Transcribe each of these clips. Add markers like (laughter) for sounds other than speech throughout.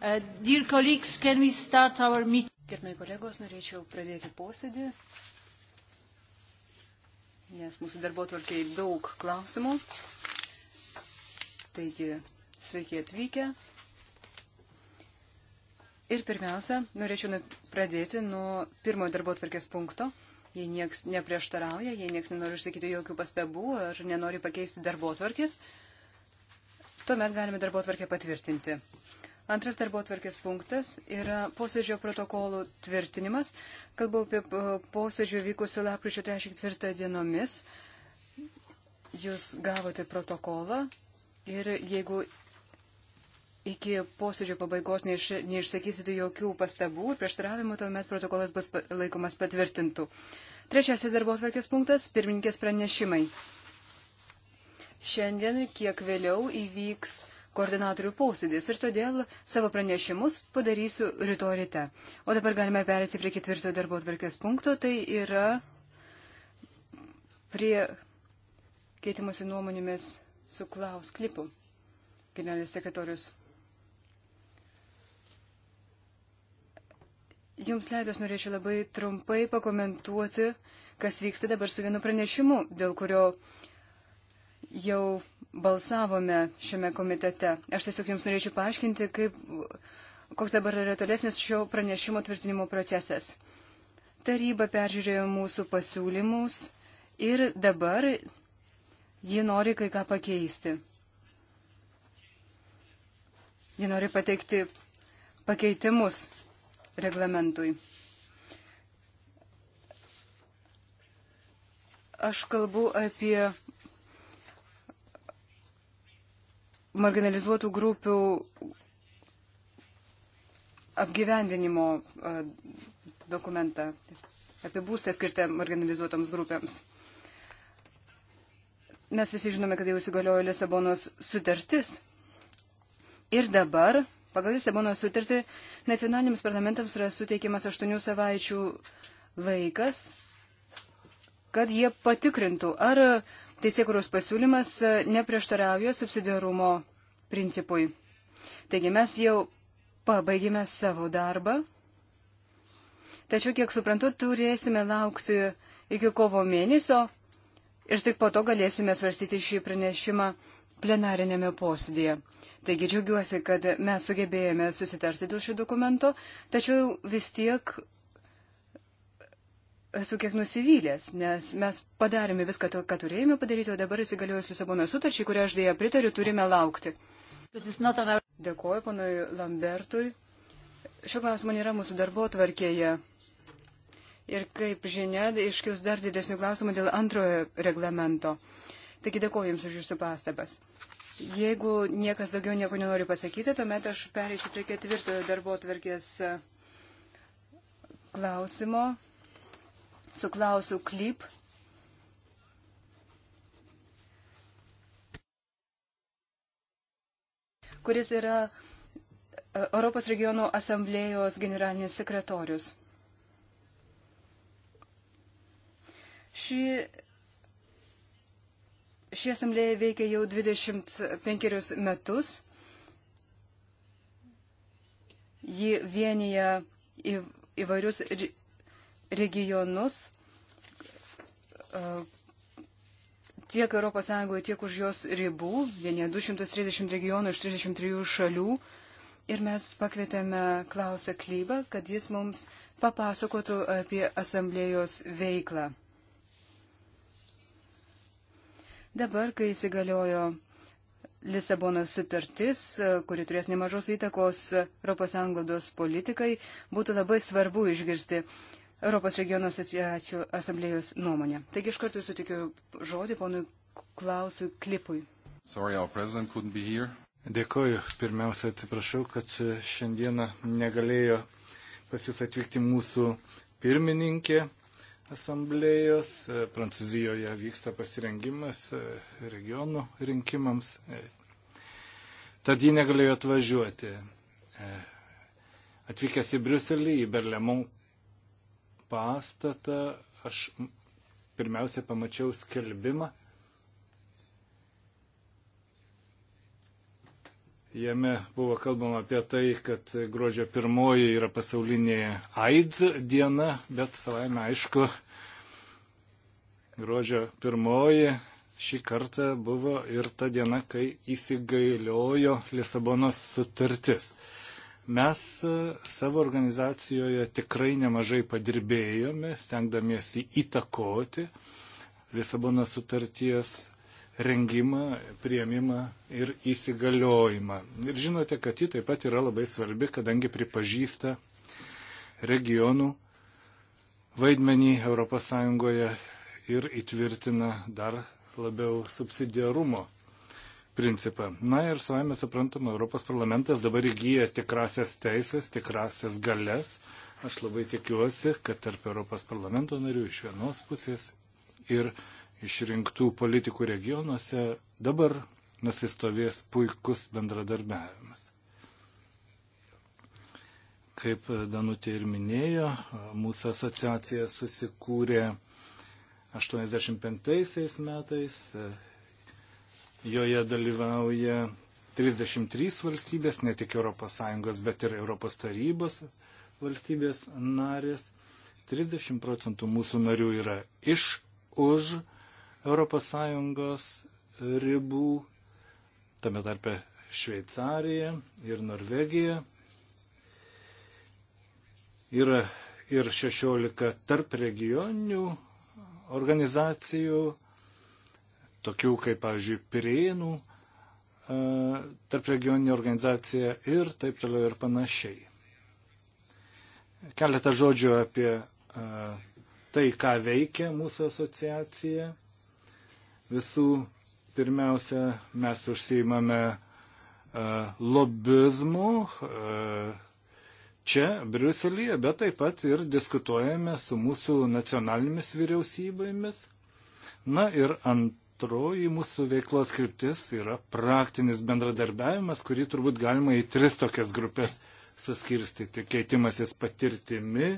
Uh, dear colleagues, can we start our meeting? Gerbėjai kolegos, norėčiau pradėti posėdį, nes mūsų darbo tvarkiai daug klausimų. Taigi, sveiki atvykę. Ir pirmiausia, norėčiau nu- pradėti nuo pirmojo darbo tvarkės punkto. Jei nieks neprieštarauja, jei nieks nenori išsakyti jokių pastabų ar nenori pakeisti darbo tvarkės, tuomet galime darbo tvarkę patvirtinti. Antras darbo tvarkės punktas yra posėdžio protokolų tvirtinimas. Kalbu apie posėdžio vykusių lapkričio 34 dienomis. Jūs gavote protokolą ir jeigu iki posėdžio pabaigos neiš, neišsakysite jokių pastabų ir prieštaravimų, tuomet protokolas bus laikomas patvirtintų. Trečiasis darbo atvarkės punktas - pirmininkės pranešimai. Šiandien kiek vėliau įvyks koordinatorių posėdis ir todėl savo pranešimus padarysiu rytoj ryte. O dabar galime perėti prie ketvirto darbo atvarkės punkto, tai yra prie keitimosi nuomonėmis su Klaus Klipu, generalinis sekretorius. Jums leidus norėčiau labai trumpai pakomentuoti, kas vyksta dabar su vienu pranešimu, dėl kurio jau balsavome šiame komitete. Aš tiesiog jums norėčiau paaiškinti, kaip, koks dabar yra tolesnis šio pranešimo tvirtinimo procesas. Taryba peržiūrėjo mūsų pasiūlymus ir dabar ji nori kai ką pakeisti. Ji nori pateikti pakeitimus reglamentui. Aš kalbu apie marginalizuotų grupių apgyvendinimo e, dokumentą apie būstą skirtą marginalizuotoms grupėms. Mes visi žinome, kad jau įsigaliojo Lisabonos sutartis. Ir dabar, pagal Lisabonos sutartį, nacionaliniams parlamentams yra suteikiamas aštuonių savaičių laikas, kad jie patikrintų, ar teisėkuros pasiūlymas e, neprieštarauja subsidiarumo principui. Taigi mes jau pabaigėme savo darbą, tačiau, kiek suprantu, turėsime laukti iki kovo mėnesio ir tik po to galėsime svarstyti šį pranešimą plenarinėme posėdėje. Taigi džiaugiuosi, kad mes sugebėjome susitarti dėl šio dokumento, tačiau vis tiek esu kiek nusivylęs, nes mes padarėme viską, to, ką turėjome padaryti, o dabar įsigaliojus Lisabono sutarčiai, kurią aš dėja pritariu, turime laukti. Dėkuoju panui Lambertui. Šio klausimo nėra mūsų darbo tvarkėje. Ir kaip žinia, iškius dar didesnių klausimų dėl antrojo reglamento. Taigi dėkuoju Jums už Jūsų pastabas. Jeigu niekas daugiau nieko nenori pasakyti, tuomet aš pereisiu prie ketvirtojo darbo tvarkės e, klausimo su Klausu Klip. kuris yra e, Europos regionų asamblėjos generalinis sekretorius. Ši, ši asamblėja veikia jau 25 metus. Ji vienyje įvairius regionus e, tiek ES, tiek už jos ribų, vienie 230 regionų iš 33 šalių. Ir mes pakvietėme Klausą Klybą, kad jis mums papasakotų apie asamblėjos veiklą. Dabar, kai įsigaliojo Lisabonos sutartis, e, kuri turės nemažos įtakos ES politikai, būtų labai svarbu išgirsti Europos regionų asociacijų asamblėjos nuomonę. Taigi iš karto sutikiu žodį ponui Klausui Klipui. Sorry, Dėkoju. Pirmiausia, atsiprašau, kad šiandieną negalėjo pas jūs atvykti mūsų pirmininkė asamblėjos. Prancūzijoje vyksta pasirengimas regionų rinkimams. Tad ji negalėjo atvažiuoti. Atvykęs į Briuselį, į Berlemont pastatą, aš pirmiausia pamačiau skelbimą. Jame buvo kalbama apie tai, kad gruodžio pirmoji yra pasaulinė AIDS diena, bet savaime aišku, gruodžio pirmoji šį kartą buvo ir ta diena, kai įsigailiojo Lisabonos sutartis. Mes e, savo organizacijoje tikrai nemažai padirbėjome, stengdamiesi įtakoti Lisabono sutarties rengimą, prieimimą ir įsigaliojimą. Ir žinote, kad ji taip pat yra labai svarbi, kadangi pripažįsta regionų vaidmenį ES ir įtvirtina dar labiau subsidiarumo principą. Na ir savame suprantama, Europos parlamentas dabar įgyja tikrasias teisės, tikrasias galės. Aš labai tikiuosi, kad tarp Europos parlamento narių iš vienos pusės ir išrinktų politikų regionuose dabar nusistovės puikus bendradarbiavimas. Kaip Danutė ir minėjo, mūsų asociacija susikūrė 85 metais Joje dalyvauja 33 valstybės, ne tik ES, bet ir ES tarybos valstybės narės. 30 procentų mūsų narių yra iš, už ES ribų, tame tarpe Šveicarija ir Norvegija. Yra ir 16 tarp regioninių organizacijų tokių kaip, pavyzdžiui, Pirėnų e, tarp regioninė organizacija ir taip toliau ir panašiai. Keletą žodžių apie e, tai, ką veikia mūsų asociacija. Visų pirmiausia, mes užsiimame e, lobizmu čia, Briuselėje, bet taip pat ir diskutuojame su mūsų nacionalinėmis vyriausybėmis. Na ir ant antroji mūsų veiklos kryptis yra praktinis bendradarbiavimas, kurį turbūt galima į tris tokias grupės suskirstyti. Keitimasis patirtimi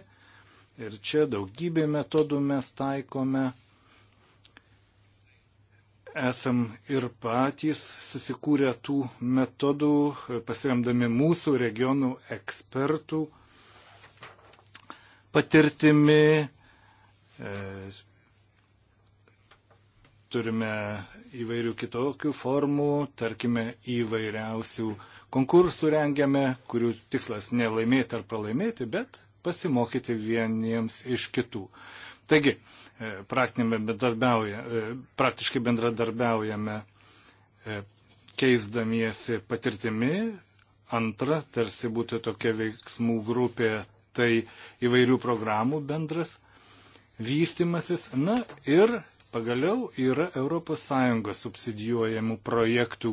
ir čia daugybė metodų mes taikome. Esam ir patys susikūrę tų metodų, pasiremdami mūsų regionų ekspertų patirtimi, e, Turime įvairių kitokių formų, tarkime, įvairiausių konkursų rengiame, kurių tikslas ne laimėti ar pralaimėti, bet pasimokyti vieniems iš kitų. Taigi, e, bendradarbiauja, e, praktiškai bendradarbiaujame e, keisdamiesi patirtimi. Antra, tarsi būtų tokia veiksmų grupė, tai įvairių programų bendras vystimasis. Na ir pagaliau yra ES subsidijuojamų projektų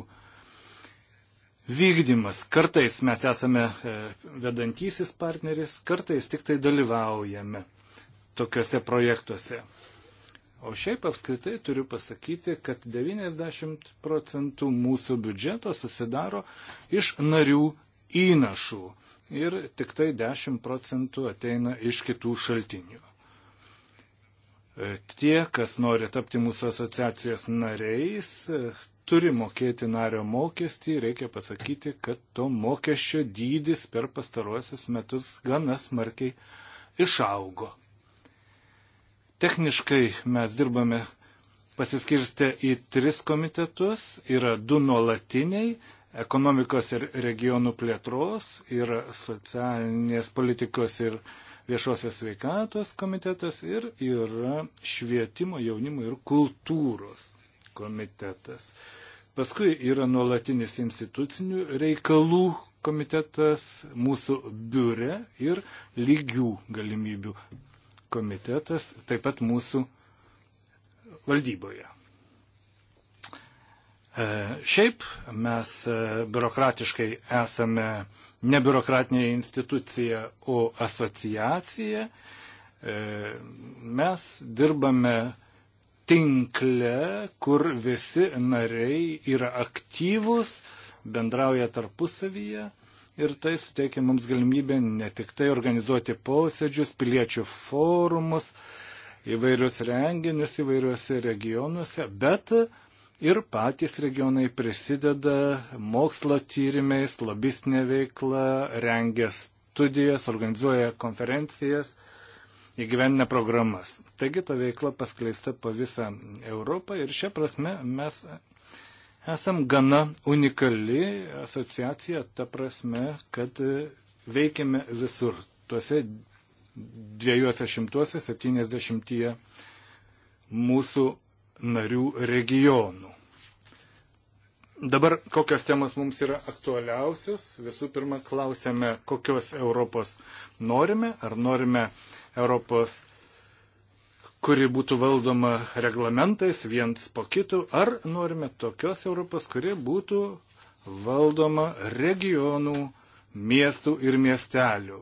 vykdymas. Kartais mes esame e, vedantysis partneris, kartais tik tai dalyvaujame tokiuose projektuose. O šiaip apskritai turiu pasakyti, kad 90 procentų mūsų biudžeto susidaro iš narių įnašų ir tik tai 10 procentų ateina iš kitų šaltinių. Tie, kas nori tapti mūsų asociacijos nariais, turi mokėti nario mokestį, reikia pasakyti, kad to mokesčio dydis per pastaruosius metus gana smarkiai išaugo. Techniškai mes dirbame pasiskirstę į tris komitetus, yra du nuolatiniai - ekonomikos ir regionų plėtros, yra socialinės politikos ir viešosios sveikatos komitetas ir yra švietimo, jaunimo ir kultūros komitetas. Paskui yra nuolatinis institucinių reikalų komitetas mūsų biure ir lygių galimybių komitetas taip pat mūsų valdyboje. E, šiaip mes e, biurokratiškai esame ne biurokratinė institucija, o asociacija. E, mes dirbame tinkle, kur visi nariai yra aktyvūs, bendrauja tarpusavyje ir tai suteikia mums galimybę ne tik tai organizuoti posėdžius, piliečių forumus, įvairius renginius įvairiuose regionuose, bet uh, ir patys regionai prisideda mokslo tyrimais, lobistinė veikla, rengia studijas, organizuoja konferencijas, įgyvendina programas. Taigi ta veikla paskleista po visą Europą ir šia prasme mes esam gana unikali asociacija, ta prasme, kad veikiame visur, tuose dviejuose šimtuose, septyniasdešimtyje mūsų narių regionų. Dabar kokios temos mums yra aktualiausios? Visų pirma, klausėme, kokios Europos norime. Ar norime Europos, kuri būtų valdoma reglamentais viens po kitų, ar norime tokios Europos, kuri būtų valdoma regionų, miestų ir miestelių.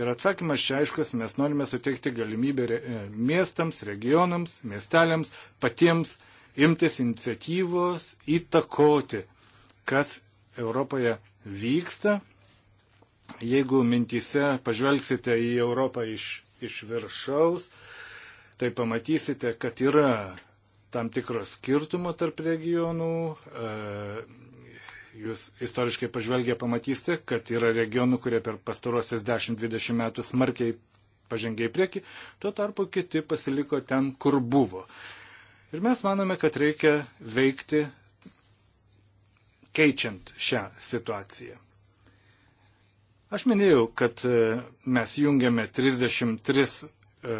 Ir atsakymas čia aiškus, mes norime suteikti galimybę e, miestams, regionams, miesteliams patiems imtis iniciatyvos įtakoti, kas Europoje vyksta. Jeigu mintise pažvelgsite į Europą iš, iš viršaus, tai pamatysite, kad yra tam tikro skirtumo tarp regionų, e, jūs istoriškai pažvelgę pamatysite, kad yra regionų, kurie per pastarosius 10-20 metų smarkiai pažengė į priekį, tuo tarpu kiti pasiliko ten, kur buvo. Ir mes manome, kad reikia veikti keičiant šią situaciją. Aš minėjau, kad e, mes jungiame 33 e,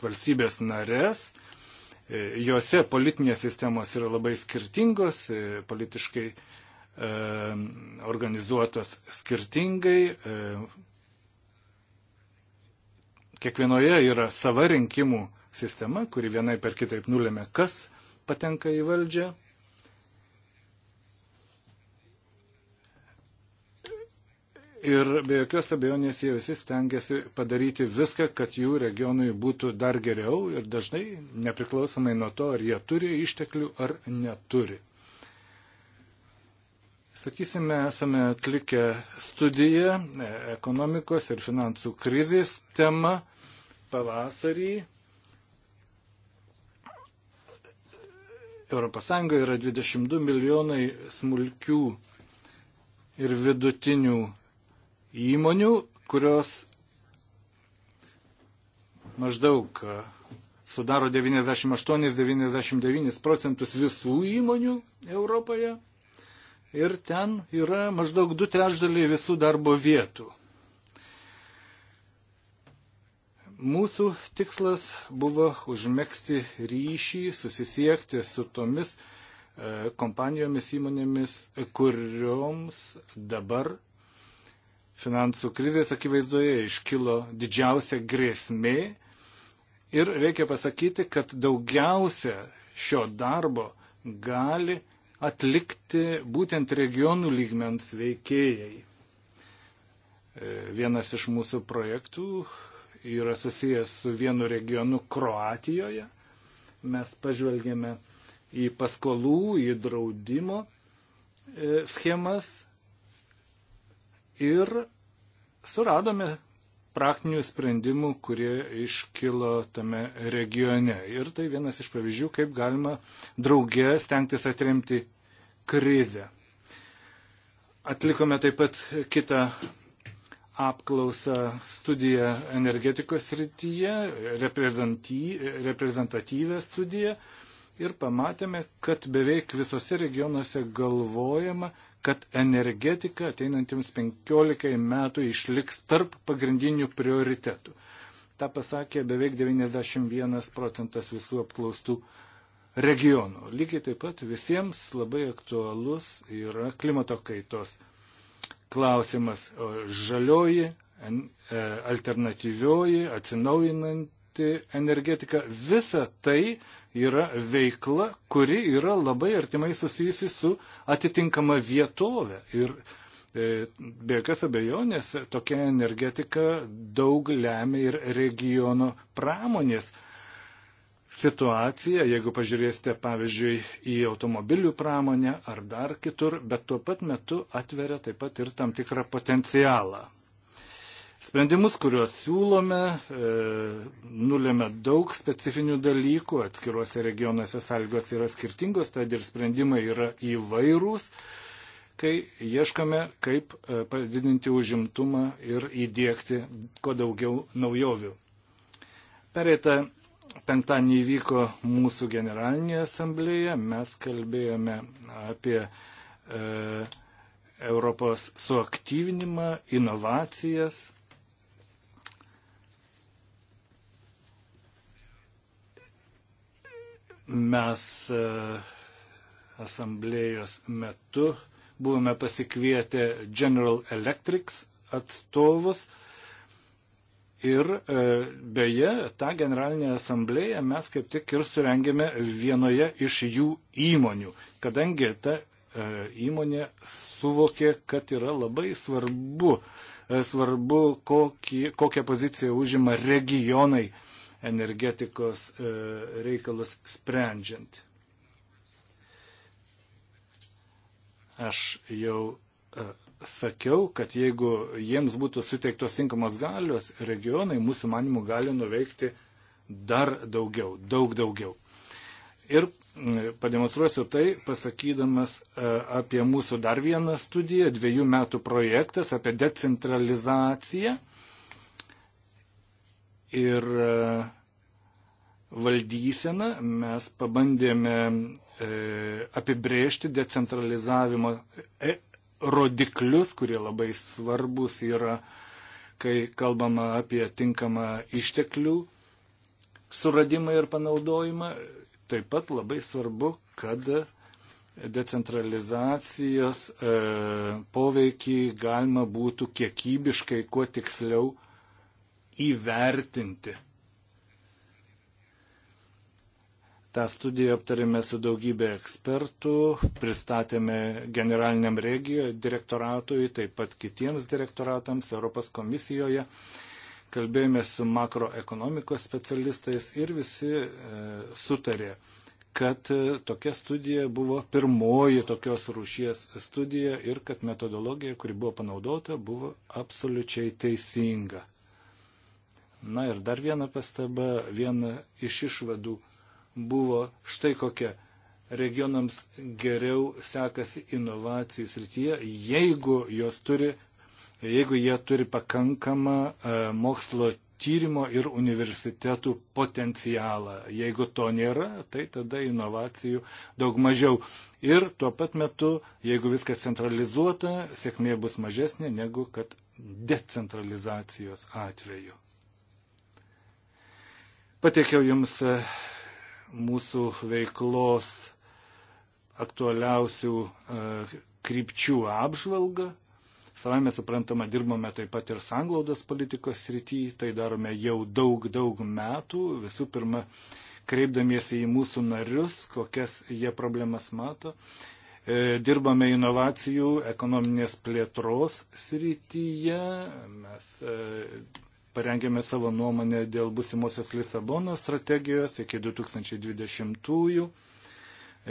valstybės narės, e, juose politinės sistemos yra labai skirtingos, politiškai E, organizuotos skirtingai. E, kiekvienoje yra sava rinkimų sistema, kuri vienai per kitaip nulėmė, kas patenka į valdžią. Ir be jokios abejonės jie visi stengiasi padaryti viską, kad jų regionui būtų dar geriau ir dažnai nepriklausomai nuo to, ar jie turi išteklių ar neturi. Sakysime, esame atlikę studiją e, ekonomikos ir finansų krizės tema pavasarį. ES yra 22 milijonai smulkių ir vidutinių įmonių, kurios maždaug e, sudaro 98-99 procentus visų įmonių Europoje ir ten yra maždaug du trečdaliai visų darbo vietų. Mūsų tikslas buvo užmėgsti ryšį, susisiekti su tomis e, kompanijomis įmonėmis, kurioms dabar finansų krizės akivaizdoje iškilo didžiausia grėsmė. Ir reikia pasakyti, kad daugiausia šio darbo gali atlikti būtent regionų lygmens veikėjai. E, vienas iš mūsų projektų yra susijęs su vienu regionu Kroatijoje. Mes pažvelgėme į paskolų, į draudimo e, schemas ir suradome praktinių sprendimų, kurie iškilo tame regione. Ir tai vienas iš pavyzdžių, kaip galima drauge stengtis atremti krizę. Atlikome taip pat kitą apklausą studiją energetikos rytyje, reprezentatyvę studiją ir pamatėme, kad beveik visose regionuose galvojama, kad energetika ateinantiems 15 metų išliks tarp pagrindinių prioritetų. Ta pasakė beveik 91 procentas visų apklaustų regionų. Lygiai taip pat visiems labai aktualus yra klimato kaitos klausimas žalioji, e, alternatyvioji, atsinaujinant pati energetika, visa tai yra veikla, kuri yra labai artimai susijusi su atitinkama vietovė. Ir e, be jokios abejonės tokia energetika daug lemia ir regiono pramonės situaciją, jeigu pažiūrėsite, pavyzdžiui, į automobilių pramonę ar dar kitur, bet tuo pat metu atveria taip pat ir tam tikrą potencialą. Sprendimus, kuriuos siūlome, e, nulėmė daug specifinių dalykų, atskiruose regionuose sąlygos yra skirtingos, tad ir sprendimai yra įvairūs, kai ieškome, kaip e, padidinti užimtumą ir įdėkti kuo daugiau naujovių. Pereitą penktadienį įvyko mūsų generalinė asamblėje, mes kalbėjome apie e, Europos suaktyvinimą, inovacijas, Mes e, asamblėjos metu buvome pasikvietę General Electrics atstovus ir e, beje, tą generalinę asamblėją mes kaip tik ir surengėme vienoje iš jų įmonių, kadangi ta e, įmonė suvokė, kad yra labai svarbu, svarbu kokį, kokią poziciją užima regionai energetikos e, reikalus sprendžiant. Aš jau e, sakiau, kad jeigu jiems būtų suteiktos tinkamos galios, regionai mūsų manimų gali nuveikti dar daugiau, daug daugiau. Ir pademonstruosiu tai, pasakydamas e, apie mūsų dar vieną studiją, dviejų metų projektas apie decentralizaciją ir e, valdyseną mes pabandėme e, apibrėžti decentralizavimo e, rodiklius, kurie labai svarbus yra, kai kalbama apie tinkamą išteklių suradimą ir panaudojimą. Taip pat labai svarbu, kad decentralizacijos e, poveikį galima būtų kiekybiškai kuo tiksliau įvertinti. Ta studija aptarėme su daugybė ekspertų, pristatėme generaliniam regijo direktoratui, taip pat kitiems direktoratams Europos komisijoje, kalbėjome su makroekonomikos specialistais ir visi e, sutarė, kad e, tokia studija buvo pirmoji tokios rūšies studija ir kad metodologija, kuri buvo panaudota, buvo absoliučiai teisinga. Na ir dar viena pastaba, viena iš išvadų buvo štai kokia. Regionams geriau sekasi inovacijų srityje, jeigu jos turi, jeigu jie turi pakankamą e, mokslo tyrimo ir universitetų potencialą. Jeigu to nėra, tai tada inovacijų daug mažiau. Ir tuo pat metu, jeigu viskas centralizuota, sėkmė bus mažesnė negu kad decentralizacijos atveju. Pateikiau Jums e, mūsų veiklos aktualiausių e, krypčių apžvalgą. Savame suprantama, dirbame taip pat ir sanglaudos politikos srity, tai darome jau daug, daug metų. Visų pirma, kreipdamiesi į mūsų narius, kokias jie problemas mato. E, dirbame inovacijų, ekonominės plėtros srityje. Mes parengėme savo nuomonę dėl busimosios Lisabono strategijos iki 2020-ųjų.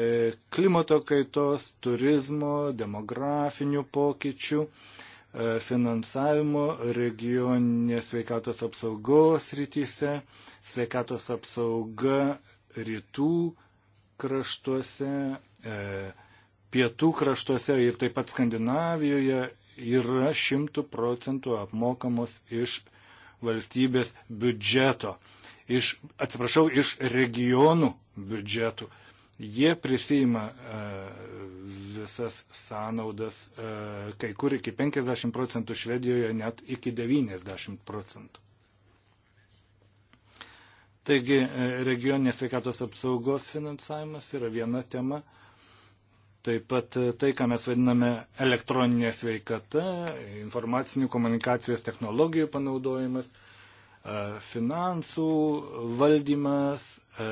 E, klimato kaitos, turizmo, demografinių pokyčių, e, finansavimo, regioninės sveikatos apsaugos rytise, sveikatos apsauga rytų kraštuose, e, pietų kraštuose ir taip pat Skandinavijoje yra šimtų procentų apmokamos iš valstybės biudžeto, iš, atsiprašau, iš regionų biudžetų. Jie prisima e, visas sąnaudas, e, kai kur iki 50 procentų, Švedijoje net iki 90 procentų. Taigi e, regioninės sveikatos apsaugos finansavimas yra viena tema. E, Taip pat e, tai, ką mes vadiname elektroninė sveikata, informacinių komunikacijos technologijų panaudojimas, e, finansų valdymas, e,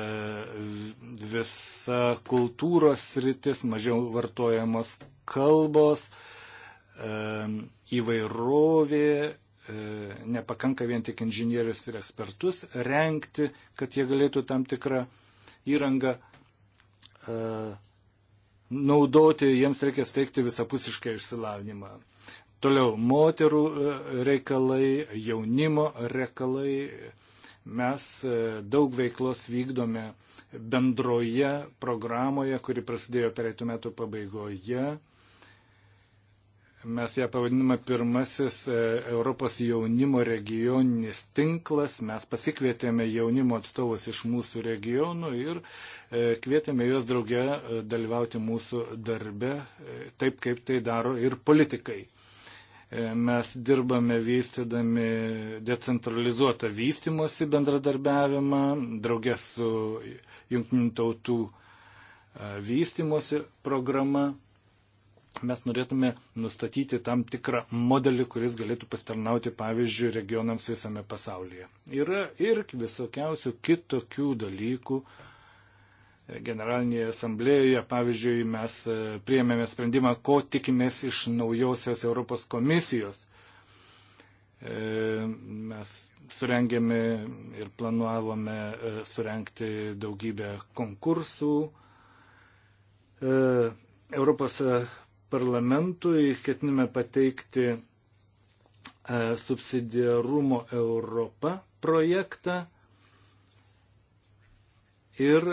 visa kultūros sritis, mažiau vartojamos kalbos, įvairovė, nepakanka vien tik inžinierius ir ekspertus renkti, kad jie galėtų tam tikrą įrangą naudoti, jiems reikia steigti visapusišką išsilavinimą. Toliau moterų e, reikalai, jaunimo reikalai. Mes e, daug veiklos vykdome bendroje programoje, kuri prasidėjo pereitų metų pabaigoje. Mes ją pavadiname pirmasis e, Europos jaunimo regioninis tinklas. Mes pasikvietėme jaunimo atstovus iš mūsų regionų ir e, kvietėme juos draugę e, dalyvauti mūsų darbe, taip kaip tai daro ir politikai. Mes dirbame vystydami decentralizuotą vystimosi bendradarbiavimą, draugę su Junktinių tautų vystimosi programa mes norėtume nustatyti tam tikrą modelį, kuris galėtų pasitarnauti, pavyzdžiui, regionams visame pasaulyje. Yra ir visokiausių kitokių dalykų. Generalinėje asamblėjoje, pavyzdžiui, mes e, priėmėme sprendimą, ko tikimės iš naujosios Europos komisijos. E, mes surengėme ir planuavome e, surenkti daugybę konkursų. Europos parlamentui ketiname pateikti e, subsidiarumo Europa projektą ir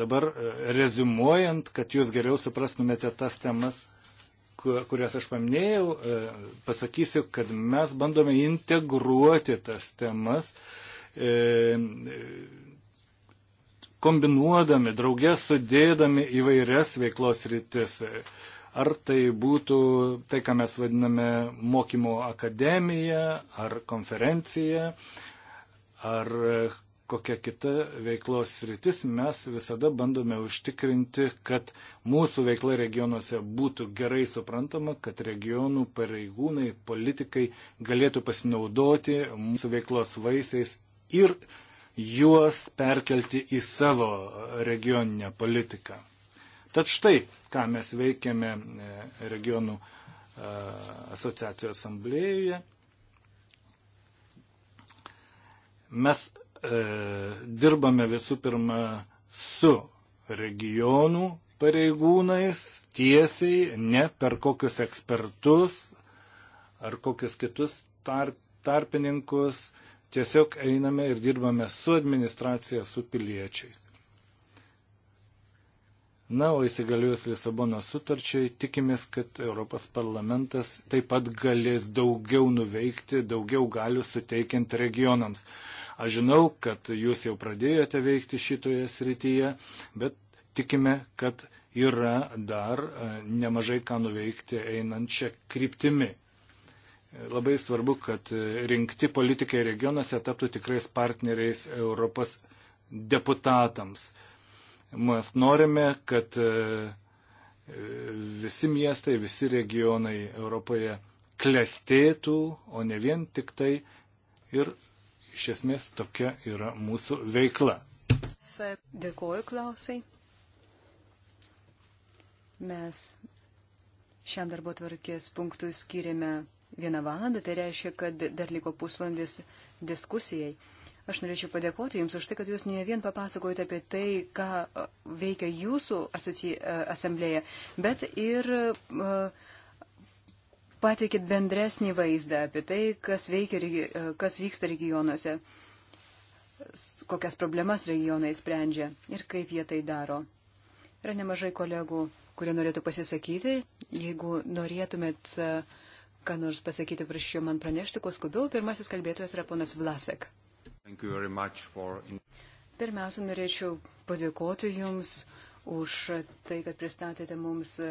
dabar e, rezumuojant, kad jūs geriau suprastumėte tas temas, kurias aš paminėjau, e, pasakysiu, kad mes bandome integruoti tas temas kombinuodami, draugė sudėdami įvairias veiklos rytis. Ar tai būtų tai, ką mes vadiname mokymo akademija, ar konferencija, ar kokia kita veiklos rytis, mes visada bandome užtikrinti, kad mūsų veikla regionuose būtų gerai suprantama, kad regionų pareigūnai, politikai galėtų pasinaudoti mūsų veiklos vaisiais ir juos perkelti į savo regioninę politiką. Tad štai, ką mes veikiame e, regionų e, asociacijos asamblėjoje. Mes e, dirbame visų pirma su regionų pareigūnais tiesiai, ne per kokius ekspertus ar kokius kitus tarp, tarpininkus. E, Tiesiog einame ir dirbame su administracija, su piliečiais. Na, o įsigaliojus Lisabono sutarčiai, tikimės, kad Europos parlamentas taip pat galės daugiau nuveikti, daugiau galių suteikiant regionams. Aš žinau, kad jūs jau pradėjote veikti šitoje srityje, bet tikime, kad yra dar e, nemažai ką nuveikti einant čia kryptimi. Labai svarbu, kad rinkti politikai regionuose taptų tikrais partneriais Europos deputatams. Mes norime, kad e, visi miestai, visi regionai Europoje klestėtų, o ne vien tik tai. Ir iš esmės tokia yra mūsų veikla. Dėkuoju, Klausai. Mes šiam darbo tvarkės punktui skiriame vieną valandą, tai reiškia, kad dar liko pusvalandis diskusijai. Aš norėčiau padėkoti Jums už tai, kad Jūs ne vien papasakojate apie tai, ką veikia Jūsų asamblėje, bet ir pateikit bendresnį vaizdą apie tai, kas, veikia, kas vyksta regionuose, kokias problemas regionai sprendžia ir kaip jie tai daro. Yra nemažai kolegų, kurie norėtų pasisakyti. Jeigu norėtumėt uh, ką nors pasakyti, prašyčiau man pranešti, kuo skubiau. Pirmasis kalbėtojas yra ponas Vlasek. For... Pirmiausia, norėčiau padėkoti Jums už tai, kad pristatėte mums e,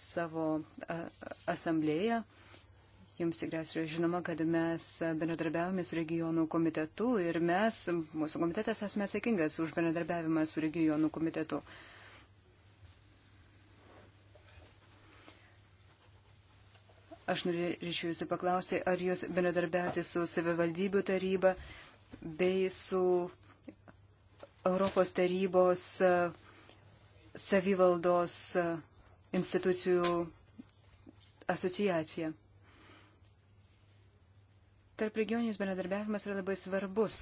savo e, asamblėją. Jums tikriausiai yra žinoma, kad mes bendradarbiavome su regionų komitetu ir mes, mūsų komitetas, esame atsakingas už bendradarbiavimą su regionų komitetu. Uh, Aš norėčiau jūsų paklausti, ar jūs bendradarbiavate su savivaldybių taryba bei su Europos tarybos e, savivaldos e, institucijų asociacija. Tarp regioninis bendradarbiavimas yra labai svarbus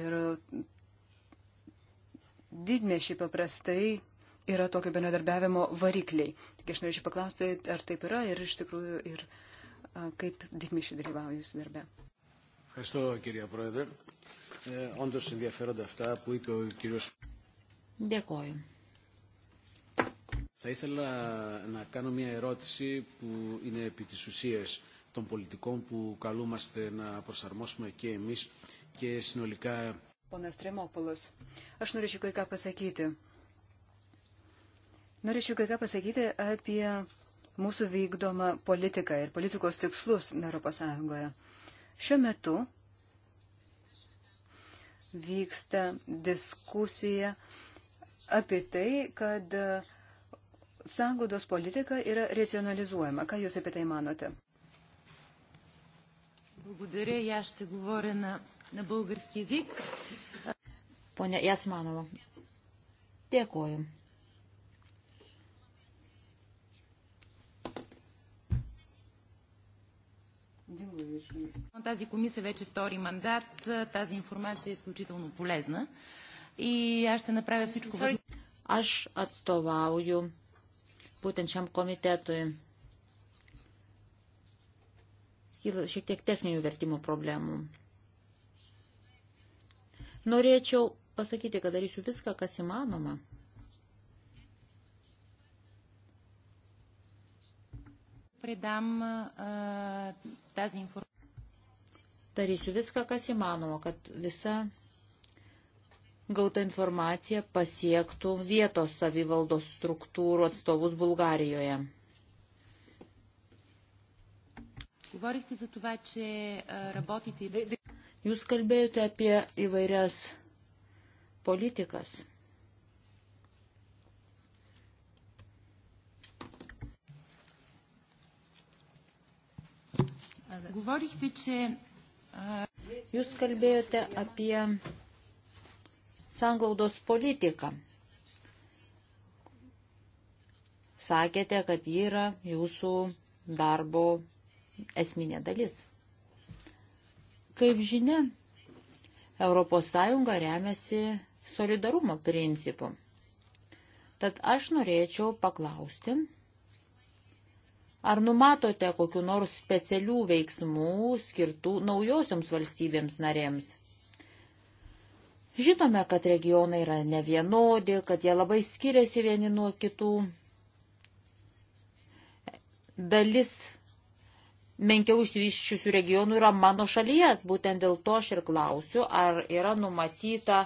ir didmešiai paprastai yra tokio bendradarbiavimo varikliai. Tik aš norėčiau paklausti, ar taip yra ir iš tikrųjų ir a, kaip didmišiai dalyvauja jūsų darbe. Ευχαριστώ κύριε Πρόεδρε. Ε, όντως ενδιαφέροντα αυτά που είπε ο κύριος... Δεκόη. Θα ήθελα να κάνω μια ερώτηση που είναι επί της ουσίας των πολιτικών που καλούμαστε να προσαρμόσουμε και εμείς και συνολικά... Ponas Tremopoulos, aš norėčiau kai ką pasakyti. Norėčiau kai ką pasakyti apie mūsų vykdomą politiką ir politikos tikslus Europos Sąjungoje. Šiuo metu vyksta diskusija apie tai, kad sąnaudos politika yra racionalizuojama. Ką Jūs apie tai manote? Благодаря. И аз ще говоря на, на български язик. Поня, аз манова. Дякую. Тази комисия вече втори мандат. Тази информация е изключително полезна. И аз ще направя всичко възможно. Aš atstovauju būtent šiam komitetui. Skyla šiek tiek techninių vertimo problemų. Norėčiau pasakyti, kad darysiu viską, kas įmanoma. предам а, тази информация. Darysiu viską, kas įmanoma, kad visa gauta informacija pasiektų vietos savivaldos struktūrų atstovus Bulgarijoje. Jūs kalbėjote apie įvairias politikas. Jūs kalbėjote apie sanglaudos politiką. Sakėte, kad ji yra jūsų darbo esminė dalis. Kaip žinia, ES remiasi solidarumo principu. Tad aš norėčiau paklausti, Ar numatote kokiu nors specialių veiksmų skirtų naujosioms valstybėms narėms? Žinome, kad regionai yra nevienodi, kad jie labai skiriasi vieni nuo kitų. Dalis menkiau išsivyščiusių regionų yra mano šalyje, būtent dėl to aš ir klausiu, ar yra numatyta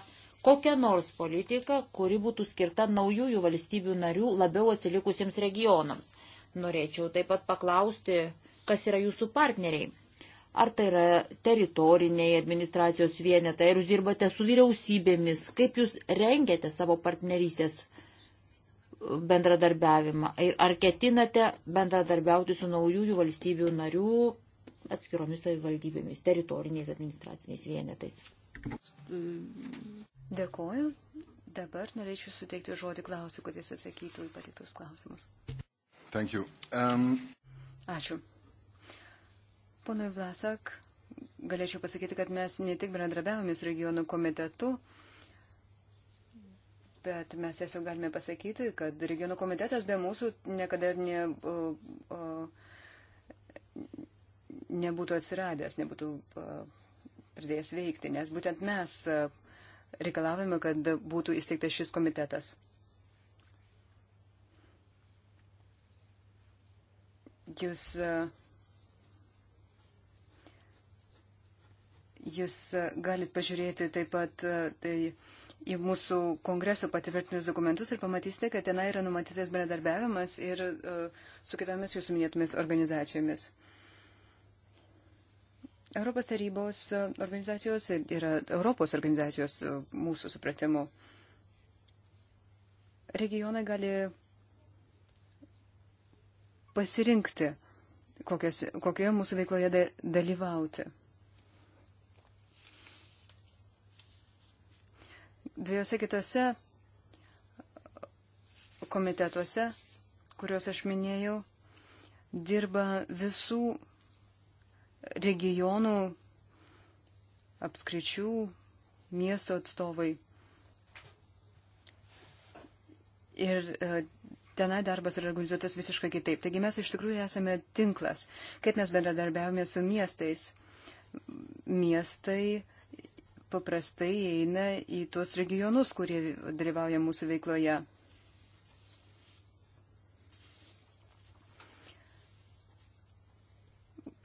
kokia nors politika, kuri būtų skirta naujųjų valstybių narių labiau atsilikusiems regionams. Norėčiau taip pat paklausti, kas yra jūsų partneriai. Ar tai yra teritoriniai administracijos vienetai, ar jūs dirbate su vyriausybėmis, kaip jūs rengiate savo partnerystės bendradarbiavimą, ar ketinate bendradarbiauti su naujųjų valstybių narių atskiromis savivaldybėmis, teritoriniais administraciniais vienetais. Dėkoju. Dabar norėčiau suteikti žodį klausimui, kad jis atsakytų į patiktus klausimus. Thank you. Um... Ačiū. Ponui Vlasak, galėčiau pasakyti, kad mes ne tik bendradarbiavomės regionų komitetu, bet mes tiesiog galime pasakyti, kad regionų komitetas be mūsų niekada ne, o, o, nebūtų atsiradęs, nebūtų o, pradėjęs veikti, nes būtent mes reikalavome, kad būtų įsteigtas šis komitetas. jūs, e, jūs galit pažiūrėti taip pat e, tai, į mūsų kongreso patvirtinius dokumentus ir pamatysite, kad tenai yra numatytas bendradarbiavimas ir e, su kitomis jūsų minėtomis organizacijomis. Europos tarybos organizacijos yra Europos organizacijos mūsų supratimu. Regionai gali pasirinkti, kokias, kokioje mūsų veikloje da, dalyvauti. Dviejose kitose komitetuose, kuriuos aš minėjau, dirba visų regionų, apskričių, miesto atstovai. Ir e, tenai darbas yra organizuotas visiškai kitaip. Taigi mes iš tikrųjų esame tinklas. Kaip mes bendradarbiavome su miestais? Miestai paprastai eina į tuos regionus, kurie dalyvauja mūsų veikloje.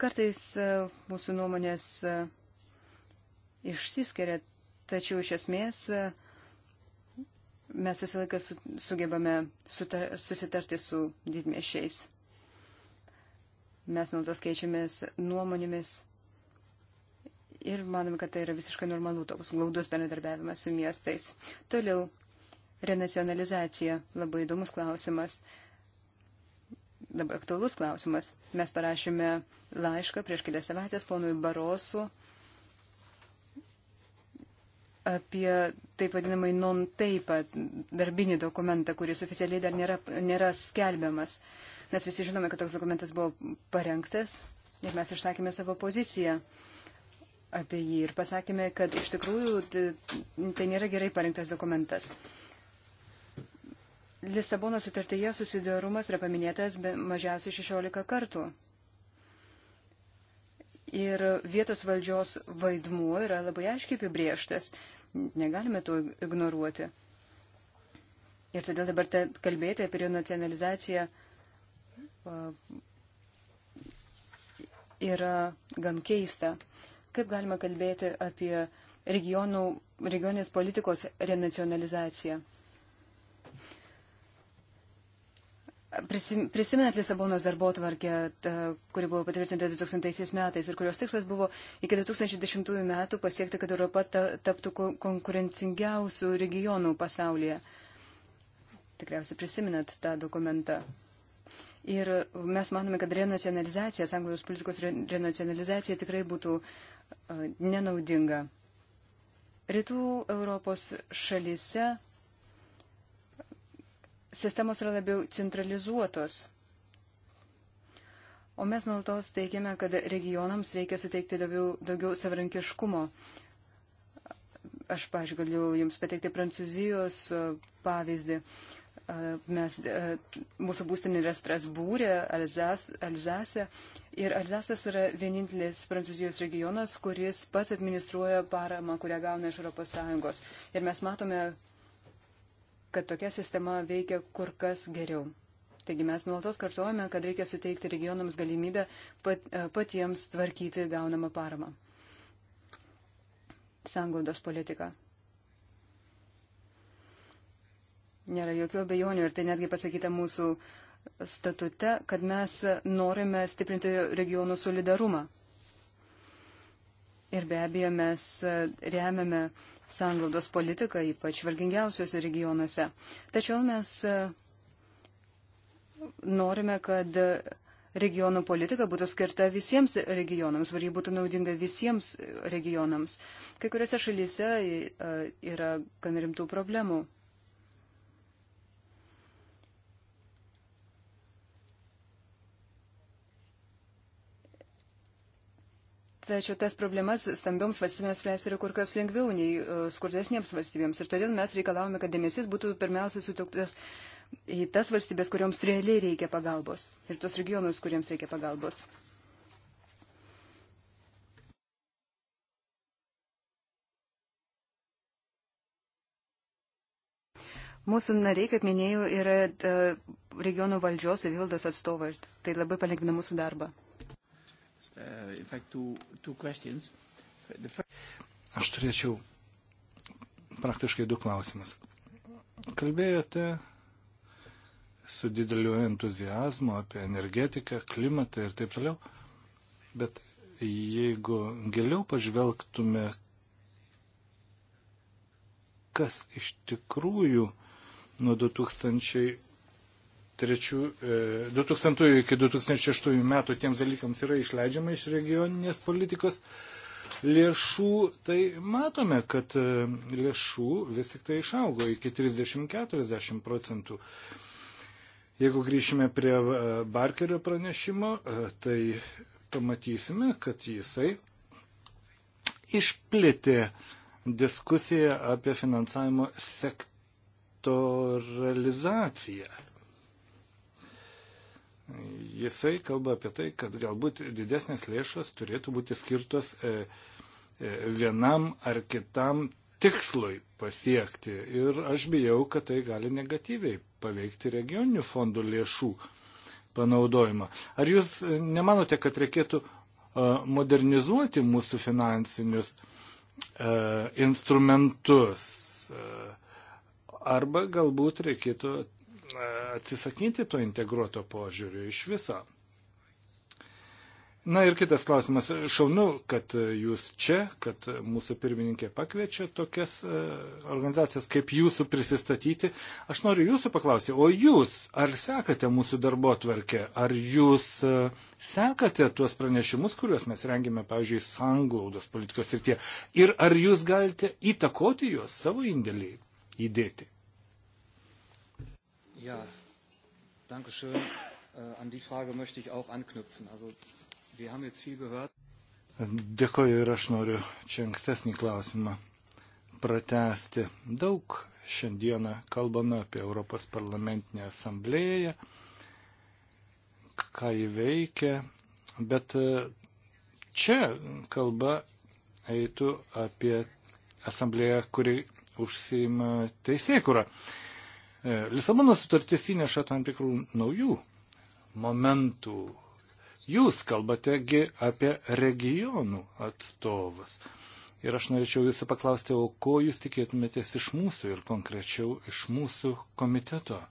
Kartais e, mūsų nuomonės e, išsiskiria, tačiau iš esmės e, mes visą laiką su, sugebame sutar, susitarti su didmešiais. Mes nuolatos keičiamės nuomonėmis ir manome, kad tai yra visiškai normalu toks glaudus bendradarbiavimas su miestais. Toliau, renacionalizacija. Labai įdomus klausimas. Labai aktualus klausimas. Mes parašėme laišką prieš kelias savaitės ponui Barosu apie taip vadinamai non-taipą, darbinį dokumentą, kuris oficialiai dar nėra, nėra skelbiamas. Mes visi žinome, kad toks dokumentas buvo parengtas ir mes išsakėme savo poziciją apie jį ir pasakėme, kad iš tikrųjų tai nėra gerai parengtas dokumentas. Lisabono sutartyje susidarumas yra paminėtas mažiausiai 16 kartų ir vietos valdžios vaidmuo yra labai aiškiai apibrieštas. Negalime to ignoruoti. Ir todėl dabar te, kalbėti apie renacionalizaciją yra gan keista. Kaip galima kalbėti apie regionų, regionės politikos renacionalizaciją? Prisimenant Lisabonos darbo tvarkę, kuri buvo patvirtinta 2000 metais ir kurios tikslas buvo iki 2010 metų pasiekti, kad Europa taptų konkurencingiausių regionų pasaulyje. Tikriausiai prisimenat tą dokumentą. Ir mes manome, kad renacionalizacija, sanglaus politikos renacionalizacija tikrai būtų nenaudinga. Rytų Europos šalise sistemos yra labiau centralizuotos. O mes nuolatos teigiame, kad regionams reikia suteikti daugiau, daugiau savarankiškumo. Aš, pažiūrėjau, galiu Jums pateikti Prancūzijos pavyzdį. Mes, mūsų būstinė yra Strasbūrė, Alzas, Alzase. Ir Alzasas yra vienintelis Prancūzijos regionas, kuris pats administruoja paramą, kurią gauna iš ES. Ir mes matome, kad tokia sistema veikia kur kas geriau. Taigi mes nuolatos kartuojame, kad reikia suteikti regionams galimybę pat, e, patiems tvarkyti gaunamą paramą. Sanglaudos politika. Nėra jokių abejonių ir tai netgi pasakyta mūsų statute, kad mes norime stiprinti regionų solidarumą. Ir be abejo mes e, remiame uh, sanglaudos politiką, ypač valgingiausiuose regionuose. Tačiau mes e, norime, kad regionų politika būtų skirta visiems regionams, var jį būtų naudinga visiems regionams. Kai kuriuose šalyse e, yra gan rimtų problemų. Tačiau tas problemas stambioms valstybėms spręsti yra kur kas lengviau nei e, skurdesniems valstybėms. Ir todėl mes reikalavome, kad dėmesys būtų pirmiausia sutelktas į tas valstybės, kuriuoms realiai reikia pagalbos ir tos regionus, kuriems reikia pagalbos. Mūsų nariai, kaip minėjau, yra e, regionų valdžios savivaldos atstovai. Tai labai palengvina mūsų darbą. Uh, Aš turėčiau praktiškai du klausimus. Kalbėjote su dideliu entuzijazmu apie energetiką, klimatą ir taip toliau, bet jeigu giliau pažvelgtume, kas iš tikrųjų nuo 2000 trečių, 2000 e, iki 2006 metų tiems dalykams yra išleidžiama iš regioninės politikos lėšų, tai matome, kad e, lėšų vis tik tai išaugo iki 30-40 procentų. Jeigu grįšime prie e, Barkerio pranešimo, tai pamatysime, kad jisai išplėtė diskusiją apie finansavimo sektoralizaciją. Jisai kalba apie tai, kad galbūt didesnės lėšas turėtų būti skirtos e, e, vienam ar kitam tikslui pasiekti. Ir aš bijau, kad tai gali negatyviai paveikti regioninių fondų lėšų panaudojimą. Ar jūs nemanote, kad reikėtų e, modernizuoti mūsų finansinius instrumentus? Arba galbūt reikėtų atsisakyti to integruoto požiūrio iš viso. Na ir kitas klausimas. Šaunu, kad jūs čia, kad mūsų pirmininkė pakviečia tokias e, organizacijas kaip jūsų prisistatyti. Aš noriu jūsų paklausti, o jūs, ar sekate mūsų darbo tvarkę, ar jūs e, sekate tuos pranešimus, kuriuos mes rengime, pavyzdžiui, sanglaudos politikos ir tie, ir ar jūs galite įtakoti juos savo indėlį įdėti? Ja, danke schön. Äh, an die Frage möchte ich auch anknüpfen. Also, wir haben jetzt viel gehört. Ähm, dėkoju ir aš noriu čia ankstesnį klausimą pratesti. Daug šiandieną kalbame apie Europos parlamentinę asamblėją, ką jį veikia, bet e, čia kalba eitų apie asamblėją, kuri užsima teisėkurą. kurą. E, Lisabono sutartis įneša tam tikrų naujų momentų. Jūs kalbategi apie regionų atstovus. Ir aš norėčiau jūsų paklausti, o ko jūs tikėtumėtės iš mūsų ir konkrečiau iš mūsų komiteto?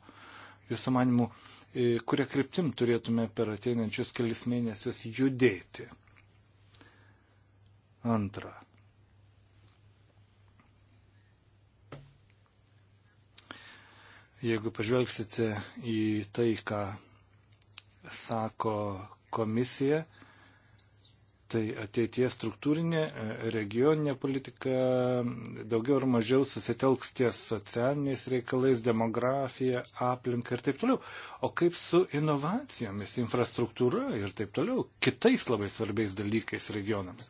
Jūsų manimų, e, kuria kryptim turėtume per ateinančius kelis mėnesius judėti? Antra. Jeigu pažvelgsite į tai, ką sako komisija, tai ateitie struktūrinė e, regioninė politika daugiau ar mažiau susitelks ties socialiniais reikalais, demografija, aplinka ir taip toliau. O kaip su inovacijomis, infrastruktūra ir taip toliau, kitais labai svarbiais dalykais regionams?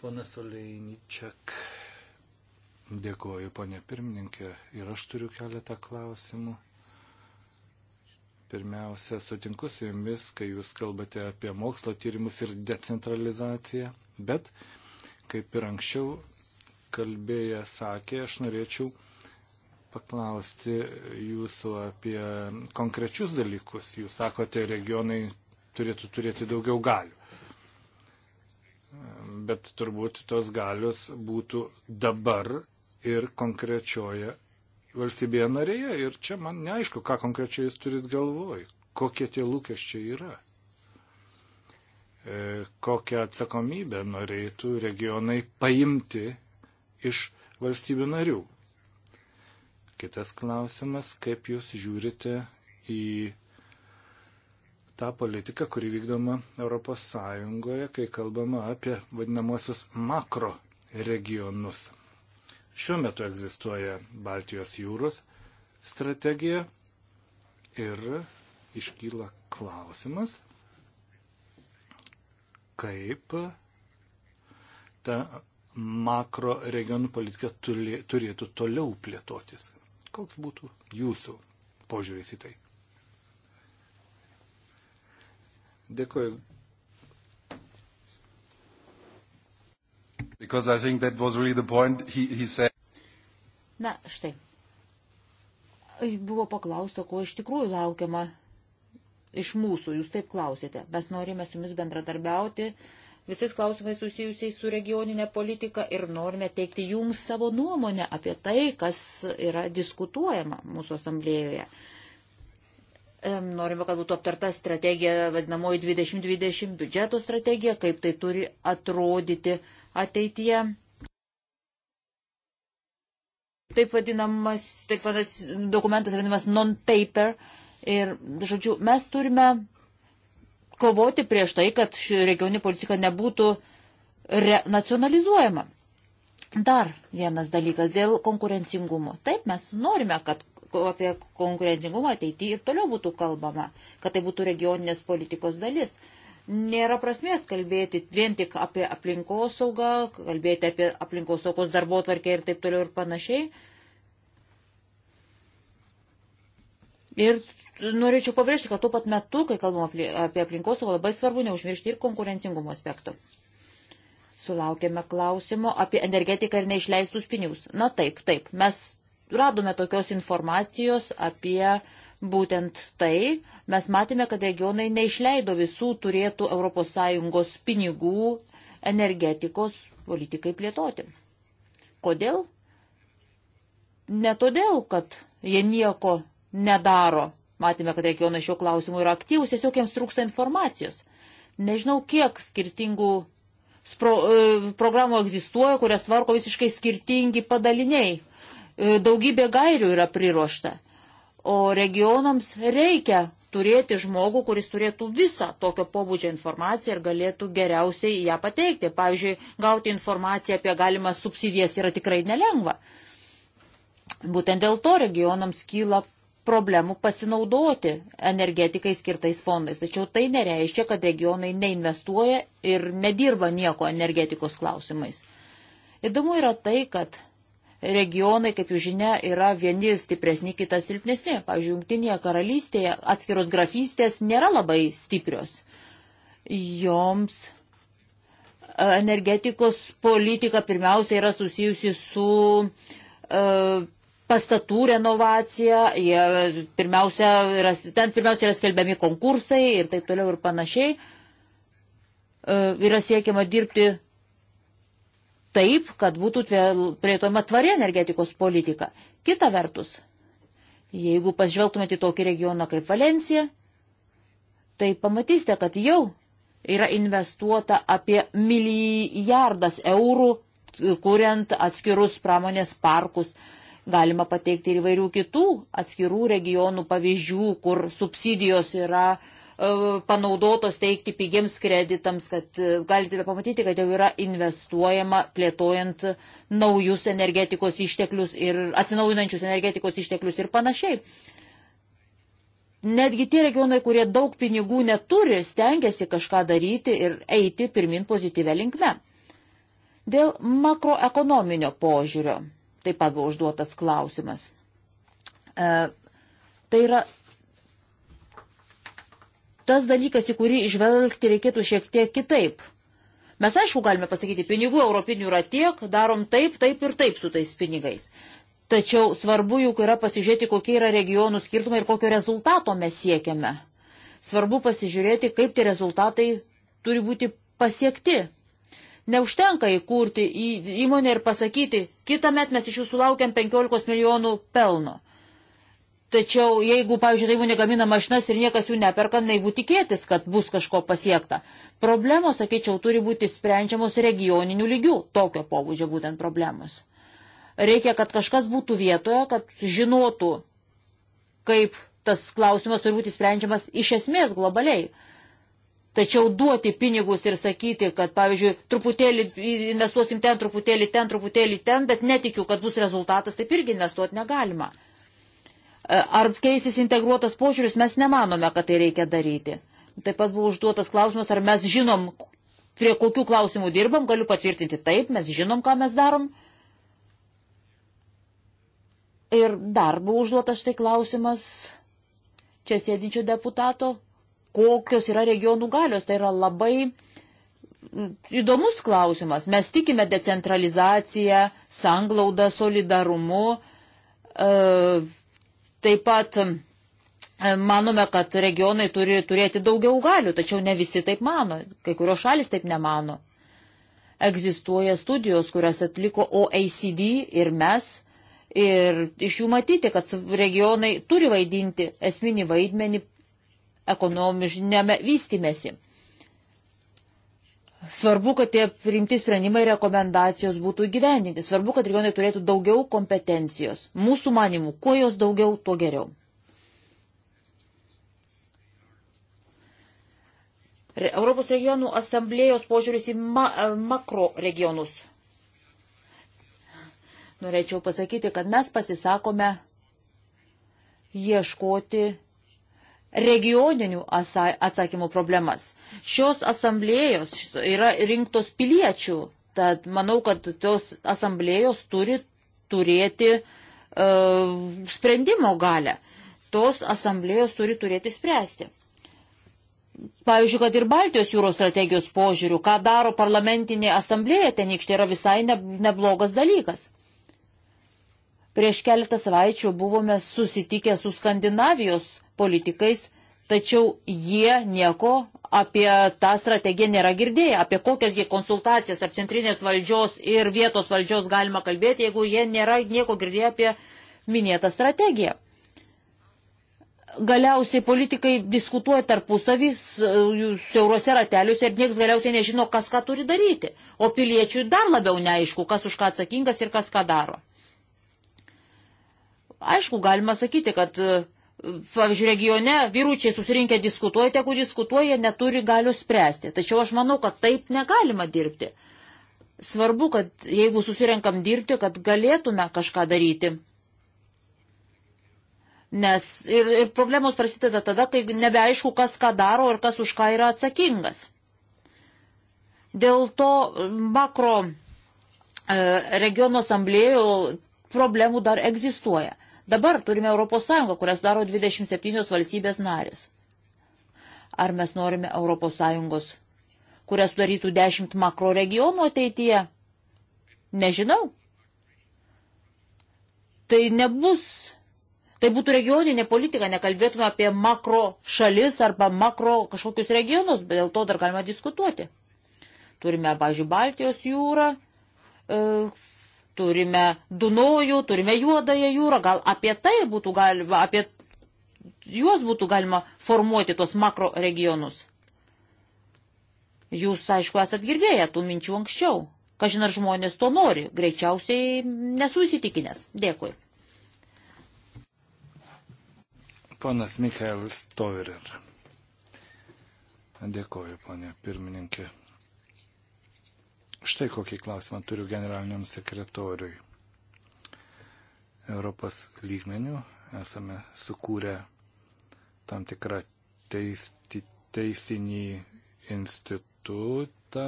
Ponas Olejničiak. Dėkuoju, ponė pirmininkė, ir aš turiu keletą klausimų. Pirmiausia, sutinku su jumis, kai jūs kalbate apie mokslo tyrimus ir decentralizaciją, bet, kaip ir anksčiau kalbėję sakė, aš norėčiau paklausti jūsų apie konkrečius dalykus. Jūs sakote, regionai turėtų turėti daugiau galių. Bet turbūt tos galios būtų dabar ir konkrečioje valstybėje narėje. Ir čia man neaišku, ką konkrečiai jūs turit galvoj, kokie tie lūkesčiai yra, e, kokią atsakomybę norėtų regionai paimti iš valstybių narių. Kitas klausimas, kaip jūs žiūrite į tą politiką, kuri vykdoma ES, kai kalbama apie vadinamosius makro regionus. Šiuo metu egzistuoja Baltijos jūros strategija ir iškyla klausimas, kaip ta makro regionų politika turėtų toliau plėtotis. Koks būtų jūsų požiūris į tai? Dėkuoju Really he, he said... Na, štai. Buvo paklausta, ko iš tikrųjų laukiama iš mūsų. Jūs taip klausėte. Mes norime su jumis bendradarbiauti visais klausimais susijusiais su regioninė politika ir norime teikti jums savo nuomonę apie tai, kas yra diskutuojama mūsų asamblėjoje. Norime, kad būtų aptarta strategija, vadinamoji 2020 biudžeto strategija, kaip tai turi atrodyti ateityje. Taip vadinamas, taip vadinamas dokumentas vadinamas non-paper. Ir, žodžiu, mes turime kovoti prieš tai, kad ši regioninė politika nebūtų nacionalizuojama. Dar vienas dalykas dėl konkurencingumo. Taip, mes norime, kad apie konkurencingumą ateityje ir toliau būtų kalbama, kad tai būtų regioninės politikos dalis. Nėra prasmės kalbėti vien tik apie aplinkosaugą, kalbėti apie aplinkosaugos darbo tvarkę ir taip toliau ir panašiai. Ir norėčiau pabrėžti, kad tuo pat metu, kai kalbam apie aplinkosaugą, labai svarbu neužmiršti ir konkurencingumo aspektų. Sulaukėme klausimo apie energetiką ir neišleistus pinigus. Na taip, taip, mes radome tokios informacijos apie būtent tai. Mes matėme, kad regionai neišleido visų turėtų ES pinigų energetikos politikai plėtoti. Kodėl? Ne todėl, kad jie nieko nedaro. Matėme, kad regionai šiuo klausimu yra aktyvus, tiesiog jiems trūksta informacijos. Nežinau, kiek skirtingų pro, e, programų egzistuoja, kurias tvarko visiškai skirtingi padaliniai. E, daugybė gairių yra priruošta. O regionams reikia turėti žmogų, kuris turėtų visą tokio pobūdžio informaciją ir galėtų geriausiai ją pateikti. Pavyzdžiui, gauti informaciją apie galimas subsidijas yra tikrai nelengva. Būtent dėl to regionams kyla problemų pasinaudoti energetikai skirtais fondais. Tačiau tai nereiškia, kad regionai neinvestuoja ir nedirba nieko energetikos klausimais. Įdomu yra tai, kad regionai, kaip jūs žinia, yra vieni stipresni, kitas silpnesni. Pavyzdžiui, Junktinėje karalystėje atskiros grafystės nėra labai stiprios. Joms e, energetikos politika pirmiausia yra susijusi su e, pastatų renovacija, jie pirmiausia yra, ten pirmiausia yra skelbiami konkursai ir taip toliau ir panašiai. E, yra siekiama dirbti taip, kad būtų prieituojama tvari energetikos politika. Kita vertus, jeigu pažvelgtumėte į tokį regioną kaip Valencija, tai pamatysite, kad jau yra investuota apie milijardas eurų, kuriant atskirus pramonės parkus. Galima pateikti ir įvairių kitų atskirų regionų pavyzdžių, kur subsidijos yra uh, E, panaudotos teikti pigiems kreditams, kad e, galite pamatyti, kad jau yra investuojama plėtojant naujus energetikos išteklius ir atsinaujinančius energetikos išteklius ir panašiai. Netgi tie regionai, kurie daug pinigų neturi, stengiasi kažką daryti ir eiti pirmin pozityvę linkme. Dėl makroekonominio požiūrio taip pat buvo užduotas klausimas. E, tai yra tas dalykas, į kurį išvelgti reikėtų šiek tiek kitaip. Mes aišku galime pasakyti, pinigų europinių yra tiek, darom taip, taip ir taip su tais pinigais. Tačiau svarbu juk yra pasižiūrėti, kokie yra regionų skirtumai ir kokio rezultato mes siekiame. Svarbu pasižiūrėti, kaip tie rezultatai turi būti pasiekti. Neužtenka įkurti įmonę ir pasakyti, kitą metą mes iš jų sulaukiam 15 milijonų pelno. Tačiau jeigu, pavyzdžiui, naivų negamina mašinas ir niekas jų neperka, naivų tikėtis, kad bus kažko pasiekta. Problemos, sakyčiau, turi būti sprendžiamos regioninių lygių, tokio pobūdžio būtent problemos. Reikia, kad kažkas būtų vietoje, kad žinotų, kaip tas klausimas turi būti sprendžiamas iš esmės globaliai. Tačiau duoti pinigus ir sakyti, kad, pavyzdžiui, truputėlį investuosim ten, truputėlį ten, truputėlį ten, bet netikiu, kad bus rezultatas, taip irgi investuoti negalima. E, ar keisis integruotas požiūris, mes nemanome, kad tai reikia daryti. Taip pat buvo užduotas klausimas, ar mes žinom, prie kokių klausimų dirbam, galiu patvirtinti taip, mes žinom, ką mes darom. Ir dar buvo užduotas štai klausimas čia sėdinčio deputato, kokios yra regionų galios. Tai yra labai įdomus klausimas. Mes tikime decentralizaciją, sanglaudą, solidarumu. Uh, Taip pat manome, kad regionai turi turėti daugiau galių, tačiau ne visi taip mano, kai kurios šalis taip nemano. Egzistuoja studijos, kurias atliko OECD ir mes. Ir iš jų matyti, kad regionai turi vaidinti esminį vaidmenį ekonomiškame vystimėsi. Svarbu, kad tie priimti sprendimai ir rekomendacijos būtų įgyvendinti. Svarbu, kad regionai turėtų daugiau kompetencijos. Mūsų manimų, kuo jos daugiau, tuo geriau. Europos regionų asamblėjos požiūris į ma e, makro regionus. Norėčiau pasakyti, kad mes pasisakome ieškoti regioninių atsakymų problemas. Šios asamblėjos yra rinktos piliečių, tad manau, kad tos asamblėjos turi turėti uh, e, sprendimo galę. Tos asamblėjos turi turėti spręsti. Pavyzdžiui, kad ir Baltijos jūros strategijos požiūrių, ką daro parlamentinė asamblėja tenykštė, yra visai neblogas dalykas. Prieš keletą savaičių buvome susitikę su Skandinavijos politikais, tačiau jie nieko apie tą strategiją nėra girdėję, apie kokias jie konsultacijas ar centrinės valdžios ir vietos valdžios galima kalbėti, jeigu jie nėra nieko girdėję apie minėtą strategiją. Galiausiai politikai diskutuoja tarpusavį siauruose rateliuose ir niekas galiausiai nežino, kas ką turi daryti, o piliečiui dar labiau neaišku, kas už ką atsakingas ir kas ką daro. Aišku, galima sakyti, kad, e, pavyzdžiui, regione vyručiai susirinkę diskutuoja, tie, kur diskutuoja, neturi galių spręsti. Tačiau aš manau, kad taip negalima dirbti. Svarbu, kad jeigu susirenkam dirbti, kad galėtume kažką daryti. Nes ir, ir problemos prasideda tada, kai nebeaišku, kas ką daro ir kas už ką yra atsakingas. Dėl to makro e, regiono asamblėjų problemų dar egzistuoja. Dabar turime Europos Sąjungą, kurias daro 27 valstybės narės. Ar mes norime Europos Sąjungos, kurias darytų 10 makro regionų ateityje? Nežinau. Tai nebus. Tai būtų regioninė politika, nekalbėtume apie makro šalis arba makro kažkokius regionus, bet dėl to dar galima diskutuoti. Turime, pavyzdžiui, Baltijos jūrą, e, turime Dunojų, turime Juodąją jūrą, gal apie tai būtų galima, apie juos būtų galima formuoti tuos makro regionus. Jūs, aišku, esat girdėję tų minčių anksčiau. Kažin ar žmonės to nori, greičiausiai nesusitikinęs. Dėkui. Ponas Mikaelis Toirer. Dėkoju, ponė pirmininkė. Štai kokį klausimą turiu generaliniam sekretoriui. Europos lygmenių esame sukūrę tam tikrą teisti, teisinį institutą,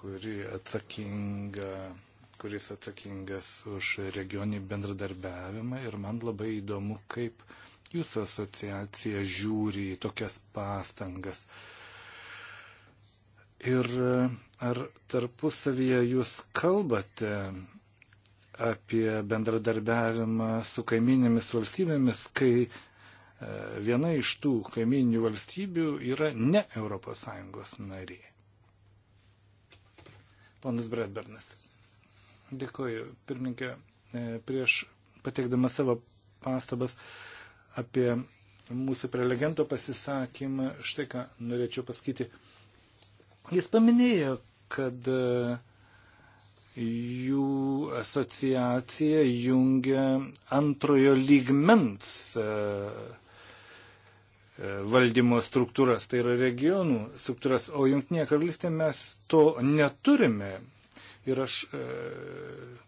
kuri atsakinga, kuris atsakingas už regioninį bendradarbiavimą ir man labai įdomu, kaip jūsų asociacija žiūri į tokias pastangas. Uh, Ir e, ar tarpusavyje jūs kalbate apie bendradarbiavimą su kaiminėmis valstybėmis, kai e, viena iš tų kaiminių valstybių yra ne ES narė? Ponas Bredbernas. Dėkuoju, pirmininkė, e, prieš pateikdama savo pastabas apie mūsų prelegento pasisakymą, štai ką norėčiau pasakyti. Jis paminėjo, kad e, jų asociacija jungia antrojo lygmens e, e, valdymo struktūras, tai yra regionų struktūras, o Junktinėje karalystėje mes to neturime. Ir aš e,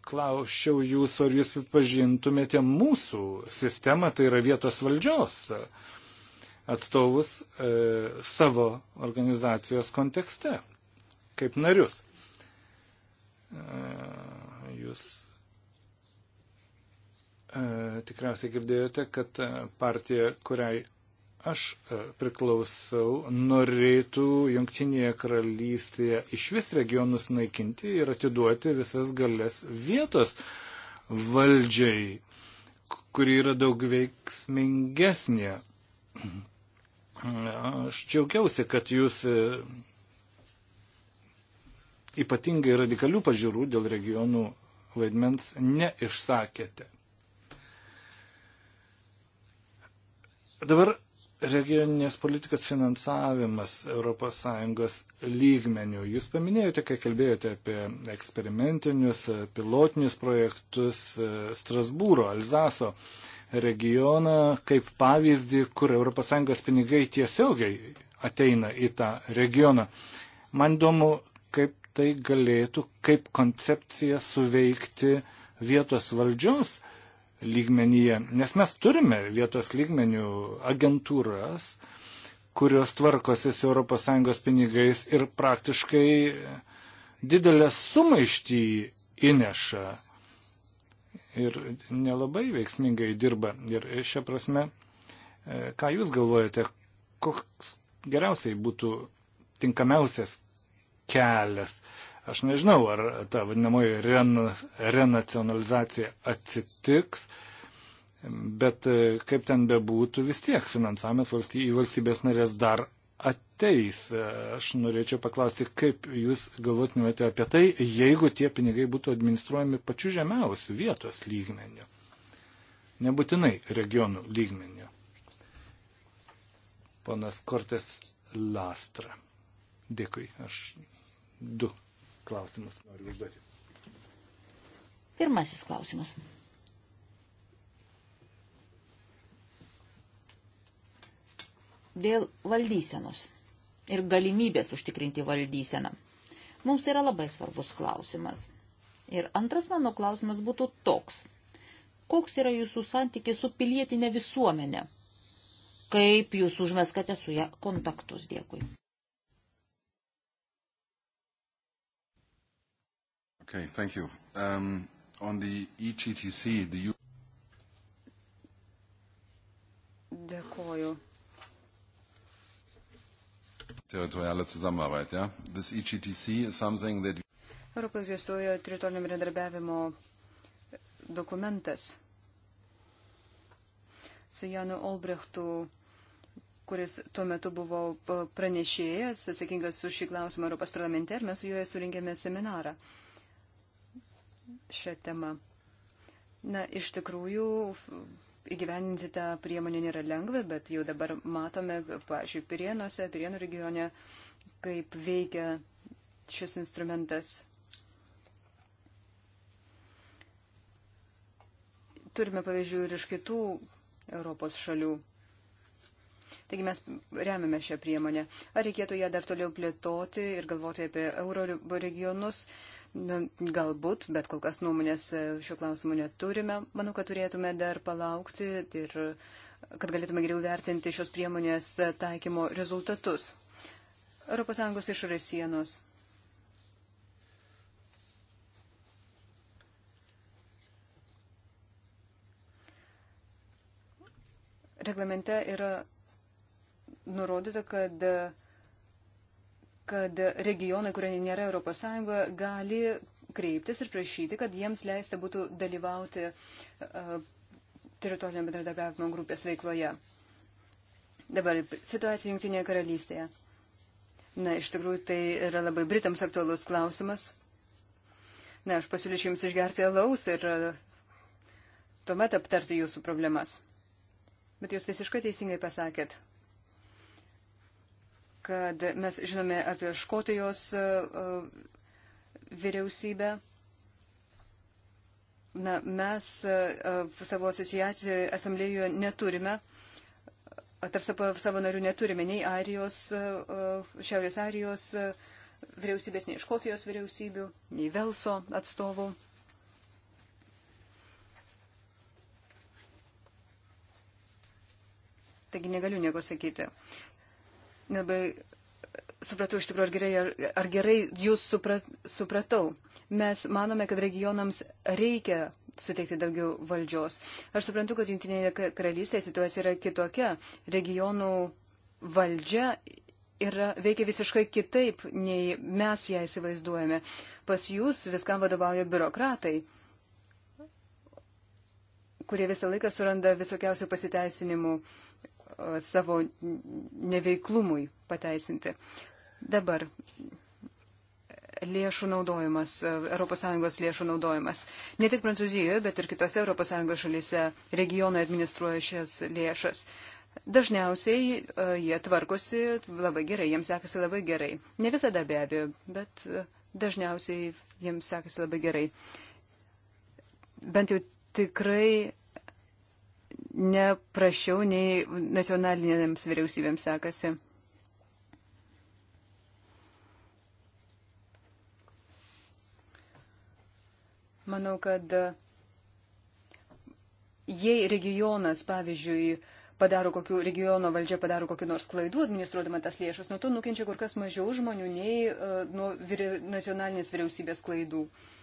klausčiau jūsų, ar jūs pažintumėte mūsų sistemą, tai yra vietos valdžios atstovus e, savo organizacijos kontekste, kaip narius. E, jūs e, tikriausiai girdėjote, kad e, partija, kuriai aš e, priklausau, norėtų Junktinėje karalystėje iš vis regionus naikinti ir atiduoti visas galės vietos valdžiai, kuri yra daug veiksmingesnė. Aš džiaugiausi, kad jūs e, ypatingai radikalių pažiūrų dėl regionų vaidmens neišsakėte. Dabar regioninės politikos finansavimas ES lygmenių. Jūs paminėjote, kai kalbėjote apie eksperimentinius, pilotinius projektus e, Strasbūro, Alzaso regioną kaip pavyzdį, kur ES pinigai tiesiogiai ateina į tą regioną. Man įdomu, kaip tai galėtų, kaip koncepcija suveikti vietos valdžios lygmenyje, nes mes turime vietos lygmenių agentūras, kurios tvarkosi su ES pinigais ir praktiškai didelę sumaištį įneša ir nelabai veiksmingai dirba. Ir šią prasme, e, ką Jūs galvojate, koks geriausiai būtų tinkamiausias kelias? Aš nežinau, ar ta vadinamoji ren, renacionalizacija atsitiks, bet e, kaip ten bebūtų, vis tiek finansavimas valstybės narės dar ateis. Aš norėčiau paklausti, kaip jūs galvotumėte apie tai, jeigu tie pinigai būtų administruojami pačiu žemiausiu vietos lygmeniu. Nebūtinai regionų lygmeniu. Ponas Kortes Lastra. Dėkui, aš du klausimus noriu užduoti. Pirmasis klausimas. dėl valdysenos ir galimybės užtikrinti valdyseną. Mums yra labai svarbus klausimas. Ir antras mano klausimas būtų toks. Koks yra jūsų santykiai su pilietinė visuomenė? Kaip jūs užmeskate su ją kontaktus? Dėkui. Okay, thank you. Um, on the EGTC, the... Dėkoju territoriale Zusammenarbeit, ja? This EGTC is something that... Europoje egzistuoja teritorinio bendradarbiavimo dokumentas. Su Janu Olbrechtu, kuris tuo metu buvo e, pranešėjas, atsakingas už šį klausimą Europos parlamente, ir mes su juo surinkėme seminarą šią temą. Na, iš tikrųjų, įgyveninti tą priemonę nėra lengva, bet jau dabar matome, pažiūrėjau, Pirienuose, Pirienų regione, kaip veikia šis instrumentas. Turime pavyzdžių ir iš kitų Europos šalių. Taigi mes remiame šią priemonę. Ar reikėtų ją dar toliau plėtoti ir galvoti apie euro regionus? Uh, Galbūt, bet kol kas nuomonės e, šiuo klausimu neturime. Manau, kad turėtume dar palaukti ir kad galėtume geriau vertinti šios priemonės e, taikymo rezultatus. ES išorės sienos. Reglamente yra nurodyta, kad e, kad regionai, kurie nėra ES, gali kreiptis ir prašyti, kad jiems leista būtų dalyvauti uh, teritorinio bendradarbiavimo grupės veikloje. Dabar situacija Junktinėje karalystėje. Na, iš tikrųjų, tai yra labai Britams aktualus klausimas. Na, aš pasiūlyčiau Jums išgerti alaus ir uh, tuomet aptarti Jūsų problemas. Bet Jūs visiškai teisingai pasakėt, kad mes žinome apie Škotijos e, e, vyriausybę. Na, mes e, savo asociacijoje asamblėjoje neturime, tarsi savo narių neturime nei Airijos, Šiaurės Airijos vyriausybės, nei Škotijos vyriausybių, nei Velso atstovų. Taigi negaliu nieko sakyti labai supratau iš tikrųjų, ar gerai, ar gerai jūs suprat, supratau. Mes manome, kad regionams reikia suteikti daugiau valdžios. Aš suprantu, kad Junktinėje karalystėje situacija yra kitokia. Regionų valdžia yra, veikia visiškai kitaip, nei mes ją įsivaizduojame. Pas jūs viskam vadovauja biurokratai kurie visą laiką suranda visokiausių pasiteisinimų uh, savo neveiklumui pateisinti. Dabar lėšų naudojimas, ES lėšų naudojimas. Ne tik Prancūzijoje, bet ir kitose ES šalyse regionai administruoja šias lėšas. Dažniausiai uh, jie tvarkosi labai gerai, jiems sekasi labai gerai. Ne visada be abejo, bet uh, dažniausiai jiems sekasi labai gerai. Bent jau tikrai neprašiau nei nacionalinėms vyriausybėms sekasi. Manau, kad e, jei regionas, pavyzdžiui, padaro kokių, regiono valdžia padaro kokių nors klaidų administruodama tas lėšas, nuo to nukenčia kur kas mažiau žmonių nei uh, nuo vyri, nacionalinės vyriausybės klaidų. Uh,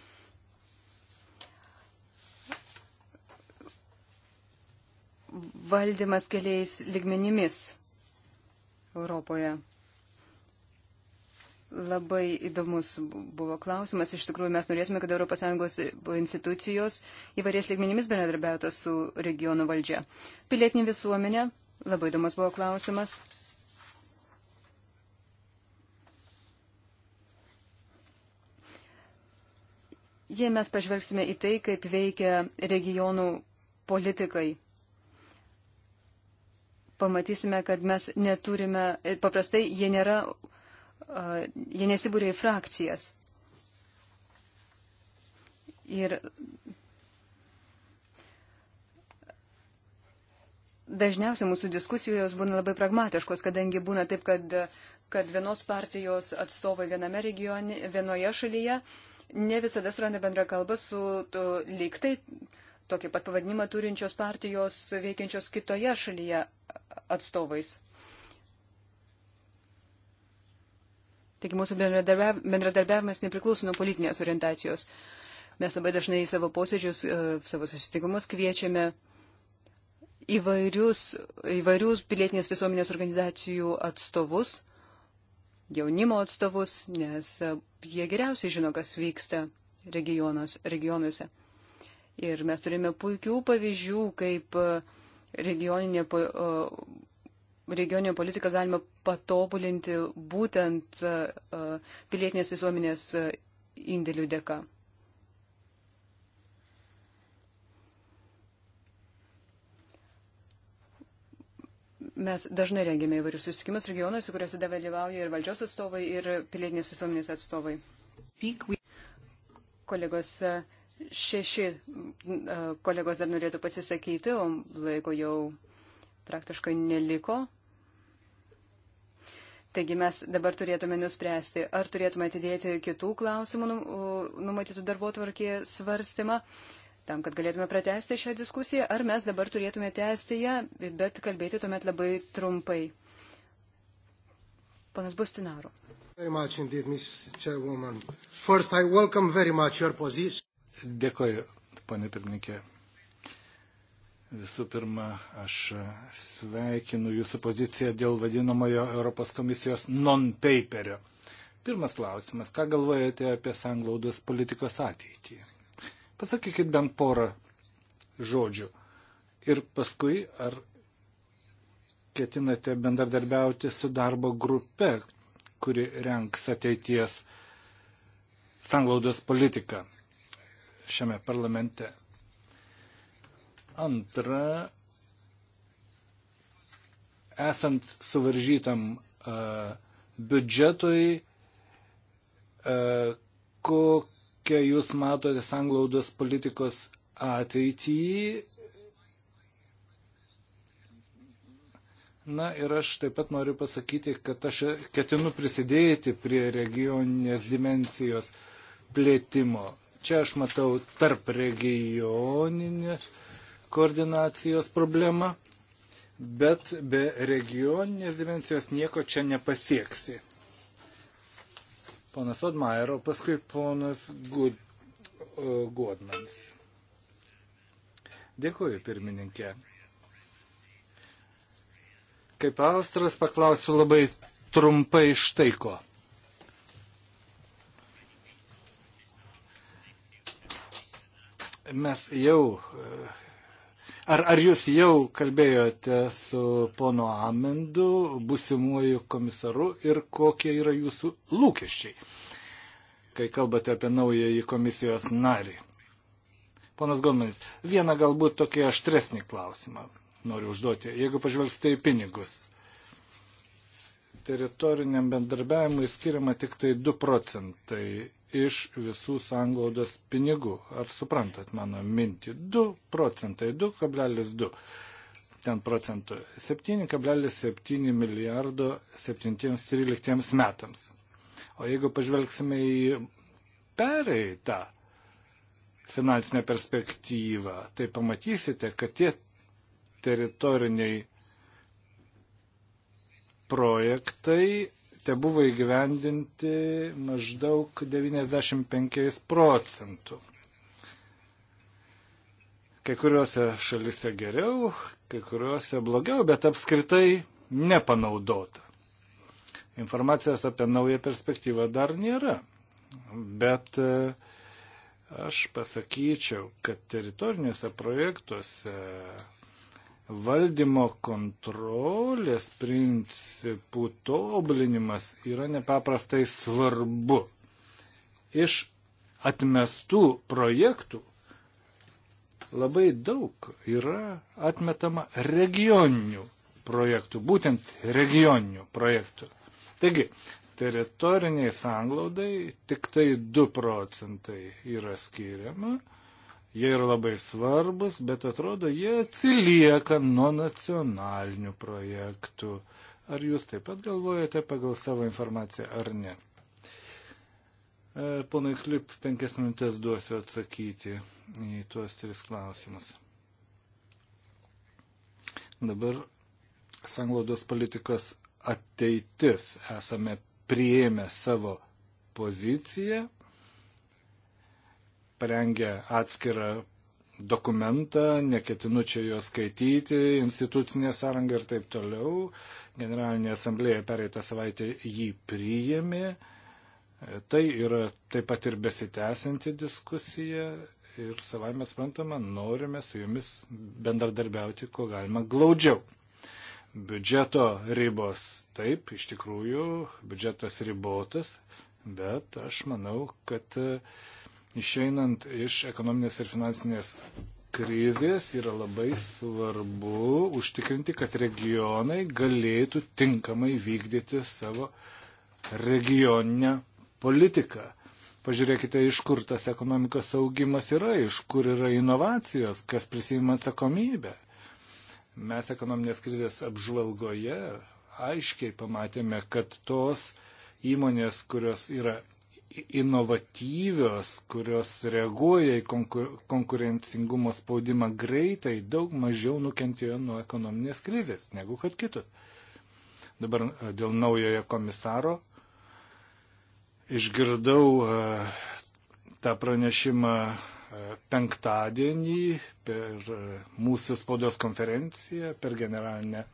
valdymas keliais ligmenimis Europoje. Labai įdomus buvo klausimas. Iš tikrųjų, mes norėtume, kad ES institucijos įvairiais lygmenimis bendradarbiautų su regionų valdžia. Pilietinė visuomenė. Labai įdomus buvo klausimas. Jei mes pažvelgsime į tai, kaip veikia regionų politikai pamatysime, kad mes neturime, e, paprastai jie nėra, jie nesibūrė į frakcijas. Ir dažniausiai mūsų diskusijos būna labai pragmatiškos, kadangi būna taip, kad, kad vienos partijos atstovai viename regione, vienoje šalyje ne visada suranda bendrą kalbą su to, liktai tokį pat pavadinimą turinčios partijos veikiančios kitoje šalyje atstovais. Taigi mūsų bendradarbiavimas nepriklauso nuo politinės orientacijos. Mes labai dažnai į savo posėdžius, e, savo susitikimus kviečiame įvairius, įvairius pilietinės visuomenės organizacijų atstovus, jaunimo atstovus, nes e, jie geriausiai žino, kas vyksta regionos, regionuose. Ir mes turime puikių pavyzdžių, kaip e, regioninė, e, regioninė politika galima patobulinti būtent e, pilietinės visuomenės indėlių dėka. Mes dažnai rengiame įvairius susitikimus regionuose, kuriuose dalyvauja ir valdžios atstovai, ir pilietinės visuomenės atstovai. Kolegos, Šeši kolegos dar norėtų pasisakyti, o laiko jau praktiškai neliko. Taigi mes dabar turėtume nuspręsti, ar turėtume atidėti kitų klausimų numatytų darbo tvarkėje svarstymą, tam, kad galėtume pratesti šią diskusiją, ar mes dabar turėtume tęsti ją, bet kalbėti tuomet labai trumpai. Panas Bustinaru. Very much indeed, Ms. Chairwoman. First, I welcome very much your position. Dėkoju, ponė pirmininkė. Visų pirma, aš sveikinu jūsų poziciją dėl vadinamojo Europos komisijos non-paperio. Pirmas klausimas, ką galvojate apie sanglaudos politikos ateitį? Pasakykit bent porą žodžių. Ir paskui, ar ketinate bendradarbiauti su darbo grupe, kuri renks ateities sanglaudos politiką? šiame parlamente. Antra, esant suvaržytam a, e, biudžetui, a, e, kokią jūs matote sanglaudos politikos ateityje. Na ir aš taip pat noriu pasakyti, kad aš ketinu prisidėti prie regioninės dimensijos plėtimo. Čia aš matau tarp regioninės koordinacijos problemą, bet be regioninės dimensijos nieko čia nepasieksi. Ponas Odmairo, paskui ponas Gud, Godmans. Dėkuoju, pirmininkė. Kaip Austras paklausiu labai trumpai iš taiko. mes jau, ar, ar jūs jau kalbėjote su pono Amendu, busimuoju komisaru ir kokie yra jūsų lūkesčiai, kai kalbate apie naująjį komisijos narį? Ponas Gomenis, vieną galbūt tokį aštresnį klausimą noriu užduoti. Jeigu pažvelgsite į pinigus, teritoriniam bendarbiavimui skiriama tik tai 2 procentai iš visų sanglaudos pinigų. Ar suprantat mano mintį? 2 procentai, 2,2 ten procentų, 7,7 milijardo 7-13 metams. O jeigu pažvelgsime į pereitą finansinę perspektyvą, tai pamatysite, kad tie teritoriniai projektai mieste buvo įgyvendinti maždaug 95 procentų. Kai kuriuose šalise geriau, kai kuriuose blogiau, bet apskritai nepanaudota. Informacijos apie naują perspektyvą dar nėra. Bet e, aš pasakyčiau, kad teritoriniuose projektuose valdymo kontrolės principų tobulinimas yra nepaprastai svarbu. Iš atmestų projektų labai daug yra atmetama regioninių projektų, būtent regioninių projektų. Taigi, teritoriniai sanglaudai tik tai 2 procentai yra skiriama Jie yra labai svarbus, bet atrodo, jie atsilieka nuo nacionalinių projektų. Ar jūs taip pat galvojate pagal savo informaciją ar ne? E, Ponai Klip, penkias minutės duosiu atsakyti į tuos tris klausimus. Dabar sanglaudos politikos ateitis esame prieėmę savo poziciją parengę atskirą dokumentą, neketinu čia jo skaityti, institucinė sąranga ir taip toliau. Generalinė asamblėja pereitą savaitę jį priėmė. Tai yra taip pat ir besitęsianti diskusija ir savai mes sprantama, norime su jumis bendradarbiauti, kuo galima glaudžiau. Biudžeto ribos taip, iš tikrųjų, biudžetas ribotas, bet aš manau, kad uh, išeinant iš ekonominės ir finansinės krizės yra labai svarbu užtikrinti, kad regionai galėtų tinkamai vykdyti savo regioninę politiką. Pažiūrėkite, iš kur tas ekonomikos augimas yra, iš kur yra inovacijos, kas prisima atsakomybę. Mes ekonominės krizės apžvalgoje aiškiai pamatėme, kad tos įmonės, kurios yra inovatyvios, kurios reaguoja į konkurencingumo spaudimą greitai, daug mažiau nukentėjo nuo ekonominės krizės negu kad kitos. Dabar e, dėl naujojo komisaro išgirdau e, tą pranešimą e, penktadienį per mūsų spaudos konferenciją, per generalinę,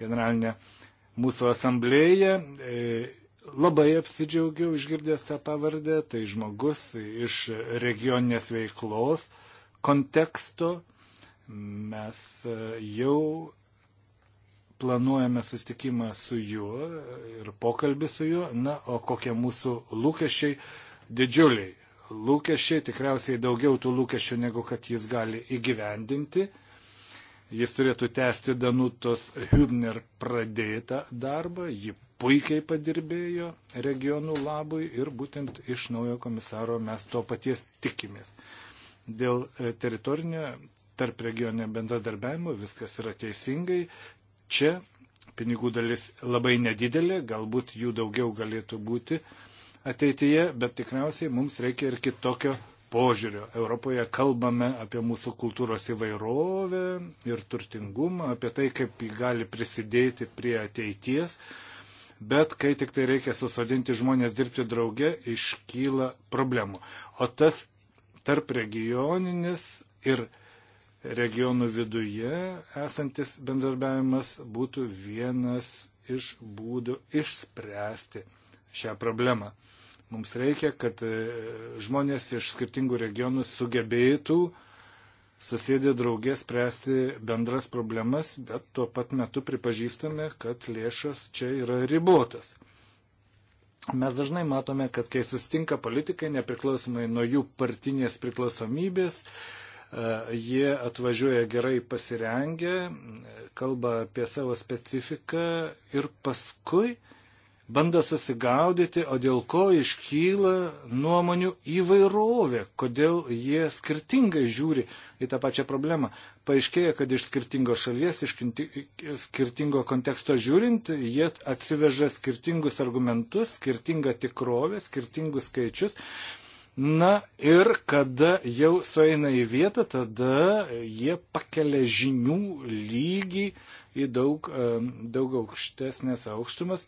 generalinę mūsų asamblėją. Labai apsidžiaugiau išgirdęs tą pavardę, tai žmogus iš regioninės veiklos konteksto. Mes e, jau planuojame sustikimą su juo ir pokalbį su juo. Na, o kokie mūsų lūkesčiai didžiuliai. Lūkesčiai tikriausiai daugiau tų lūkesčių, negu kad jis gali įgyvendinti jis turėtų tęsti Danutos Hübner pradėtą darbą, jį puikiai padirbėjo regionų labui ir būtent iš naujo komisaro mes to paties tikimės. Dėl e, teritorinio tarp regioninio bendradarbiavimo viskas yra teisingai. Čia pinigų dalis labai nedidelė, galbūt jų daugiau galėtų būti ateityje, bet tikriausiai mums reikia ir kitokio požiūrio. Europoje kalbame apie mūsų kultūros įvairovę ir turtingumą, apie tai, kaip jį gali prisidėti prie ateities bet kai tik tai reikia susodinti žmonės dirbti drauge, iškyla problemų. O tas tarp regioninis ir regionų viduje esantis bendarbiavimas būtų vienas iš būdų išspręsti šią problemą. Mums reikia, kad e, žmonės iš skirtingų regionų sugebėtų uh, susėdė draugės spręsti bendras problemas, bet tuo pat metu pripažįstame, kad lėšas čia yra ribotas. Mes dažnai matome, kad kai sustinka politikai, nepriklausomai nuo jų partinės priklausomybės, e, jie atvažiuoja gerai pasirengę, kalba apie savo specifiką ir paskui uh, bando susigaudyti, o dėl ko iškyla nuomonių įvairovė, kodėl jie skirtingai žiūri į tą pačią problemą. Paaiškėja, kad iš skirtingos šalies, iš skirtingo konteksto žiūrint, jie atsiveža skirtingus argumentus, skirtingą tikrovę, skirtingus skaičius. Na ir kada jau sueina į vietą, tada jie pakelia žinių lygį į daug, daug aukštesnės aukštumas.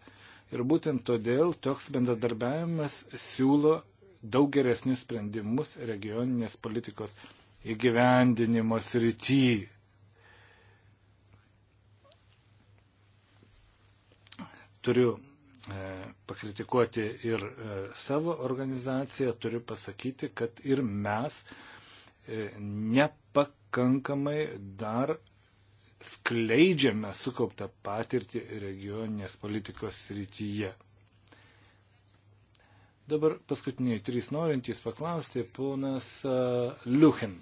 Ir būtent todėl toks bendradarbiavimas siūlo daug geresnius sprendimus regioninės politikos įgyvendinimo srity. Turiu e, pakritikuoti ir e, savo organizaciją, turiu pasakyti, kad ir mes e, nepakankamai dar skleidžiame sukauptą patirtį regioninės politikos srityje. Dabar paskutiniai trys norintys paklausti, ponas uh, Liuchen.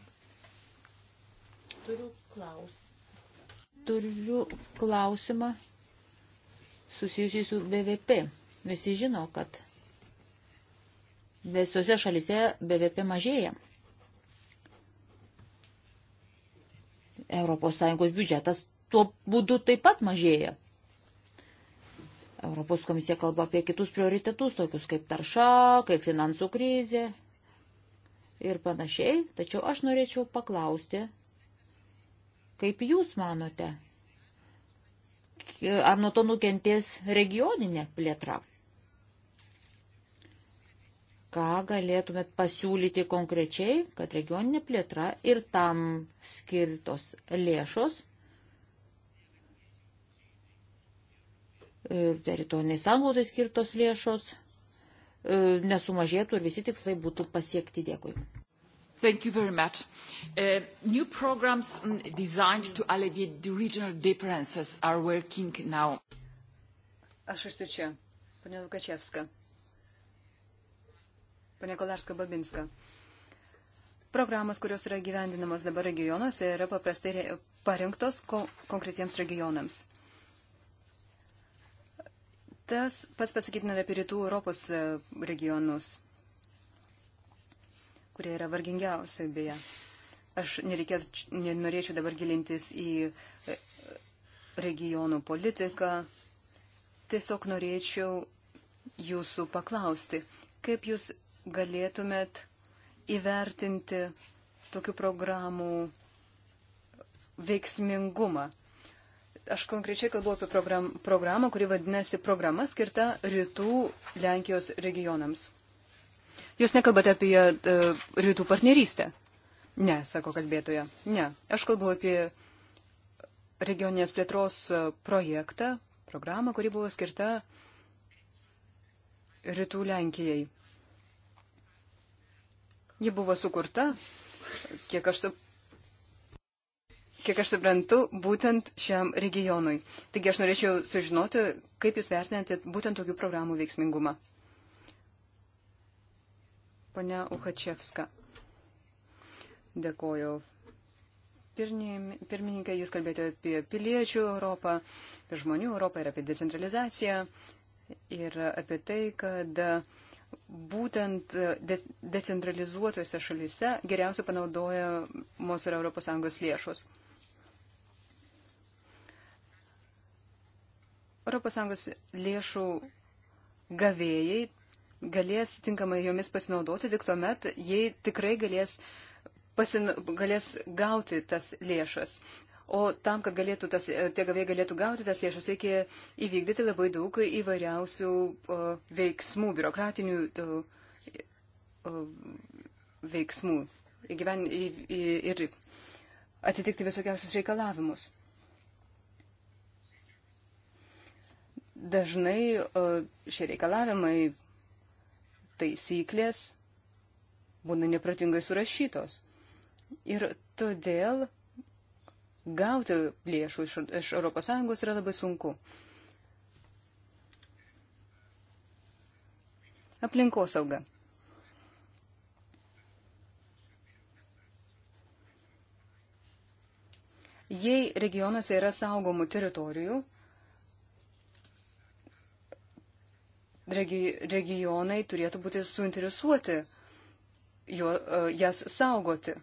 Turiu, klaus... Turiu klausimą susijusį su BVP. Visi žino, kad visose šalise BVP mažėja. ES biudžetas tuo būdu taip pat mažėja. Europos komisija kalba apie kitus prioritetus, tokius kaip tarša, kaip finansų krizė ir panašiai. Tačiau aš norėčiau paklausti, kaip jūs manote, ar nuo to nukentės regioninė plėtra? ką galėtumėt pasiūlyti konkrečiai, kad regioninė plėtra ir tam skirtos lėšos teritoriniai sanglaudai skirtos lėšos e, nesumažėtų ir visi tikslai būtų pasiekti. Dėkui. Thank you very much. Uh, new programs mm, designed to alleviate the regional differences are working now. Aš esu čia, panė Lukačevska. Pane Kolarska Babinska. Programos, kurios yra gyvendinamos dabar regionuose, yra paprastai parinktos ko konkretiems regionams. Tas pats pasakytina apie rytų Europos e, regionus, kurie yra vargingiausiai beje. Aš nenorėčiau dabar gilintis į e, regionų politiką. Tiesiog norėčiau jūsų paklausti, kaip jūs galėtumėt įvertinti tokių programų veiksmingumą. Aš konkrečiai kalbu apie program, programą, kuri vadinasi programa skirta rytų Lenkijos regionams. Jūs nekalbate apie uh, rytų partnerystę? Ne, sako kalbėtoja. Ne, aš kalbu apie regioninės plėtros e, projektą, programą, kuri buvo skirta rytų Lenkijai. Ji buvo sukurta, kiek aš, su, kiek aš suprantu, būtent šiam regionui. Taigi aš norėčiau sužinoti, kaip Jūs vertinate būtent tokių programų veiksmingumą. Pane Uhačevska. Dėkoju. Pirmininkai, jūs kalbėjote apie piliečių Europą, apie žmonių Europą ir apie decentralizaciją ir apie tai, kad uh, būtent e, de decentralizuotose šalise geriausiai panaudojamos yra ES lėšos. ES lėšų gavėjai galės tinkamai jomis pasinaudoti tik tuomet, jei tikrai galės, pasin, galės gauti tas lėšas. O tam, kad galėtų tas, e, tie gavėjai galėtų gauti tas lėšas, reikia įvykdyti labai daug įvairiausių o, e, veiksmų, biurokratinių o, e, o, veiksmų įgyven, į, į, ir atitikti visokiausius reikalavimus. Dažnai šie reikalavimai, taisyklės būna nepratingai surašytos. Ir todėl gauti lėšų iš, iš ES yra labai sunku. Aplinkosauga. Jei regionuose yra saugomų teritorijų, regi, regionai turėtų būti suinteresuoti jo, e, jas saugoti.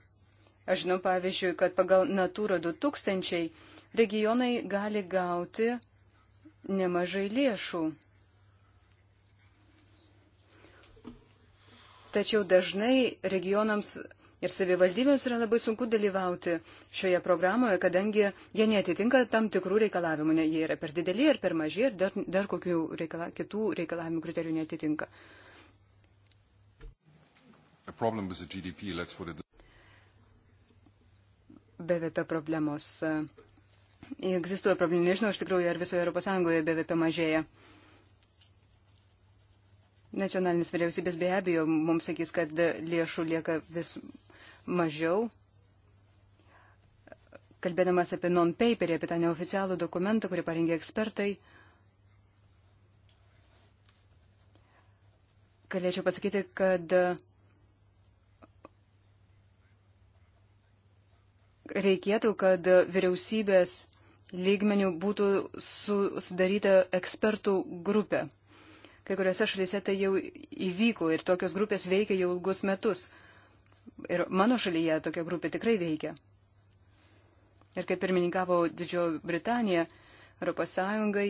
Aš žinau, pavyzdžiui, kad pagal Natūra 2000 regionai gali gauti nemažai lėšų. Tačiau dažnai regionams ir savivaldybėms yra labai sunku dalyvauti šioje programoje, kadangi jie netitinka tam tikrų reikalavimų, ne, jie yra per dideli ir per maži ir dar, dar kokių reikala, kitų reikalavimų kriterijų netitinka. It... BVP problemos. Egzistuoja problemų, nežinau iš tikrųjų, ar visoje Europos Sąjungoje BVP mažėja. Nacionalinis vyriausybės be abejo mums sakys, kad lėšų lieka vis mažiau. Kalbėdamas apie non-paperį, apie tą neoficialų dokumentą, kurį parengė ekspertai, galėčiau pasakyti, kad reikėtų, kad vyriausybės lygmenių būtų su, sudaryta ekspertų grupė. Kai kuriuose šalyse tai jau įvyko ir tokios grupės veikia jau ilgus metus. Ir mano šalyje tokia grupė tikrai veikia. Ir kaip pirmininkavo Didžiojo Britanija Europos Sąjungai,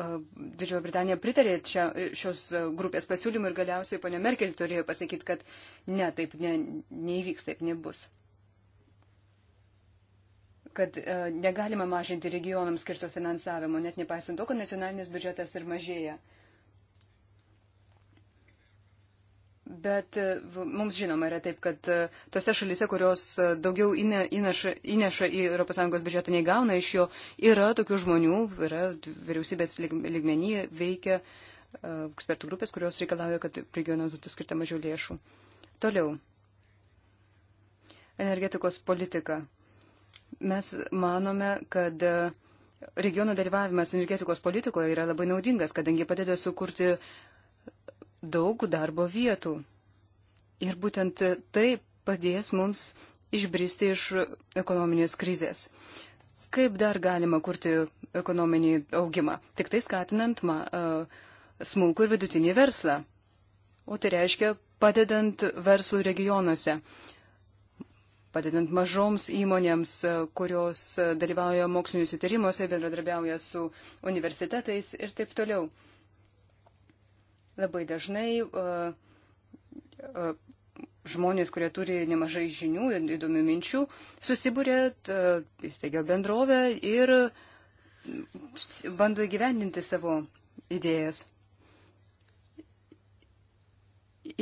E, Didžioji Britanija pritarė čia, e, šios e, grupės pasiūlymui ir galiausiai ponia Merkel turėjo pasakyti, kad ne, taip ne, neįvyks, taip nebus. Kad e, negalima mažinti regionams skirto finansavimo, net nepaisant to, kad nacionalinis biudžetas ir mažėja. E, Bet e, mums žinoma yra taip, kad e, tose šalise, kurios e, daugiau įneša, įneša į ES biudžetą nei gauna iš jo, yra tokių žmonių, yra vyriausybės lygmenyje veikia ekspertų grupės, kurios reikalauja, kad regionams būtų skirta mažiau lėšų. Toliau. Energetikos politika. Mes manome, kad regiono dalyvavimas energetikos politikoje yra labai naudingas, kadangi padeda sukurti uh, daug darbo vietų. Ir būtent tai padės mums išbristi iš ekonominės krizės. Kaip dar galima kurti ekonominį augimą? Tik tai skatinant ma, smulkų ir vidutinį verslą. O tai reiškia padedant verslų regionuose, padedant mažoms įmonėms, kurios dalyvauja moksliniuose tyrimuose, bendradarbiauja su universitetais ir taip toliau. Labai dažnai e, e, žmonės, kurie turi nemažai žinių ir įdomių minčių, susibūrė, e, įsteigė bendrovę ir bando įgyvendinti savo idėjas.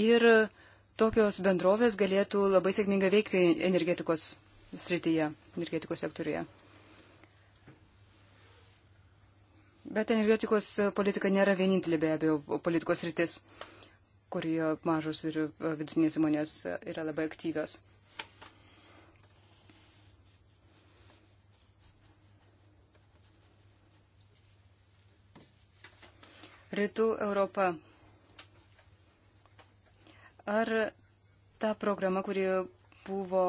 Ir tokios bendrovės galėtų labai sėkmingai veikti energetikos srityje, energetikos sektoriuje. Bet energetikos politika nėra vienintelė be abejo politikos rytis, kurioje mažos ir e, vidutinės įmonės e, yra labai aktyvios. Rytų Europa. Ar ta programa, kuri buvo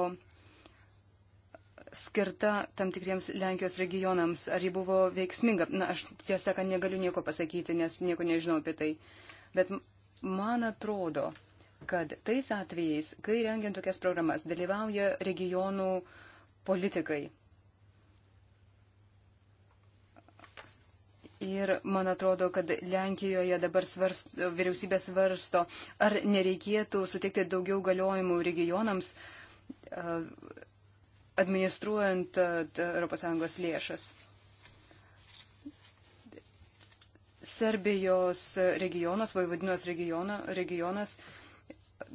skirta tam tikriems Lenkijos regionams? Ar ji buvo veiksminga? Na, aš tiesą sakant, negaliu nieko pasakyti, nes nieko nežinau apie tai. Bet man atrodo, kad tais atvejais, kai rengiant tokias programas, dalyvauja regionų politikai. Ir man atrodo, kad Lenkijoje dabar svarsto, vyriausybė svarsto, ar nereikėtų suteikti daugiau galiojimų regionams administruojant ES lėšas. Serbijos regionas, Vojvodinos regiono, regionas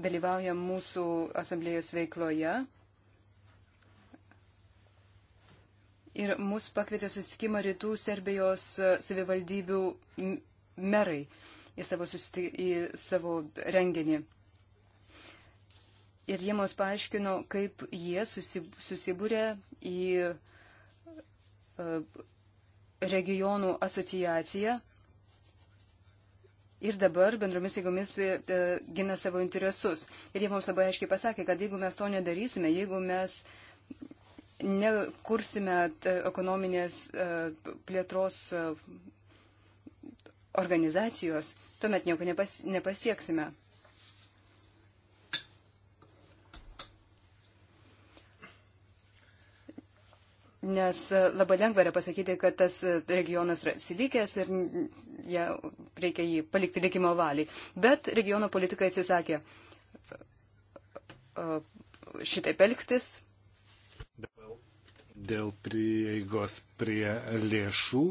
dalyvauja mūsų asamblėjos veikloje ir mus pakvietė susitikimą rytų Serbijos savivaldybių merai į savo, į savo renginį. Ir jie mums paaiškino, kaip jie susibūrė į e, regionų asociaciją ir dabar bendromis jėgomis e, e, gina savo interesus. Ir jie mums labai aiškiai pasakė, kad jeigu mes to nedarysime, jeigu mes nekursime ekonominės plėtros organizacijos, tuomet nieko nepas, nepasieksime. nes e, labai lengva yra pasakyti, kad tas e, regionas yra silikęs ir ja, reikia jį palikti likimo valiai. Bet regiono politikai atsisakė e, šitaip elgtis. Dėl prieigos prie lėšų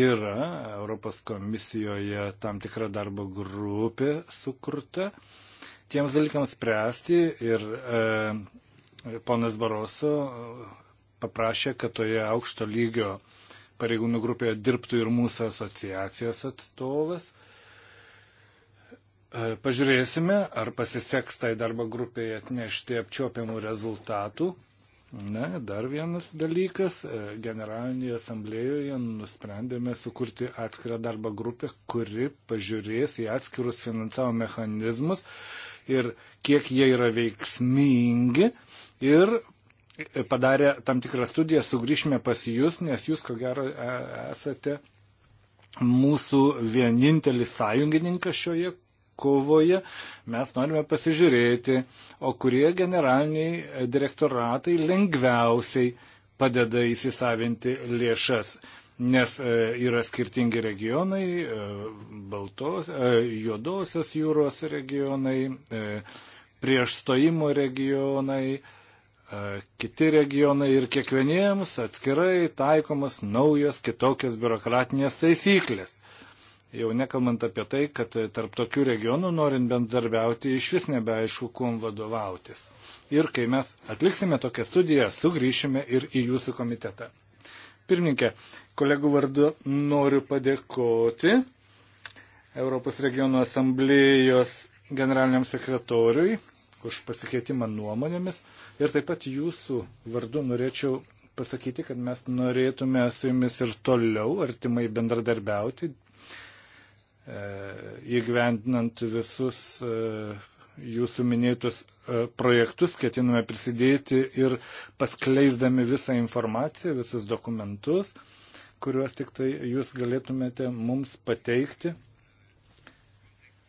yra Europos komisijoje tam tikra darbo grupė sukurta tiems dalykams spręsti ir e, ponas Baroso paprašė, kad toje aukšto lygio pareigūnų grupėje dirbtų ir mūsų asociacijos atstovas. E, pažiūrėsime, ar pasiseks tai darbo grupėje atnešti apčiopiamų rezultatų. Na, dar vienas dalykas. E, Generalinėje asamblėjoje nusprendėme sukurti atskirą darbo grupę, kuri pažiūrės į atskirus finansavimo mechanizmus ir kiek jie yra veiksmingi ir padarę tam tikrą studiją, sugrįšime pas jūs, nes jūs, ko gero, e, esate mūsų vienintelis sąjungininkas šioje kovoje. Mes norime pasižiūrėti, o kurie generaliniai direktoratai lengviausiai padeda įsisavinti lėšas. Nes e, yra skirtingi regionai, e, baltos, juodosios jūros regionai, prieš stojimo regionai, E, kiti regionai ir kiekvieniems atskirai taikomas naujas kitokias biurokratinės taisyklės. Jau nekalbant apie tai, kad tarp tokių regionų, norint bendarbiauti, iš vis nebeaišku, kuom vadovautis. Ir kai mes atliksime tokią studiją, sugrįšime ir į jūsų komitetą. Pirmininkė, kolegų vardu noriu padėkoti Europos regionų asamblėjos generaliniam sekretoriui už pasikeitimą nuomonėmis. Ir taip pat jūsų vardu norėčiau pasakyti, kad mes norėtume su jumis ir toliau artimai bendradarbiauti, e, įgyvendinant visus e, jūsų minėtus e, projektus, ketiname prisidėti ir paskleisdami visą informaciją, visus dokumentus, kuriuos tik tai jūs galėtumėte mums pateikti.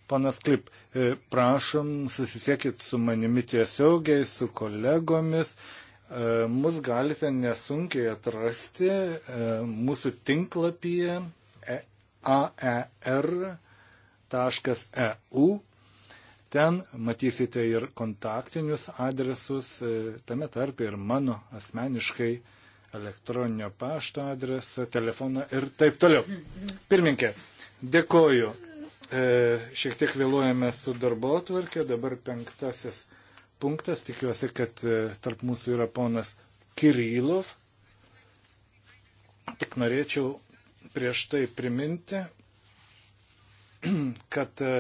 Panas Klip, e, prašom, susisiekit su manimi tiesiogiai, su kolegomis. E, mus galite nesunkiai atrasti e, mūsų tinklapyje aer.eu. Ten matysite ir kontaktinius adresus, tame tarp ir mano asmeniškai elektroninio pašto adresą, telefoną ir taip toliau. Pirminkė, dėkoju. E, šiek tiek vėluojame su darbo atvarkė, dabar penktasis punktas, tikiuosi, kad e, tarp mūsų yra ponas Kirilov. Tik norėčiau prieš tai priminti, (clears throat) kad e,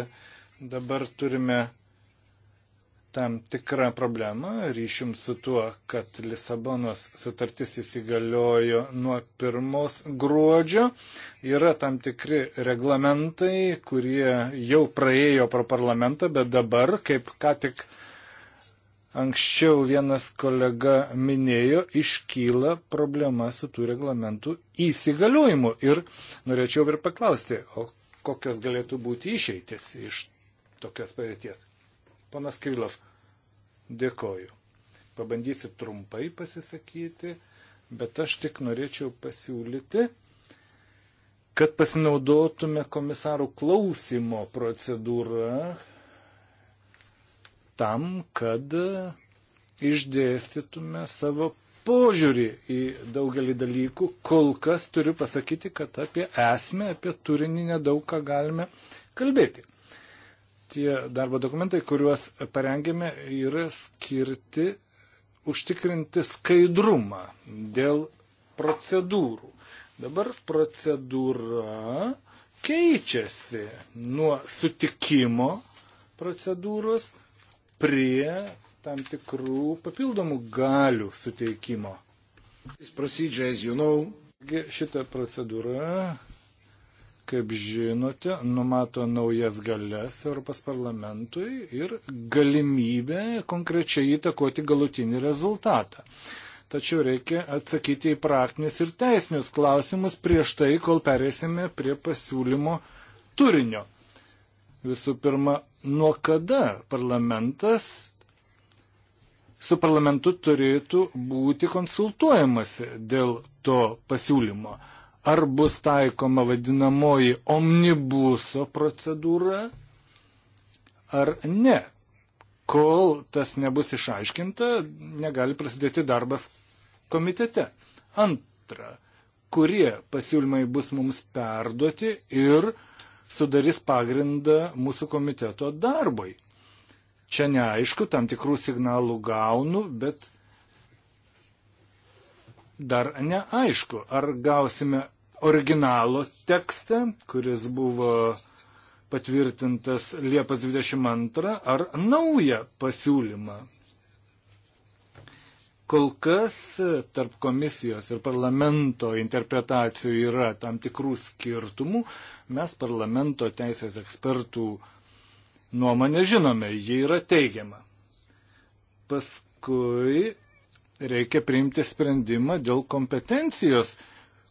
dabar turime tam tikrą problemą ryšim su tuo, kad Lisabonos sutartis įsigaliojo nuo pirmos gruodžio. Yra tam tikri reglamentai, kurie jau praėjo pro parlamentą, bet dabar, kaip ką tik anksčiau vienas kolega minėjo, iškyla problema su tų reglamentų įsigaliojimu. Ir norėčiau ir paklausti, o kokios galėtų būti išeitis iš tokios padėties. Panas Krylov. Dėkoju. Pabandysiu trumpai pasisakyti, bet aš tik norėčiau pasiūlyti, kad pasinaudotume komisarų klausimo procedūrą tam, kad išdėstytume savo požiūrį į daugelį dalykų. Kol kas turiu pasakyti, kad apie esmę, apie turinį nedaug ką galime kalbėti tie darbo dokumentai, kuriuos parengėme, yra skirti užtikrinti skaidrumą dėl procedūrų. Dabar procedūra keičiasi nuo sutikimo procedūros prie tam tikrų papildomų galių suteikimo. Šita procedūra kaip žinote, numato naujas galės Europos parlamentui ir galimybę konkrečiai įtakoti galutinį rezultatą. Tačiau reikia atsakyti į praktinius ir teisinius klausimus prieš tai, kol perėsime prie pasiūlymo turinio. Visų pirma, nuo kada parlamentas su parlamentu turėtų būti konsultuojamasi dėl to pasiūlymo ar bus taikoma vadinamoji omnibuso procedūra, ar ne. Kol tas nebus išaiškinta, negali prasidėti darbas komitete. Antra, kurie pasiūlymai bus mums perduoti ir sudarys pagrindą mūsų komiteto darbui. Čia neaišku, tam tikrų signalų gaunu, bet dar neaišku, ar gausime originalo tekstą, kuris buvo patvirtintas Liepos 22, ar naują pasiūlymą. Kol kas tarp komisijos ir parlamento interpretacijų yra tam tikrų skirtumų. Mes parlamento teisės ekspertų nuomonę žinome, ji yra teigiama. Paskui reikia priimti sprendimą dėl kompetencijos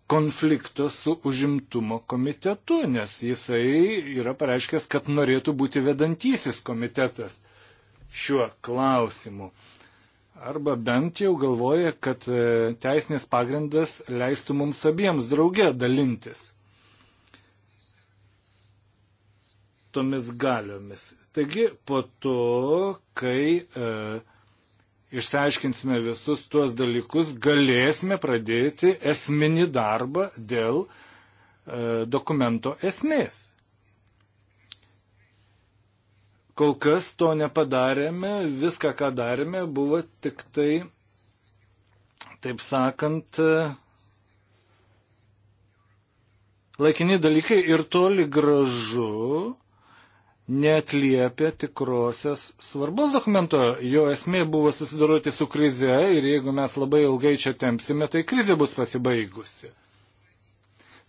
konflikto su užimtumo komitetu, nes jisai yra pareiškęs, kad norėtų būti vedantysis komitetas šiuo klausimu. Arba bent jau galvoja, kad e, teisinės pagrindas leistų mums abiems drauge dalintis tomis galiomis. Taigi po to, kai e, išsiaiškinsime visus tuos dalykus, galėsime pradėti esminį darbą dėl e, dokumento esmės. Kol kas to nepadarėme, viską, ką darėme, buvo tik tai, taip sakant, e, laikini dalykai ir toli gražu netliepia tikrosios svarbos dokumento. Jo esmė buvo susidoroti su krize ir jeigu mes labai ilgai čia tempsime, tai krizė bus pasibaigusi.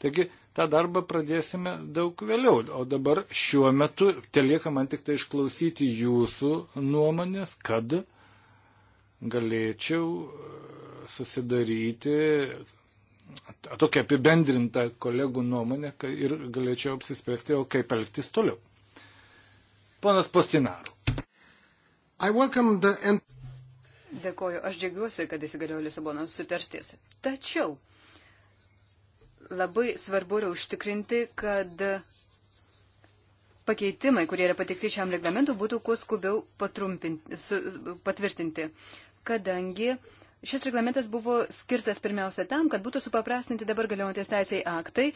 Taigi tą darbą pradėsime daug vėliau, o dabar šiuo metu telieka man tik tai išklausyti jūsų nuomonės, kad galėčiau e, susidaryti tokią apibendrintą kolegų nuomonę ir galėčiau apsispręsti, o kaip elgtis toliau. Ponas Postinaru. The... Dėkoju, aš džiaugiuosi, kad įsigaliojo Lisabonos sutartis. Tačiau labai svarbu yra užtikrinti, kad pakeitimai, kurie yra patikti šiam reglamentu, būtų kuo skubiau su, patvirtinti, kadangi Šis reglamentas buvo skirtas pirmiausia tam, kad būtų supaprastinti dabar galiojantis teisėjai aktai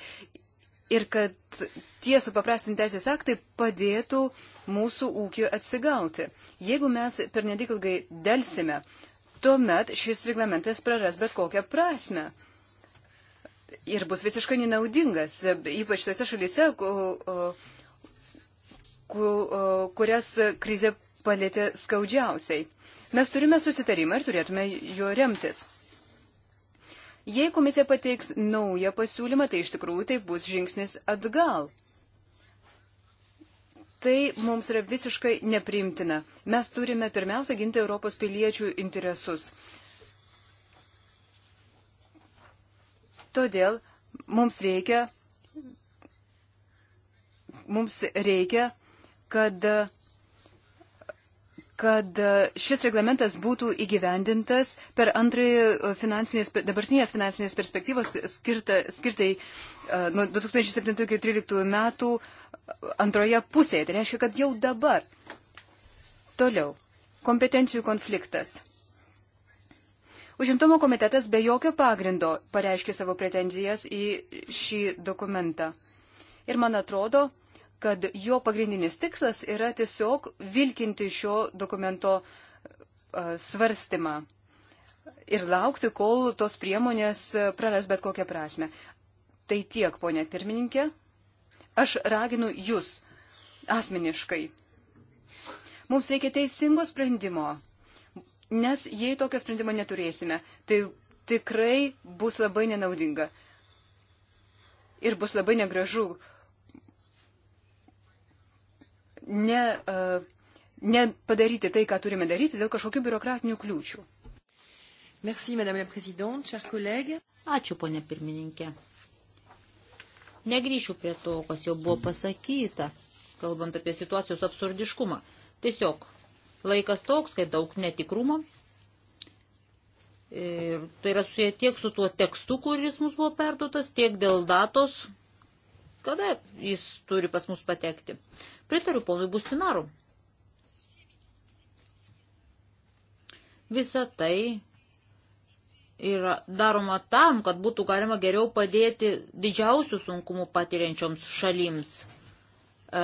ir kad tie supaprastinti teisės aktai padėtų mūsų ūkiu atsigauti. Jeigu mes per nedik ilgai delsime, tuomet šis reglamentas praras bet kokią prasme. Ir bus visiškai nenaudingas, ypač tose šalyse, kurias krizė palėtė skaudžiausiai. Mes turime susitarimą ir turėtume juo remtis. Jei komisija pateiks naują pasiūlymą, tai iš tikrųjų tai bus žingsnis atgal. Tai mums yra visiškai neprimtina. Mes turime pirmiausia ginti Europos piliečių interesus. Todėl mums reikia, mums reikia, kad kad e, šis reglamentas būtų įgyvendintas per antrąjį e, finansinės, dabartinės finansinės perspektyvos skirta, skirtai e, nuo 2007-2013 metų antroje pusėje. Tai reiškia, kad jau dabar. Toliau. Kompetencijų konfliktas. Užimtumo komitetas be jokio pagrindo pareiškė savo pretenzijas į šį dokumentą. Ir man atrodo, kad jo pagrindinis tikslas yra tiesiog vilkinti šio dokumento e, svarstymą ir laukti, kol tos priemonės e, praras bet kokią prasme. Tai tiek, ponė pirmininkė. Aš raginu jūs asmeniškai. Mums reikia teisingo sprendimo, nes jei tokio sprendimo neturėsime, tai tikrai bus labai nenaudinga. Ir bus labai negražu uh, ne, e, nepadaryti tai, ką turime daryti dėl kažkokių biurokratinių kliūčių. Merci, Madame la Présidente, chers collègues. Ačiū, ponė pirmininkė. Negryšiu prie to, kas jau buvo pasakyta, kalbant apie situacijos absurdiškumą. Tiesiog laikas toks, kai daug netikrumo. Ir tai yra susiję tiek su tuo tekstu, kuris mums buvo perduotas, tiek dėl datos, kada jis turi pas mus patekti. Pritariu ponui Bustinaru. Visa tai yra daroma tam, kad būtų galima geriau padėti didžiausių sunkumų patiriančioms šalims, e,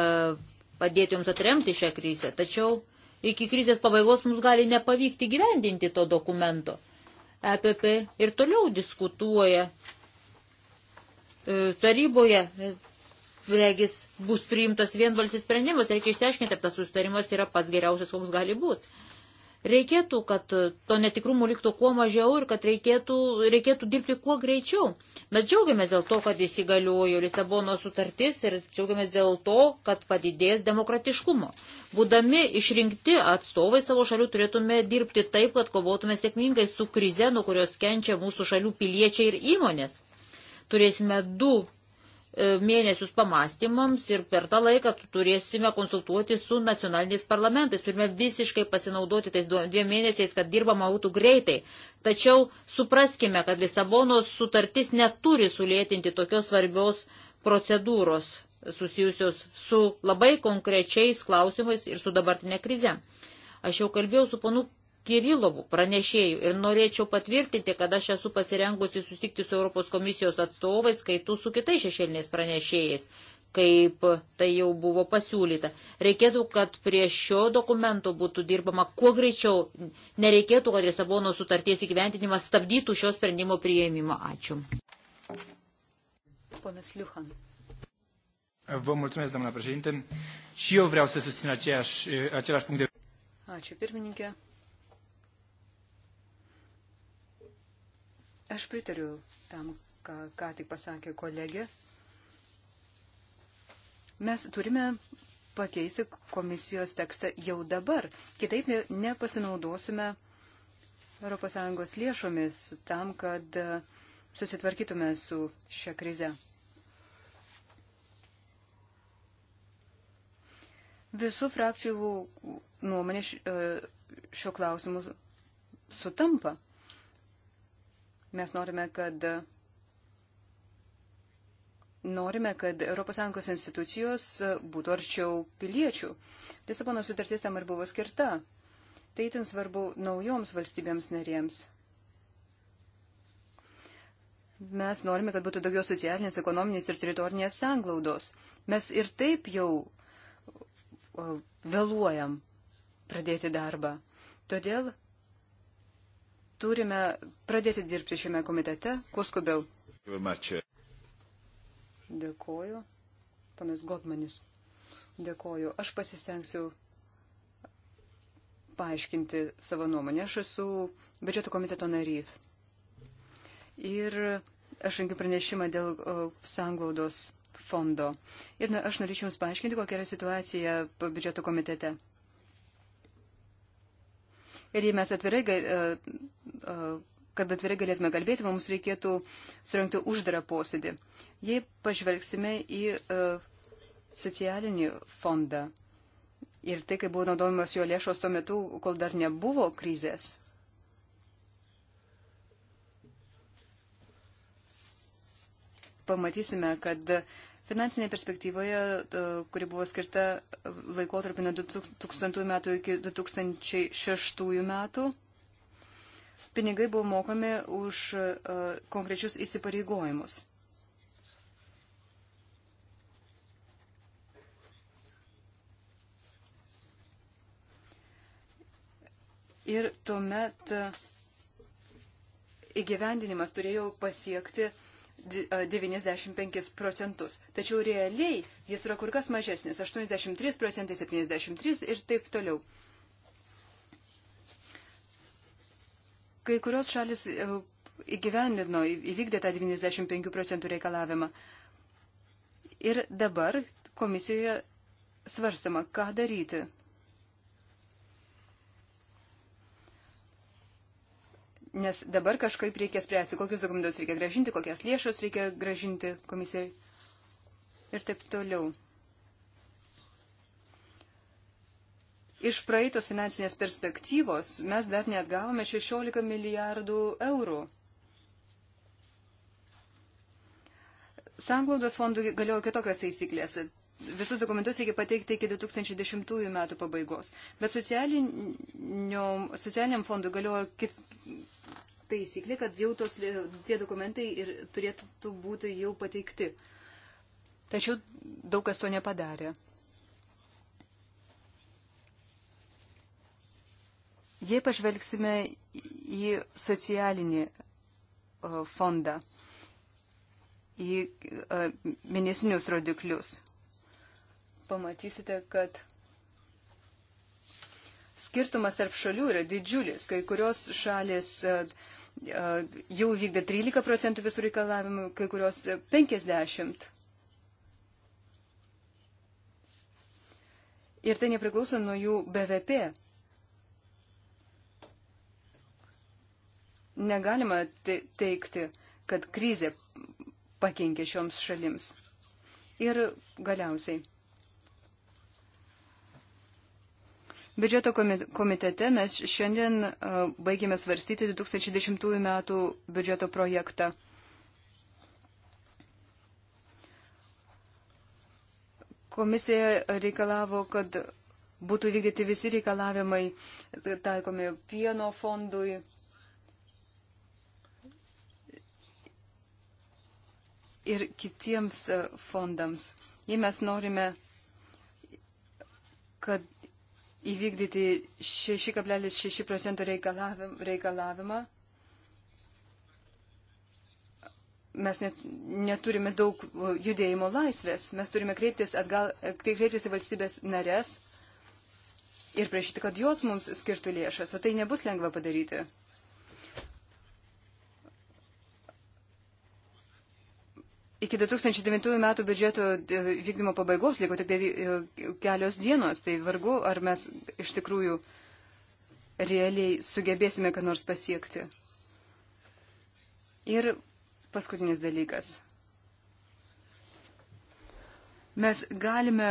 padėti joms atremti šią krizę. Tačiau iki krizės pabaigos mums gali nepavykti gyvendinti to dokumento. EPP ir toliau diskutuoja E, taryboje, e, regis, bus priimtas vienbalsis sprendimas, reikia išsiaiškinti, ar tas sustarimas yra pats geriausias, koks gali būti. Reikėtų, kad to netikrumo liktų kuo mažiau ir kad reikėtų, reikėtų dirbti kuo greičiau. Mes džiaugiamės dėl to, kad įsigaliojo Lisabono sutartis ir džiaugiamės dėl to, kad padidės demokratiškumo. Būdami išrinkti atstovai savo šalių turėtume dirbti taip, kad kovotume sėkmingai su krize, nuo kurios kenčia mūsų šalių piliečiai ir įmonės turėsime du e, mėnesius pamastymams ir per tą laiką turėsime konsultuoti su nacionaliniais parlamentais. Turime visiškai pasinaudoti tais dviem mėnesiais, kad dirbama būtų greitai. Tačiau supraskime, kad Lisabonos sutartis neturi sulėtinti tokios svarbios procedūros susijusios su labai konkrečiais klausimais ir su dabartinė krize. Aš jau kalbėjau su ponu Kirilovų pranešėjų ir norėčiau patvirtinti, kad aš esu pasirengusi susitikti su Europos komisijos atstovais, kai tu su kitais šešėliniais pranešėjais, kaip tai jau buvo pasiūlyta. Reikėtų, kad prie šio dokumento būtų dirbama kuo greičiau. Nereikėtų, kad Lisabono sutarties įgyventinimas stabdytų šio sprendimo prieimimą. Ačiū. Ponas Liuhan. Vă mulțumesc, doamna președinte. Și eu vreau să susțin aceeași, același punct de Ačiū pirmininkė. Aš pritariu tam, ką, ką tik pasakė kolegė. Mes turime pakeisti komisijos tekstą jau dabar. Kitaip nepasinaudosime ES lėšomis tam, kad susitvarkytume su šia krize. Visų frakcijų nuomonė e, šio klausimu sutampa. Mes norime, kad norime, kad ES institucijos būtų arčiau piliečių. Lisabono sutartis tam ir buvo skirta. Tai itin svarbu naujoms valstybėms narėms. Mes norime, kad būtų daugiau socialinės, ekonominės ir teritorinės sanglaudos. Mes ir taip jau vėluojam pradėti darbą. Todėl turime pradėti dirbti šiame komitete, kuo skubiau. Dėkoju, panas Gopmanis. Dėkoju. Aš pasistengsiu paaiškinti savo nuomonę. Aš esu biudžeto komiteto narys. Ir aš rengiu pranešimą dėl sanglaudos fondo. Ir na, aš norėčiau Jums paaiškinti, kokia yra situacija biudžeto komitete. Ir jei mes atvirai e, kad atvirai galėtume kalbėti, mums reikėtų surinkti uždarą posėdį. Jei pažvelgsime į socialinį fondą ir tai, kaip buvo naudojamas jo lėšos tuo metu, kol dar nebuvo krizės. Pamatysime, kad finansinėje perspektyvoje, kuri buvo skirta laikotarpį nuo 2000 metų iki 2006 metų, pinigai buvo mokami už e, konkrečius įsipareigojimus. Ir tuomet e, įgyvendinimas turėjo pasiekti 95 e, procentus. Tačiau realiai jis yra kur kas mažesnis - 83 procentai, 73 ir taip toliau. Kai kurios šalis e, įgyvendino, įvykdė tą 95 procentų reikalavimą. Ir dabar komisijoje svarstama, ką daryti. Nes dabar kažkaip reikia spręsti, kokius dokumentus reikia gražinti, kokias lėšas reikia gražinti komisijai ir taip toliau. Iš praeitos finansinės perspektyvos mes dar neatgavome 16 milijardų eurų. Sanglaudos fondų galiojo kitokios taisyklės. Visus dokumentus reikia pateikti iki 2010 metų pabaigos. Bet socialiniam fondui galiojo kit, taisyklė, kad jau tos, tie dokumentai ir turėtų būti jau pateikti. Tačiau daug kas to nepadarė. Jei pažvelgsime į socialinį e, fondą, į e, mėnesinius rodiklius, pamatysite, kad skirtumas tarp šalių yra didžiulis. Kai kurios šalis e, jau vykdė 13 procentų visų reikalavimų, kai kurios 50. Ir tai nepriklauso nuo jų BVP. Negalima teikti, kad krizė pakenkė šioms šalims. Ir galiausiai. Biudžeto komitete mes šiandien baigėme svarstyti 2010 m. biudžeto projektą. Komisija reikalavo, kad būtų vykdyti visi reikalavimai taikomi pieno fondui, ir kitiems e, fondams. Jei mes norime, kad įvykdyti 6,6 procentų reikalavimą, mes net, neturime daug e, judėjimo laisvės. Mes turime kreiptis, atgal, e, tai kreiptis į valstybės narės ir prašyti, kad jos mums skirtų lėšas, o tai nebus lengva padaryti. Iki 2009 metų biudžeto e, vykdymo pabaigos liko tik tai kelios dienos, tai vargu, ar mes iš tikrųjų realiai sugebėsime ką nors pasiekti. Ir paskutinis dalykas. Mes galime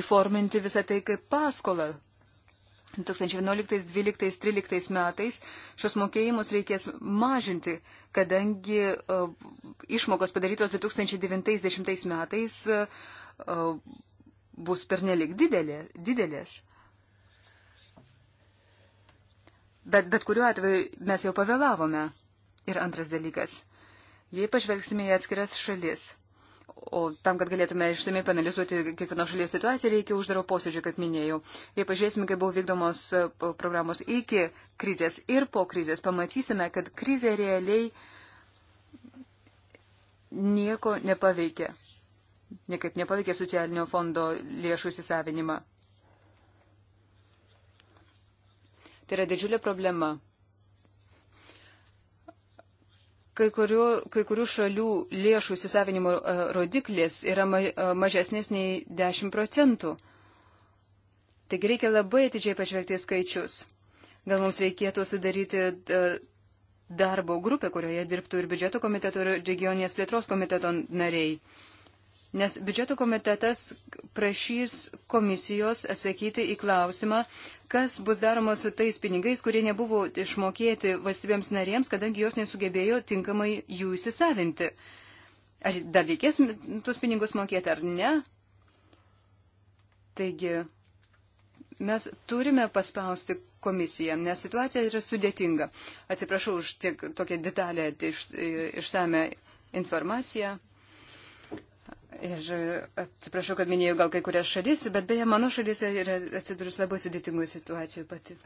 įforminti visą tai kaip paskolą, 2011, 12, 13 metais šios mokėjimus reikės mažinti, kadangi uh, išmokos padarytos 2090 metais uh, bus pernelik didelė, didelės. Bet, bet kuriuo atveju mes jau pavėlavome. Ir antras dalykas. Jei pažvelgsime į atskiras šalis, O tam, kad galėtume išsamei panalizuoti kiekvienos šalies situaciją, reikia uždaro posėdžio, kaip minėjau. Jei pažiūrėsime, kaip buvo vykdomos e, programos iki krizės ir po krizės, pamatysime, kad krizė realiai nieko nepaveikė. Niekaip nepaveikė socialinio fondo lėšų įsisavinimą. Tai yra didžiulė problema kai kurių, kai kurių šalių lėšų įsisavinimo e, rodiklis yra e, mažesnis nei 10 procentų. Taigi reikia labai atidžiai pažvelgti skaičius. Gal mums reikėtų sudaryti e, darbo grupę, kurioje dirbtų ir biudžeto komiteto, ir regioninės plėtros komiteto nariai nes biudžeto komitetas prašys komisijos atsakyti į klausimą, kas bus daroma su tais pinigais, kurie nebuvo išmokėti valstybėms narėms, kadangi jos nesugebėjo tinkamai jų įsisavinti. Ar dar reikės tuos pinigus mokėti ar ne? Taigi, mes turime paspausti komisiją, nes situacija yra sudėtinga. Atsiprašau už tiek tokią detalę iš, išsame informaciją. Ir atsiprašau, kad minėjau gal kai kurias šalis, bet beje, mano šalis yra atsidūrus labai sudėtingų situacijų pati.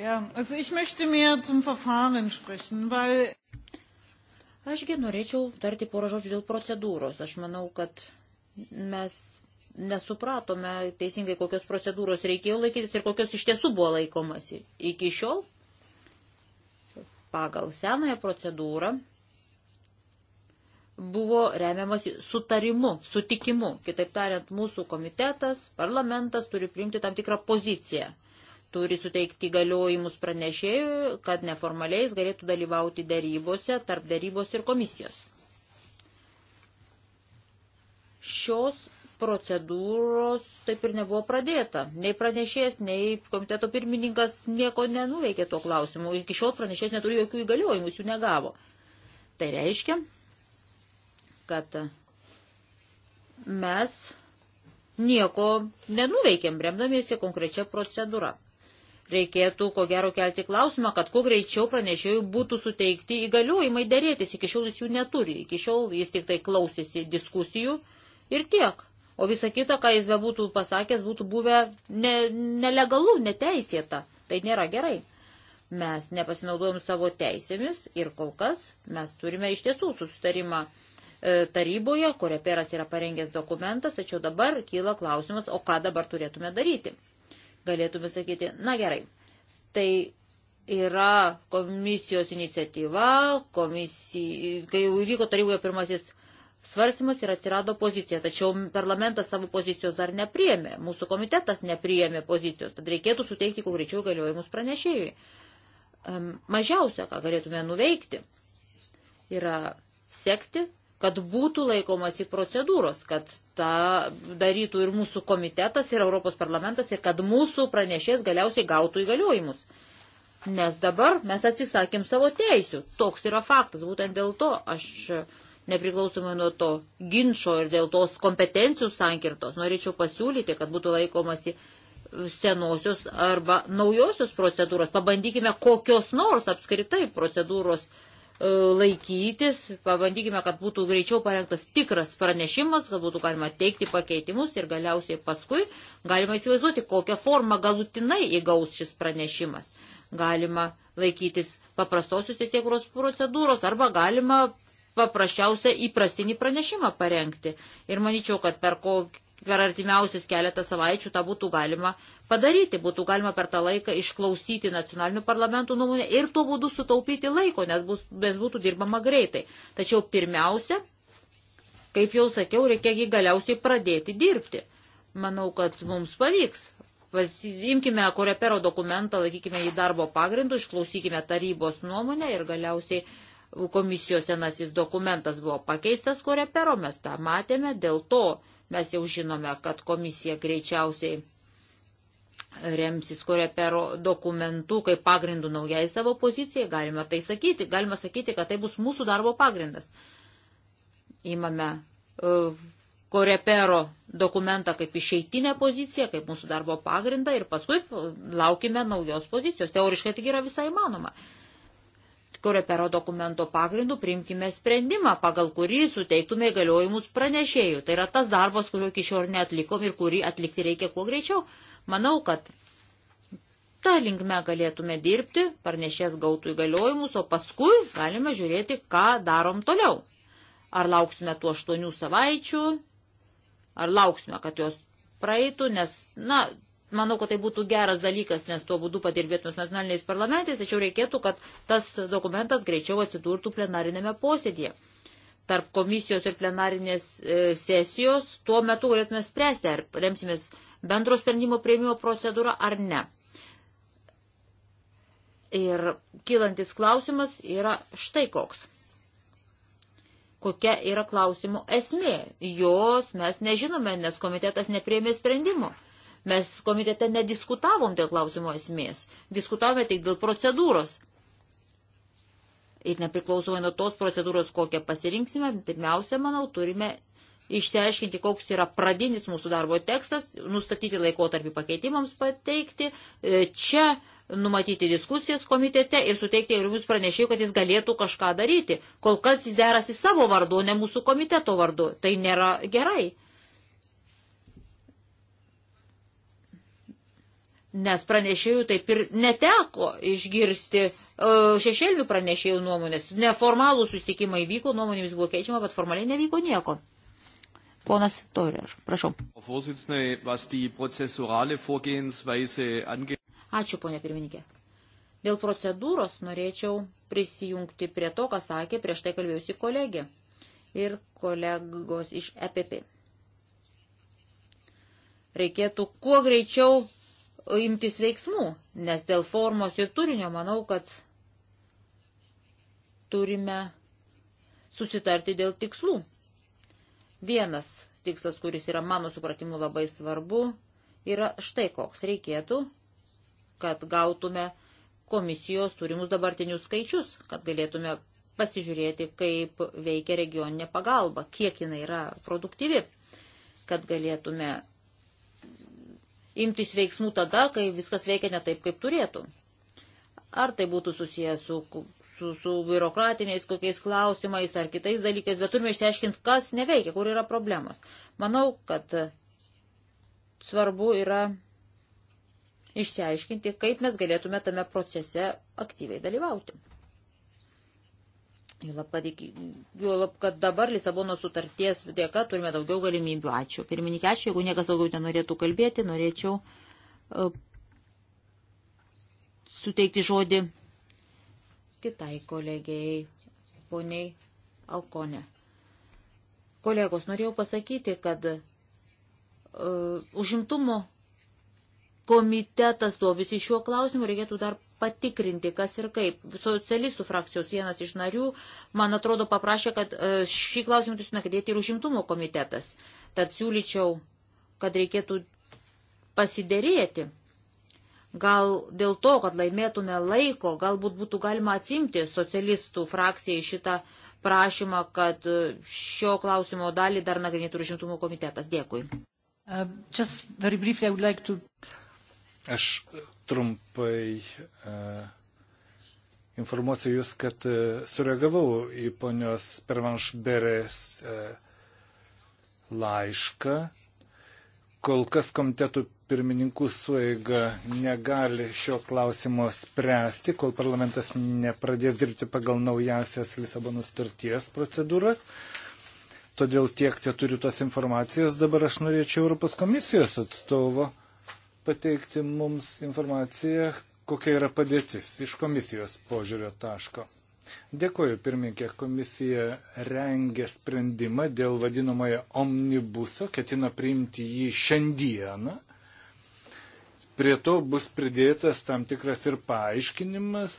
Ja, also ich möchte mehr zum Verfahren sprechen, weil. Ašgi norėčiau tarti porą žodžių dėl procedūros. Aš manau, kad mes nesupratome teisingai, kokios procedūros reikėjo laikytis ir kokios iš tiesų buvo laikomasi. Iki šiol, pagal senąją procedūrą, buvo remiamas sutarimu, sutikimu. Kitaip tariant, mūsų komitetas, parlamentas turi priimti tam tikrą poziciją, turi suteikti galiojimus pranešėjui, kad neformaliai jis galėtų dalyvauti darybose tarp darybos ir komisijos. Šios procedūros taip ir nebuvo pradėta. Nei pranešėjas, nei komiteto pirmininkas nieko nenuveikė tuo klausimu. Iki šiol pranešėjas neturi jokių įgaliojimų, jų negavo. Tai reiškia, kad mes nieko nenuveikėm, remdamiesi konkrečia procedūra. Reikėtų, ko gero, kelti klausimą, kad kuo greičiau pranešėjų būtų suteikti įgaliojimai dėrėtis. Iki šiol jis jų neturi. Iki šiol jis tik tai klausėsi diskusijų ir tiek. O visa kita, ką jis bebūtų pasakęs, būtų buvę ne, nelegalu, neteisėta. Tai nėra gerai. Mes nepasinaudojom savo teisėmis ir kol kas mes turime iš tiesų susitarimą E, taryboje, kurio peras yra parengęs dokumentas, tačiau dabar kyla klausimas, o ką dabar turėtume daryti. Galėtume sakyti, na gerai, tai yra komisijos iniciatyva, komisija, kai jau įvyko taryboje pirmasis svarstymas ir atsirado pozicija, tačiau parlamentas savo pozicijos dar nepriėmė, mūsų komitetas nepriėmė pozicijos, tad reikėtų suteikti kuo greičiau galiojimus pranešėjui. Mažiausia, ką galėtume nuveikti, yra sekti kad būtų laikomasi procedūros, kad tą darytų ir mūsų komitetas, ir Europos parlamentas, ir kad mūsų pranešės galiausiai gautų įgaliojimus. Nes dabar mes atsisakėm savo teisių. Toks yra faktas. Būtent dėl to aš nepriklausomai nuo to ginčio ir dėl tos kompetencijų sankirtos norėčiau pasiūlyti, kad būtų laikomasi senosios arba naujosios procedūros. Pabandykime kokios nors apskritai procedūros E, laikytis, pabandykime, kad būtų greičiau parengtas tikras pranešimas, kad būtų galima teikti pakeitimus ir galiausiai paskui galima įsivaizduoti, kokią formą galutinai įgaus šis pranešimas. Galima laikytis paprastosios teisėkuros procedūros arba galima paprasčiausia įprastinį pranešimą parengti. Ir manyčiau, kad per kokį per artimiausias keletą savaičių tą būtų galima padaryti, būtų galima per tą laiką išklausyti nacionalinių parlamentų nuomonę ir tuo būdu sutaupyti laiko, nes, bus, nes būtų dirbama greitai. Tačiau pirmiausia, kaip jau sakiau, reikėgi galiausiai pradėti dirbti. Manau, kad mums pavyks. Imkime korepero dokumentą, laikykime jį darbo pagrindu, išklausykime tarybos nuomonę ir galiausiai komisijos senasis dokumentas buvo pakeistas korepero, mes tą matėme, dėl to Mes jau žinome, kad komisija greičiausiai remsis korepero dokumentu kaip pagrindu naujai savo pozicijai. Galima tai sakyti, galima sakyti, kad tai bus mūsų darbo pagrindas. Įmame e, korepero dokumentą kaip išeitinę poziciją, kaip mūsų darbo pagrindą ir paskui laukime naujos pozicijos. Teoriškai tai yra visai manoma. Uh, Korepero dokumento pagrindu priimkime sprendimą, pagal kurį suteiktume įgaliojimus pranešėjų. Tai yra tas darbas, kurio iki šiol neatlikom ir kurį atlikti reikia kuo greičiau. Manau, kad tą linkme galėtume dirbti, parnešės gautų įgaliojimus, o paskui galime žiūrėti, ką darom toliau. Ar lauksime tų aštuonių savaičių, ar lauksime, kad jos praeitų, nes, na, Manau, kad tai būtų geras dalykas, nes tuo būdu padirbėtume su nacionaliniais parlamentais, tačiau reikėtų, kad tas dokumentas greičiau atsidurtų plenarinėme posėdėje. Tarp komisijos ir plenarinės e, sesijos tuo metu galėtume spręsti, ar remsimės bendro sprendimo prieimimo procedūrą ar ne. Ir kylantis klausimas yra štai koks. Kokia yra klausimų esmė? Jos mes nežinome, nes komitetas neprieimė sprendimo. Mes komitete nediskutavom dėl klausimo esmės, diskutavome tik dėl procedūros. Ir nepriklausomai nuo tos procedūros, kokią pasirinksime, pirmiausia, manau, turime išsiaiškinti, koks yra pradinis mūsų darbo tekstas, nustatyti laikotarpį pakeitimams pateikti, e, čia numatyti diskusijas komitete ir suteikti ir jūs pranešėjų, kad jis galėtų kažką daryti. Kol kas jis derasi savo vardu, ne mūsų komiteto vardu. Tai nėra gerai. nes pranešėjų taip ir neteko išgirsti šešėlių pranešėjų nuomonės. Neformalų susitikimai vyko, nuomonėmis buvo keičiama, bet formaliai nevyko nieko. Ponas Torė, prašau. Ačiū, ponė pirmininkė. Dėl procedūros norėčiau prisijungti prie to, ką sakė prieš tai kalbėjusi kolegė ir kolegos iš EPP. Reikėtų kuo greičiau imtis veiksmų, nes dėl formos ir turinio manau, kad turime susitarti dėl tikslų. Vienas tikslas, kuris yra mano supratimu labai svarbu, yra štai koks reikėtų, kad gautume komisijos turimus dabartinius skaičius, kad galėtume pasižiūrėti, kaip veikia regioninė pagalba, kiek jinai yra produktyvi, kad galėtume imtis veiksmų tada, kai viskas veikia ne taip, kaip turėtų. Ar tai būtų susijęs su, su, su biurokratiniais kokiais klausimais ar kitais dalykais, bet turime išsiaiškinti, kas neveikia, kur yra problemos. Manau, kad svarbu yra išsiaiškinti, kaip mes galėtume tame procese aktyviai dalyvauti. Juolab, kad dabar Lisabono sutarties dėka turime daugiau galimybių. Ačiū. Pirmininkė, ačiū. Jeigu niekas daugiau nenorėtų kalbėti, norėčiau uh, suteikti žodį kitai kolegijai, poniai Alkonė. Kolegos, norėjau pasakyti, kad uh, užimtumo komitetas to visi šiuo klausimu reikėtų dar patikrinti, kas ir kaip. Socialistų frakcijos vienas iš narių, man atrodo, paprašė, kad e, šį klausimą turi sunakdėti ir užimtumo komitetas. Tad siūlyčiau, kad reikėtų pasidėrėti. Gal dėl to, kad laimėtume laiko, galbūt būtų galima atsimti socialistų frakcijai šitą prašymą, kad e, šio klausimo dalį dar nagrinėtų užimtumo komitetas. Dėkui. Uh, like to... Aš trumpai e, informuosiu Jūs, kad e, sureagavau į ponios Pervanšberės e, laišką. Kol kas komitetų pirmininkų sueiga negali šio klausimo spręsti, kol parlamentas nepradės dirbti pagal naujasias Lisabono sutarties procedūras. Todėl tiek te turiu tos informacijos. Dabar aš norėčiau Europos komisijos atstovo pateikti mums informaciją, kokia yra padėtis iš komisijos požiūrio taško. Dėkoju, pirmininkė, komisija rengia sprendimą dėl vadinamojo omnibuso, ketina priimti jį šiandieną. Prie to bus pridėtas tam tikras ir paaiškinimas,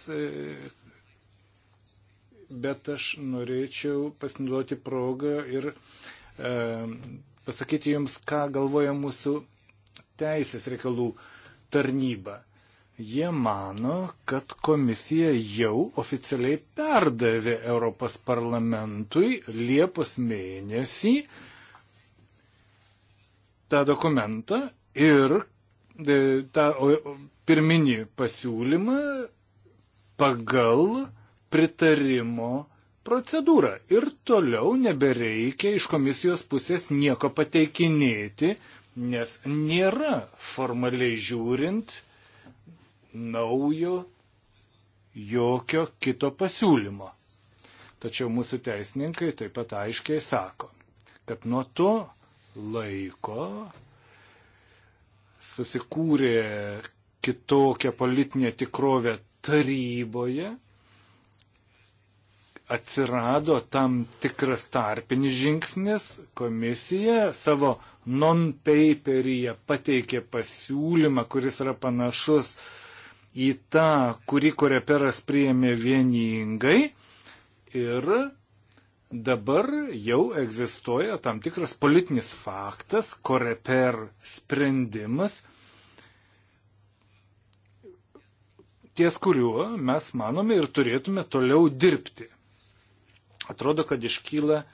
bet aš norėčiau pasinaudoti progą ir e, pasakyti jums, ką galvoja mūsų teisės reikalų tarnyba. Jie mano, kad komisija jau oficialiai perdavė Europos parlamentui Liepos mėnesį tą dokumentą ir e, tą pirminį pasiūlymą pagal pritarimo procedūrą. Ir toliau nebereikia iš komisijos pusės nieko pateikinėti, nes nėra formaliai žiūrint naujo jokio kito pasiūlymo. Tačiau mūsų teisininkai taip pat aiškiai sako, kad nuo to laiko susikūrė kitokią politinę tikrovę taryboje, atsirado tam tikras tarpinis žingsnis, komisija savo non-paperyje pateikė pasiūlymą, kuris yra panašus į tą, kurį koreperas priėmė vieningai ir dabar jau egzistuoja tam tikras politinis faktas, koreper sprendimas, ties kuriuo mes manome ir turėtume toliau dirbti. Atrodo, kad iškyla uh,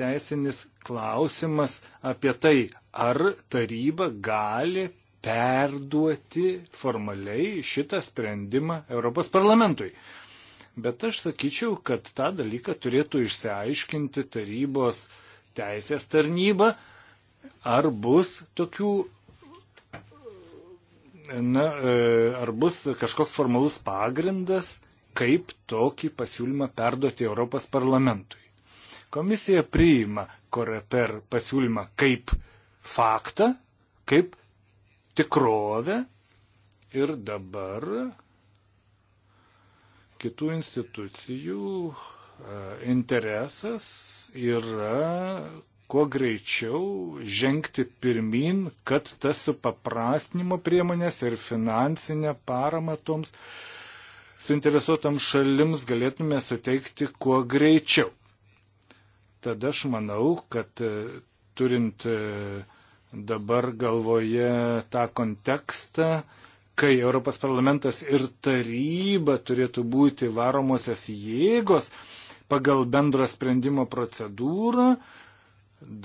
teisinis klausimas apie tai, ar taryba gali perduoti formaliai šitą sprendimą Europos parlamentui. Bet aš sakyčiau, kad tą dalyką turėtų išsiaiškinti tarybos teisės tarnyba, ar bus tokių na, e, ar bus kažkoks formalus pagrindas, kaip tokį pasiūlymą perduoti Europos parlamentui. Komisija priima koreper pasiūlymą kaip faktą, kaip tikrovę ir dabar kitų institucijų e, interesas yra kuo greičiau žengti pirmin, kad tas supaprastinimo priemonės ir finansinė parama toms suinteresuotams šalims galėtume suteikti kuo greičiau. Tad aš manau, kad e, turint e, dabar galvoje tą kontekstą, kai Europos parlamentas ir taryba turėtų būti varomosios jėgos pagal bendro sprendimo procedūrą,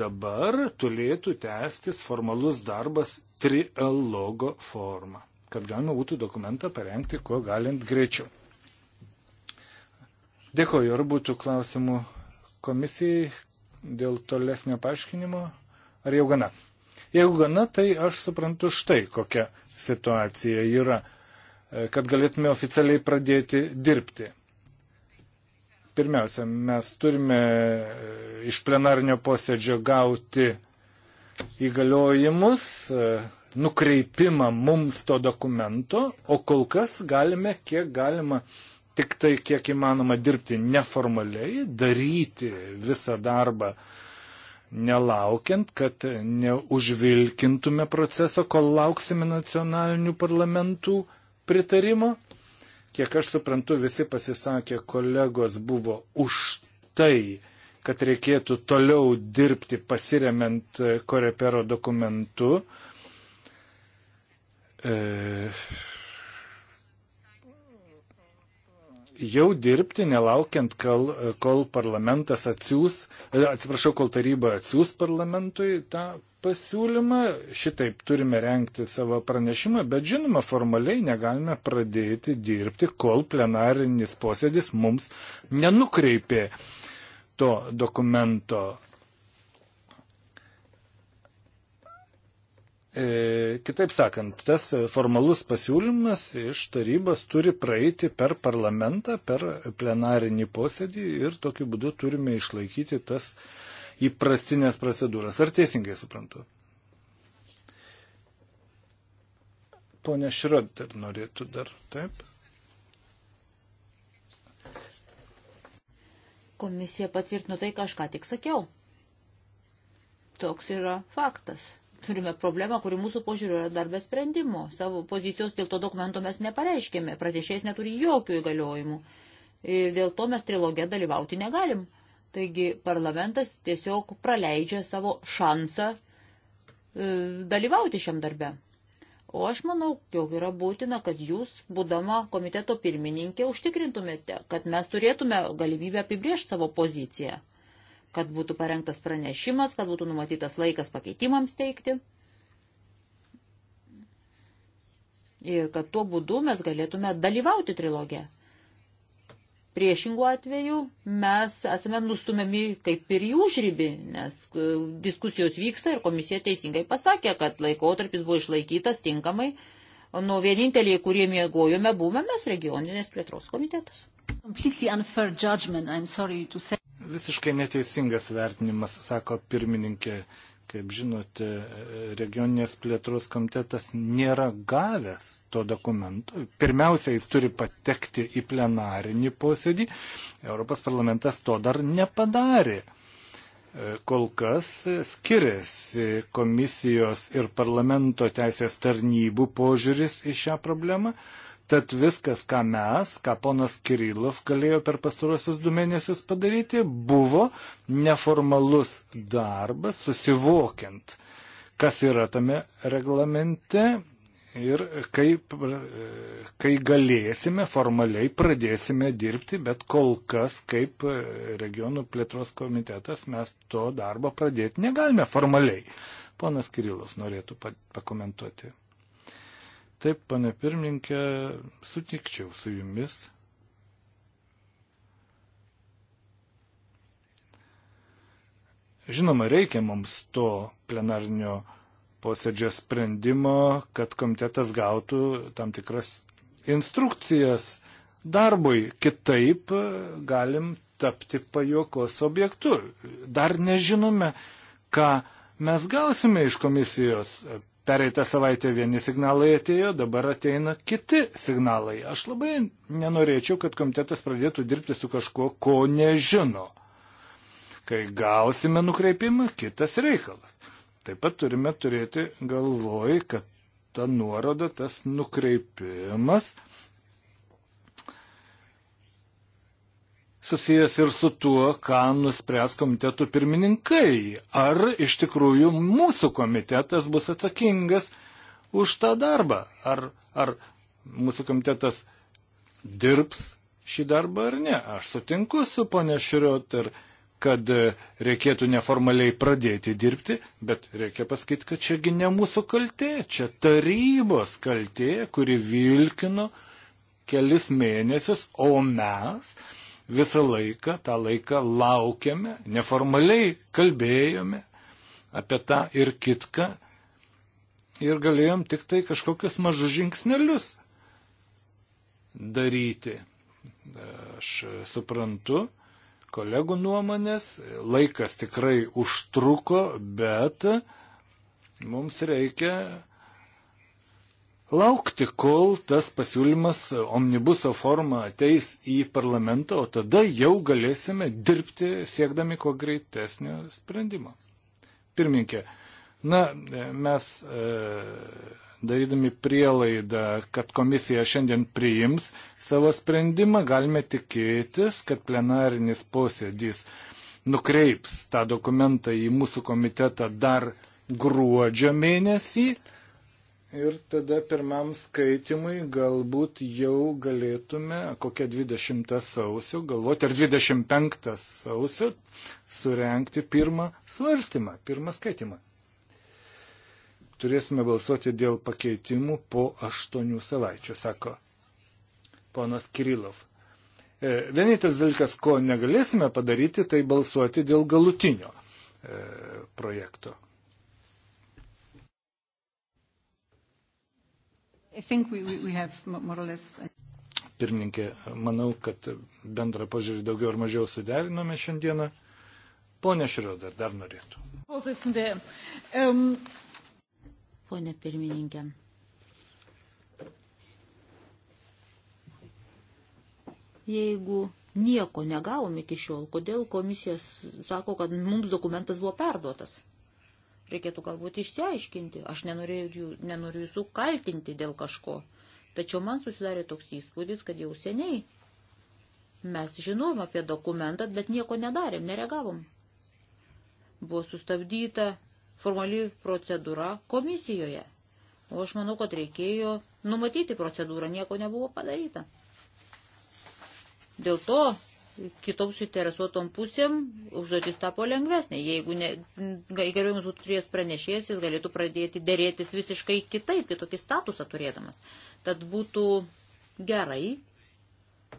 dabar turėtų tęstis formalus darbas trialogo forma, kad galima būtų dokumentą parengti kuo galint greičiau. Dėkoju, ar būtų klausimų komisijai dėl tolesnio paaiškinimo? Ar jau gana? Jeigu gana, tai aš suprantu štai, kokia situacija yra, e, kad galėtume oficialiai pradėti dirbti. Pirmiausia, mes turime e, iš plenarnio posėdžio gauti įgaliojimus, e, nukreipimą mums to dokumento, o kol kas galime kiek galima uh, tik tai kiek įmanoma dirbti neformaliai, daryti visą darbą, nelaukiant, kad neužvilkintume proceso, kol lauksime nacionalinių parlamentų pritarimo. Kiek aš suprantu, visi pasisakė kolegos buvo už tai, kad reikėtų toliau dirbti pasiremiant korepero dokumentu. E, jau dirbti, nelaukiant, kol, kol parlamentas atsiūs, e, atsiprašau, kol taryba atsiūs parlamentui tą pasiūlymą. Šitaip turime renkti savo pranešimą, bet žinoma, formaliai negalime pradėti dirbti, kol plenarinis posėdis mums nenukreipė to dokumento E, kitaip sakant, tas formalus pasiūlymas iš tarybos turi praeiti per parlamentą, per plenarinį posėdį ir tokiu būdu turime išlaikyti tas įprastinės procedūras. Ar teisingai suprantu? Pone Šrotter norėtų dar, taip? Komisija patvirtino tai, ką aš ką tik sakiau. Toks yra faktas turime problemą, kuri mūsų požiūriu yra dar be sprendimo. Savo pozicijos dėl to dokumento mes nepareiškėme, pratešėjas neturi jokių įgaliojimų. Ir dėl to mes trilogė dalyvauti negalim. Taigi parlamentas tiesiog praleidžia savo šansą e, dalyvauti šiam darbe. O aš manau, jog yra būtina, kad jūs, būdama komiteto pirmininkė, užtikrintumėte, kad mes turėtume galimybę apibriežti savo poziciją kad būtų parengtas pranešimas, kad būtų numatytas laikas pakeitimams teikti. Ir kad tuo būdu mes galėtume dalyvauti trilogė. Priešingų atveju mes esame nustumiami kaip ir jų žrybi, nes e, diskusijos vyksta ir komisija teisingai pasakė, kad laikotarpis buvo išlaikytas tinkamai. Nu, vieninteliai, kurie mėgojome, buvome mes regioninės plėtros komitetas. Say visiškai neteisingas vertinimas, sako pirmininkė. Kaip žinote, regioninės plėtros komitetas nėra gavęs to dokumento. Pirmiausia, jis turi patekti į plenarinį posėdį. Europos parlamentas to dar nepadarė. Kol kas skiriasi komisijos ir parlamento teisės tarnybų požiūris į šią problemą. Tad viskas, ką mes, ką ponas Kirilov galėjo per pastarosius du mėnesius padaryti, buvo neformalus darbas, susivokiant, kas yra tame reglamente ir kaip, kai galėsime, formaliai pradėsime dirbti, bet kol kas, kaip regionų plėtros komitetas, mes to darbo pradėti negalime formaliai. Ponas Kirilovas norėtų pakomentuoti. Taip, pane pirmininkė, sutikčiau su jumis. Žinoma, reikia mums to plenarnio posėdžio sprendimo, kad komitetas gautų tam tikras instrukcijas darbui. Kitaip galim tapti pajokos objektu. Dar nežinome, ką mes gausime iš komisijos Pereitą savaitę vieni signalai atėjo, dabar ateina kiti signalai. Aš labai nenorėčiau, kad komitetas pradėtų dirbti su kažkuo, ko nežino. Kai gausime nukreipimą, kitas reikalas. Taip pat turime turėti galvoj, kad ta nuoroda, tas nukreipimas susijęs ir su tuo, ką nuspręs komitetų pirmininkai. Ar iš tikrųjų mūsų komitetas bus atsakingas už tą darbą? Ar, ar mūsų komitetas dirbs šį darbą ar ne? Aš sutinku su ponė Širiotar kad reikėtų neformaliai pradėti dirbti, bet reikia pasakyti, kad čiagi ne mūsų kaltė, čia tarybos kaltė, kuri vilkino kelis mėnesius, o mes visą laiką, tą laiką laukiame, neformaliai kalbėjome apie tą ir kitką ir galėjom tik tai kažkokius mažus žingsnelius daryti. Aš suprantu kolegų nuomonės, laikas tikrai užtruko, bet mums reikia laukti, kol tas pasiūlymas omnibuso forma ateis į parlamentą, o tada jau galėsime dirbti siekdami kuo greitesnio sprendimo. Pirminkė, na, mes e, darydami prielaidą, kad komisija šiandien priims savo sprendimą, galime tikėtis, kad plenarinis posėdys nukreips tą dokumentą į mūsų komitetą dar gruodžio mėnesį ir tada pirmam skaitimui galbūt jau galėtume kokią 20 sausio, galvoti ar 25 sausio, surenkti pirmą svarstymą, pirmą skaitimą. Turėsime balsuoti dėl pakeitimų po 8 savaičių, sako ponas Kirilov. E, vienintelis dalykas, ko negalėsime padaryti, tai balsuoti dėl galutinio e, projekto. We, we less... Pirmininkė, manau, kad bendrą požiūrį daugiau ar mažiau suderinome šiandieną. Pone Šrioder, dar norėtų. Ähm, Pone pirmininkė. Jeigu nieko negavom iki šiol, kodėl komisijas sako, kad mums dokumentas buvo perduotas? reikėtų galbūt išsiaiškinti. Aš nenoriu, nenoriu jūsų kaltinti dėl kažko. Tačiau man susidarė toks įspūdis, kad jau seniai mes žinom apie dokumentą, bet nieko nedarėm, nereagavom. Buvo sustabdyta formali procedūra komisijoje. O aš manau, kad reikėjo numatyti procedūrą, nieko nebuvo padaryta. Dėl to kitoms suinteresuotom pusėm užduotis tapo lengvesnė. Jeigu ne, geriau jums būtų turėjęs pranešėjas, jis galėtų pradėti dėrėtis visiškai kitaip, kitokį statusą turėdamas. Tad būtų gerai,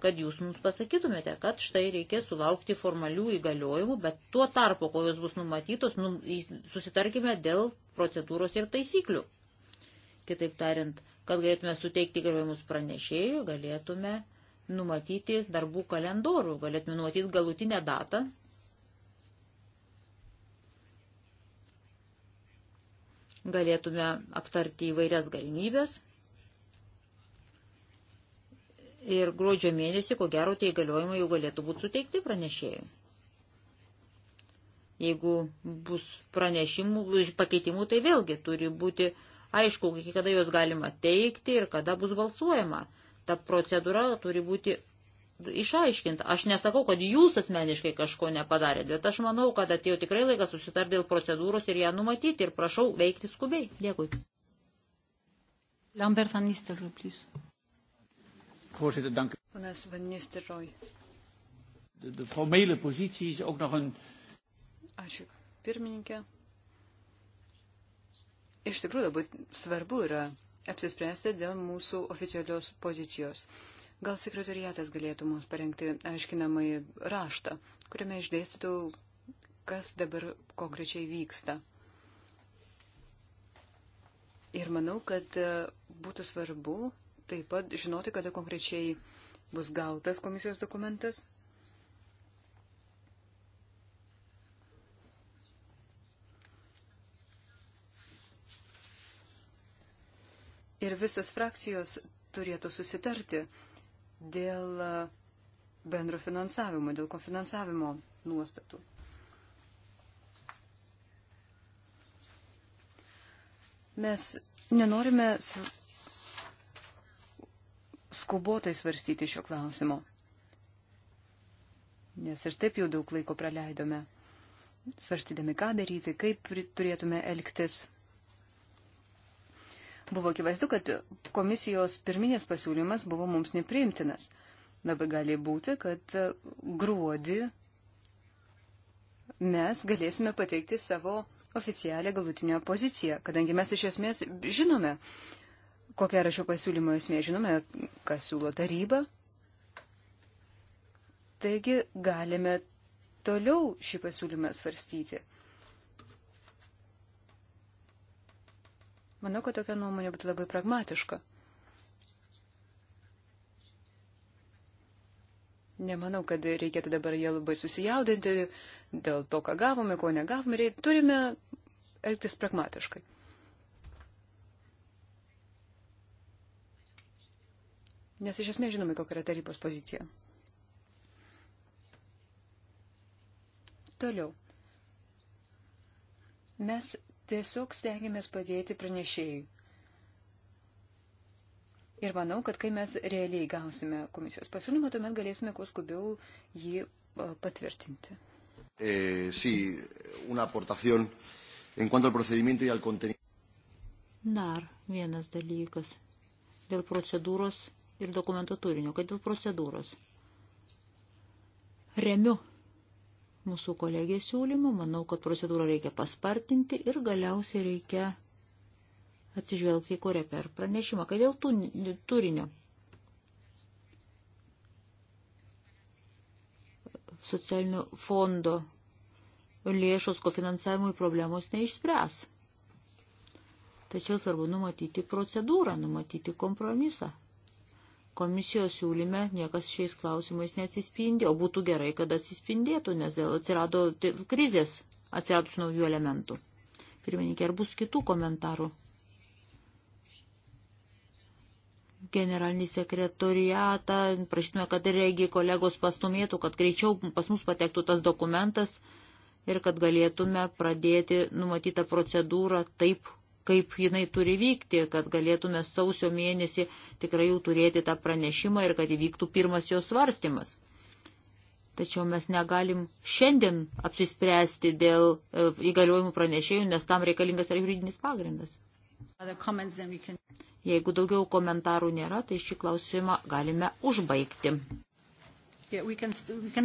kad jūs mums pasakytumėte, kad štai reikės sulaukti formalių įgaliojimų, bet tuo tarpu, kol jos bus numatytos, num, susitarkime dėl procedūros ir taisyklių. Kitaip tariant, kad galėtume suteikti įgaliojimus pranešėjų, galėtume numatyti darbų kalendorių, galėtume numatyti galutinę datą. Galėtume aptarti įvairias galimybės. Ir gruodžio mėnesį, ko gero, tie įgaliojimai jau galėtų būti suteikti pranešėjai. Jeigu bus pranešimų, pakeitimų, tai vėlgi turi būti aišku, kada juos galima teikti ir kada bus balsuojama. Ta procedūra turi būti išaiškinta. Aš nesakau, kad jūs asmeniškai kažko nepadarėt, bet aš manau, kad atėjo tikrai laikas susitar dėl procedūros ir ją numatyti ir prašau veikti skubiai. Dėkui. Lambert van Nistelrooy, please. Voorzitter, dank u. Panas van Nistelrooy. De, de formele positie is ook nog een. Ačiū, pirmininkė. Iš tikrųjų, labai svarbu yra apsispręsti dėl mūsų oficialios pozicijos. Gal sekretariatas galėtų mums parengti aiškinamai raštą, kuriame išdėstytų, kas dabar konkrečiai vyksta. Ir manau, kad e, būtų svarbu taip pat žinoti, kada konkrečiai bus gautas komisijos dokumentas, ir visos frakcijos turėtų susitarti dėl e, bendro finansavimo, dėl kofinansavimo nuostatų. Mes nenorime skubotai svarstyti šio klausimo, nes ir taip jau daug laiko praleidome, svarstydami, ką daryti, kaip turėtume elgtis. Buvo akivaizdu, kad komisijos pirminės pasiūlymas buvo mums nepriimtinas. Labai gali būti, kad e, gruodį mes galėsime pateikti savo oficialią galutinio poziciją, kadangi mes iš esmės žinome, kokia yra šio pasiūlymo esmė, žinome, ką siūlo taryba. Taigi galime toliau šį pasiūlymą svarstyti. Manau, kad tokia nuomonė būtų labai pragmatiška. Nemanau, kad reikėtų dabar jie labai susijaudinti dėl to, ką gavome, ko negavome. Turime elgtis pragmatiškai. Nes iš esmės žinome, kokia yra tarybos pozicija. Toliau. Mes Tiesiog stengiamės padėti pranešėjui. Ir manau, kad kai mes realiai gausime komisijos pasiūlymą, tuomet galėsime kuo skubiau jį e, patvirtinti. Eh, sí, una aportación en cuanto al procedimiento y al contenido. Dar vienas dalykas dėl procedūros ir dokumento turinio, kad dėl procedūros. Remiu mūsų kolegės siūlymų. Manau, kad procedūrą reikia paspartinti ir galiausiai reikia atsižvelgti į kurę per pranešimą, kad dėl tų, turinio. Socialinio fondo lėšos kofinansavimui problemos neišspręs. Tačiau svarbu numatyti procedūrą, numatyti kompromisą. Komisijos siūlyme niekas šiais klausimais neatsispindi, o būtų gerai, kad atsispindėtų, nes atsirado krizės, atsiradus naujų elementų. Pirmininkė, ar bus kitų komentarų? generalinį sekretoriatą, prašytume, kad regi kolegos pastumėtų, kad greičiau pas mus patektų tas dokumentas ir kad galėtume pradėti numatytą procedūrą taip, kaip jinai turi vykti, kad galėtume sausio mėnesį tikrai jau turėti tą pranešimą ir kad įvyktų pirmas jos svarstymas. Tačiau mes negalim šiandien apsispręsti dėl e, įgaliojimų pranešėjų, nes tam reikalingas yra juridinis pagrindas. Jeigu daugiau komentarų nėra, tai šį klausimą galime užbaigti. Yeah, we can, we can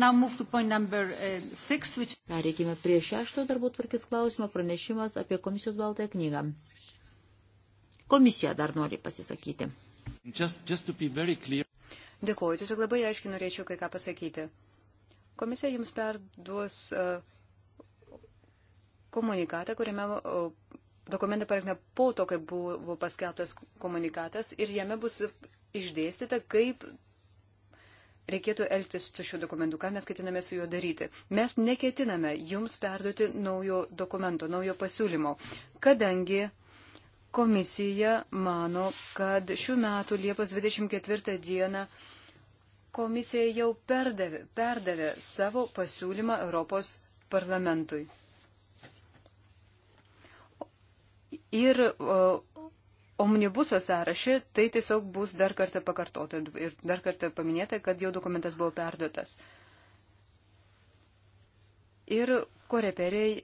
number, uh, six, which... Pereikime prie šešto darbų tvarkės klausimo pranešimas apie komisijos baltąją knygą. Komisija dar nori pasisakyti. Just, just Dėkuoju, tiesiog labai aiškiai norėčiau kai ką pasakyti. Komisija jums perduos uh, komunikatą, kuriame uh, dokumentą parengta po to, kai buvo paskelbtas komunikatas ir jame bus išdėstyta, kaip reikėtų elgtis su šiuo dokumentu, ką mes ketiname su juo daryti. Mes neketiname jums perduoti naujo dokumento, naujo pasiūlymo, kadangi komisija mano, kad šių metų Liepos 24 dieną komisija jau perdavė, perdavė savo pasiūlymą Europos parlamentui. Ir o, omnibuso sąrašį, tai tiesiog bus dar kartą pakartota ir dar kartą paminėta, kad jau dokumentas buvo perduotas. Ir koreperiai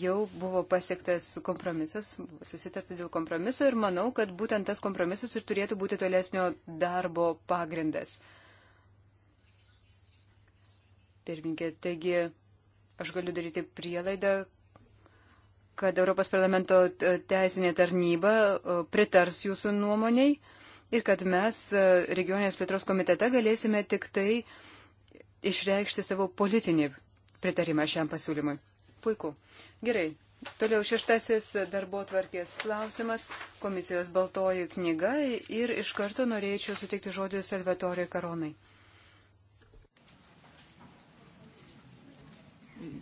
jau buvo pasiektas kompromisas, susitarti dėl kompromiso ir manau, kad būtent tas kompromisas ir turėtų būti tolesnio darbo pagrindas. Pirminkė, taigi aš galiu daryti prielaidą, kad Europos parlamento e, teisinė tarnyba e, pritars jūsų nuomoniai ir kad mes e, regioninės plėtros komitete galėsime tik tai išreikšti savo politinį pritarimą šiam pasiūlymui. Puiku. Gerai. Toliau šeštasis darbo tvarkės klausimas, komisijos baltoji knyga ir iš karto norėčiau sutikti žodį Salvatoriai Karonai.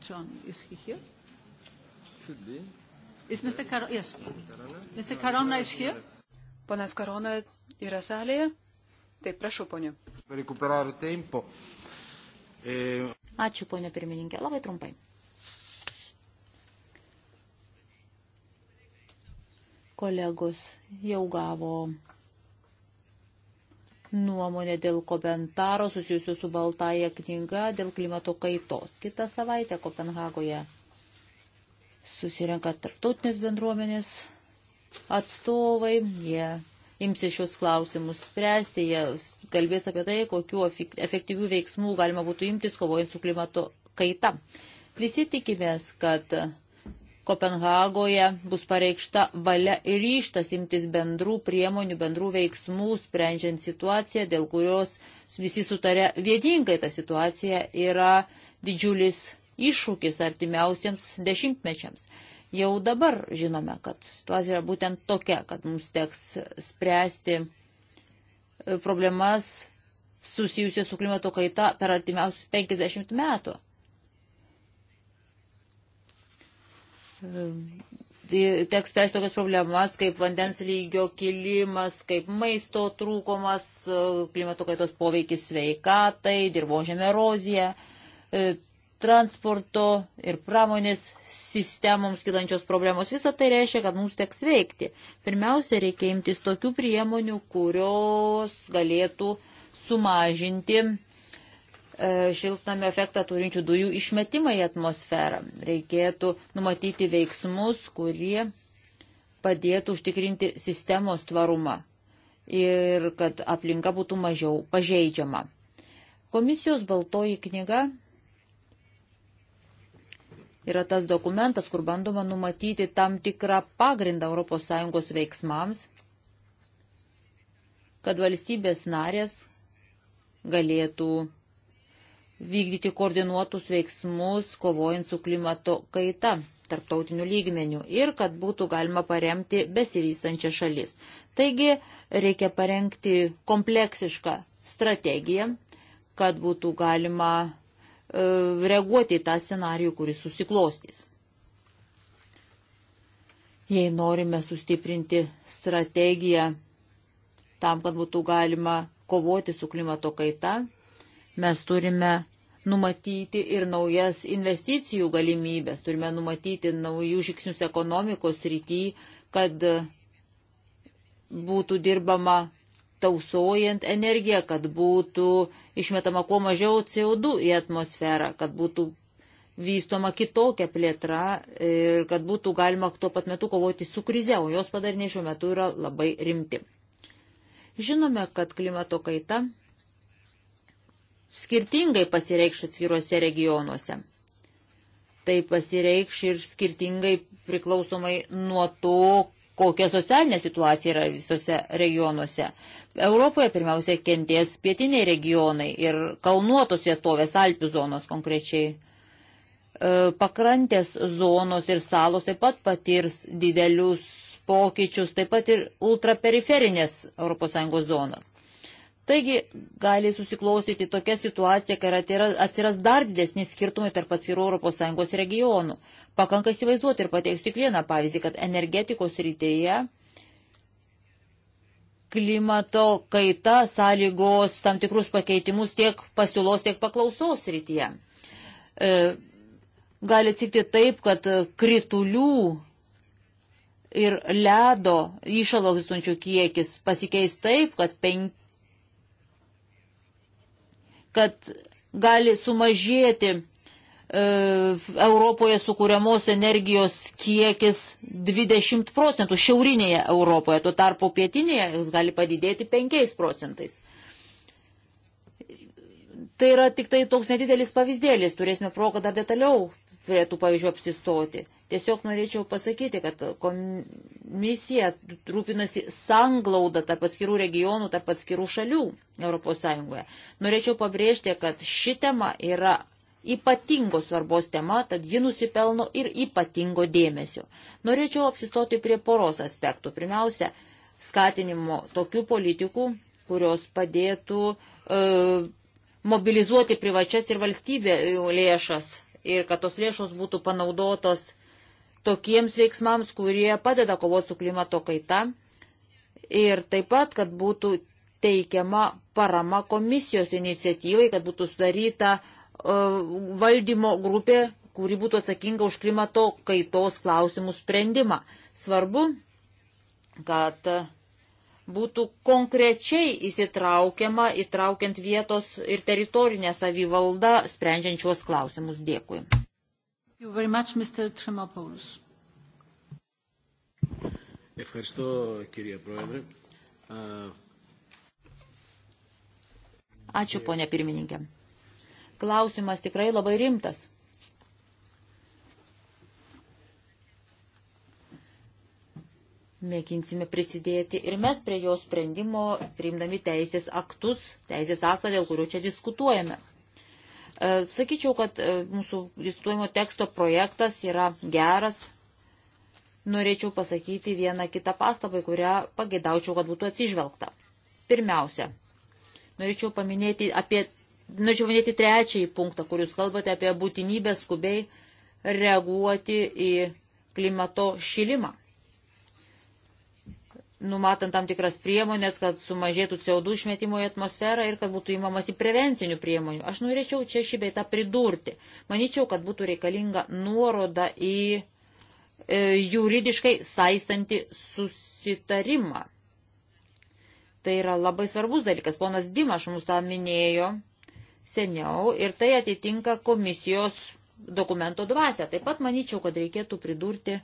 John, is he here? should be. Is Mr. Car yes. Mr. Carona is here. Ponas Karona yra salėje? Taip, prašau, ponė. E, Ačiū, ponė pirmininkė. Labai trumpai. Kolegos jau gavo nuomonę dėl komentaro susijusiu su Baltaja knyga dėl klimato kaitos. Kitą savaitę Kopenhagoje susirenka tarptautinės bendruomenės atstovai, jie imsi šios klausimus spręsti, jie kalbės apie tai, kokiu efektyvių veiksmų galima būtų imtis kovojant su klimato kaita. Visi tikimės, kad Kopenhagoje bus pareikšta valia ir ryštas imtis bendrų priemonių, bendrų veiksmų, sprendžiant situaciją, dėl kurios visi sutarė vieningai ta situacija yra didžiulis iššūkis artimiausiems dešimtmečiams. Jau dabar žinome, kad situacija yra būtent tokia, kad mums teks spręsti e, problemas susijusias su klimato kaita per artimiausius 50 metų. E, teks spręsti tokias problemas kaip vandens lygio kilimas, kaip maisto trūkumas, e, klimato kaitos poveikis sveikatai, dirbožėmė erozija transporto ir pramonės sistemoms kilančios problemos. Visą tai reiškia, kad mums teks veikti. Pirmiausia, reikia imtis tokių priemonių, kurios galėtų sumažinti e, šiltnamio efektą turinčių dujų išmetimą į atmosferą. Reikėtų numatyti veiksmus, kurie padėtų užtikrinti sistemos tvarumą ir kad aplinka būtų mažiau pažeidžiama. Komisijos baltoji knyga yra tas dokumentas, kur bandoma numatyti tam tikrą pagrindą ES veiksmams, kad valstybės narės galėtų vykdyti koordinuotus veiksmus, kovojant su klimato kaita tarptautiniu lygmeniu ir kad būtų galima paremti besivystančią šalis. Taigi reikia parengti kompleksišką strategiją, kad būtų galima reaguoti į tą scenarijų, kuris susiklostys. Jei norime sustiprinti strategiją tam, kad būtų galima kovoti su klimato kaita, mes turime numatyti ir naujas investicijų galimybės, turime numatyti naujų žingsnius ekonomikos rytį, kad būtų dirbama tausojant energiją, kad būtų išmetama kuo mažiau CO2 į atmosferą, kad būtų vystoma kitokia plėtra ir kad būtų galima tuo pat metu kovoti su krize, o jos padariniai šiuo metu yra labai rimti. Žinome, kad klimato kaita skirtingai pasireikš atskiruose regionuose. Tai pasireikš ir skirtingai priklausomai nuo to, kokia socialinė situacija yra visose regionuose. Europoje pirmiausia kenties pietiniai regionai ir kalnuotos vietovės, Alpių zonos konkrečiai. E, pakrantės zonos ir salos taip pat patirs didelius pokyčius, taip pat ir ultraperiferinės ES zonos. Taigi gali susiklausyti tokia situacija, kai atsiras dar didesni skirtumai tarp atskirų ES regionų. Pakanka įsivaizduoti ir pateiksiu tik vieną pavyzdį, kad energetikos rytėje klimato kaita sąlygos tam tikrus pakeitimus tiek pasiūlos, tiek paklausos rytyje. E, gali atsikti taip, kad kritulių ir ledo išalo egzistuojančių kiekis pasikeis taip, kad 5 kad gali sumažėti e, Europoje sukūriamos energijos kiekis 20 procentų šiaurinėje Europoje, tuo tarpu pietinėje jis gali padidėti 5 procentais. Tai yra tik tai toks nedidelis pavyzdėlis, turėsime progą dar detaliau prie tų pavyzdžių apsistoti. Tiesiog norėčiau pasakyti, kad komisija rūpinasi sanglaudą tarp atskirų regionų, tarp atskirų šalių ES. Norėčiau pabrėžti, kad ši tema yra ypatingos svarbos tema, tad ji nusipelno ir ypatingo dėmesio. Norėčiau apsistoti prie poros aspektų. Pirmiausia, skatinimo tokių politikų, kurios padėtų e, mobilizuoti privačias ir valstybė lėšas ir kad tos lėšos būtų panaudotos tokiems veiksmams, kurie padeda kovoti su klimato kaita ir taip pat, kad būtų teikiama parama komisijos iniciatyvai, kad būtų sudaryta e, valdymo grupė, kuri būtų atsakinga už klimato kaitos klausimų sprendimą. Svarbu, kad būtų konkrečiai įsitraukiama, įtraukiant vietos ir teritorinę savivaldą, sprendžiančios klausimus. Dėkui. Much, Ευχαριστώ, κύριε Πρόεδρε. Ačiū, ponė pirmininkė. Klausimas tikrai labai rimtas. Mėginsime prisidėti ir mes prie jo sprendimo, priimdami teisės aktus, teisės aktą, dėl kurio čia diskutuojame. E, sakyčiau, kad e, mūsų diskutuojimo teksto projektas yra geras. Norėčiau pasakyti vieną kitą pastabą, kurią pagėdaučiau, kad būtų atsižvelgta. Pirmiausia, norėčiau paminėti apie, norėčiau paminėti trečiąjį punktą, kur jūs kalbate apie būtinybę skubiai reaguoti į klimato šilimą numatant tam tikras priemonės, kad sumažėtų CO2 išmetimo į atmosferą ir kad būtų įmamasi prevencinių priemonių. Aš norėčiau čia šį beitą pridurti. Manyčiau, kad būtų reikalinga nuoroda į e, juridiškai saistanti susitarimą. Tai yra labai svarbus dalykas. Ponas Dimaš mums tą minėjo seniau ir tai atitinka komisijos dokumento dvasia. Taip pat manyčiau, kad reikėtų pridurti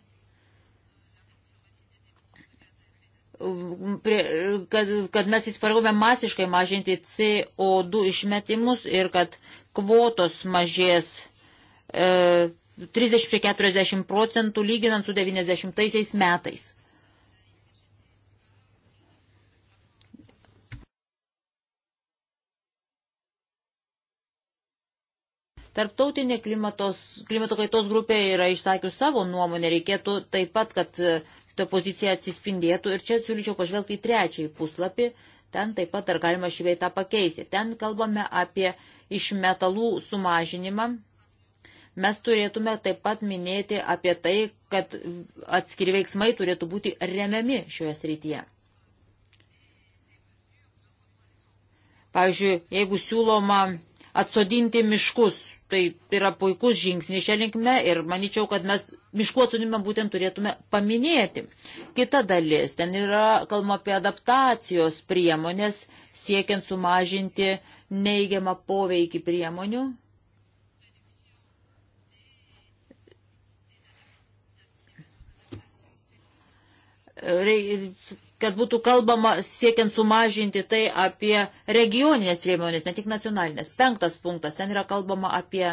prie, kad, kad mes įsipareigome masiškai mažinti CO2 išmetimus ir kad kvotos mažės e, 30-40 procentų lyginant su 90 metais. Tarptautinė klimatos, klimato kaitos grupė yra išsakius savo nuomonę, reikėtų taip pat, kad ta pozicija atsispindėtų. Ir čia siūlyčiau pažvelgti į trečiąjį puslapį. Ten taip pat dar galima švei tą pakeisti. Ten kalbame apie iš metalų sumažinimą. Mes turėtume taip pat minėti apie tai, kad atskiri veiksmai turėtų būti remiami šioje srityje. Pavyzdžiui, jeigu siūloma atsodinti miškus Tai yra puikus žingsnis šią linkme ir manyčiau, kad mes miškų atsunimą būtent turėtume paminėti. Kita dalis, ten yra kalbama apie adaptacijos priemonės, siekiant sumažinti neigiamą poveikį priemonių. Reikia kad būtų kalbama siekiant sumažinti tai apie regioninės priemonės, ne tik nacionalinės. Penktas punktas, ten yra kalbama apie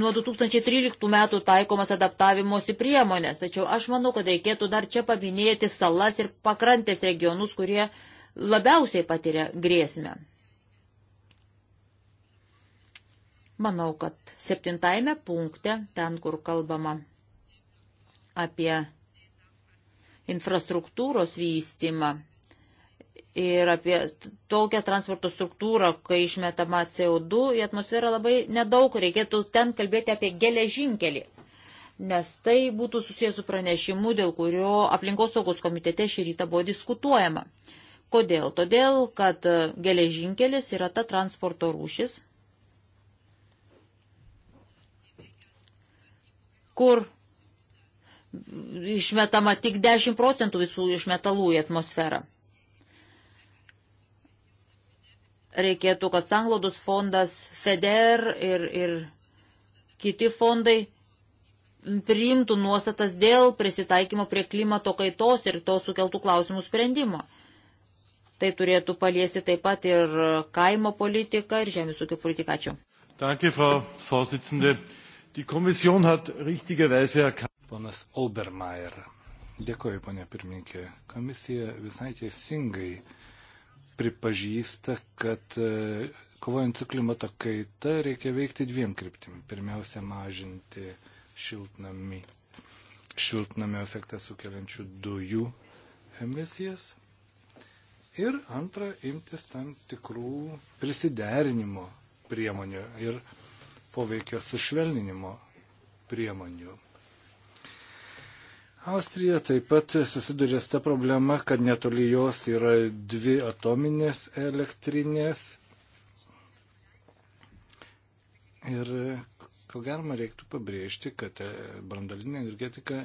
nuo 2013 metų taikomas adaptavimosi priemonės. Tačiau aš manau, kad reikėtų dar čia paminėti salas ir pakrantės regionus, kurie labiausiai patiria grėsmę. Manau, kad septintajame punkte, ten kur kalbama apie infrastruktūros vystymą ir apie tokią transporto struktūrą, kai išmetama CO2 į atmosferą labai nedaug, reikėtų ten kalbėti apie geležinkelį. Nes tai būtų susijęs su pranešimu, dėl kurio aplinkos saugos komitete šį rytą buvo diskutuojama. Kodėl? Todėl, kad geležinkelis yra ta transporto rūšis, kur išmetama tik 10 procentų visų išmetalų į atmosferą. Reikėtų, kad sanglaudos fondas, FEDER ir, ir kiti fondai priimtų nuostatas dėl prisitaikymo prie klimato kaitos ir to sukeltų klausimų sprendimo. Tai turėtų paliesti taip pat ir kaimo politiką ir žemės ūkio politiką. Ačiū. Danke, Frau Vorsitzende. Die Kommission hat richtigerweise erkannt ponas Olbermeier. Dėkoju, ponė pirmininkė. Komisija visai teisingai pripažįsta, kad e, kovojant su klimato kaita reikia veikti dviem kryptim. Pirmiausia, mažinti šiltnami, šiltnamio efektą sukeliančių dujų emisijas. Ir antra, imtis tam tikrų prisiderinimo priemonių ir poveikio sušvelninimo priemonių. Austrija taip pat susidurė su ta problema, kad netoli jos yra dvi atominės elektrinės. Ir ko galima reiktų pabrėžti, kad e, brandalinė energetika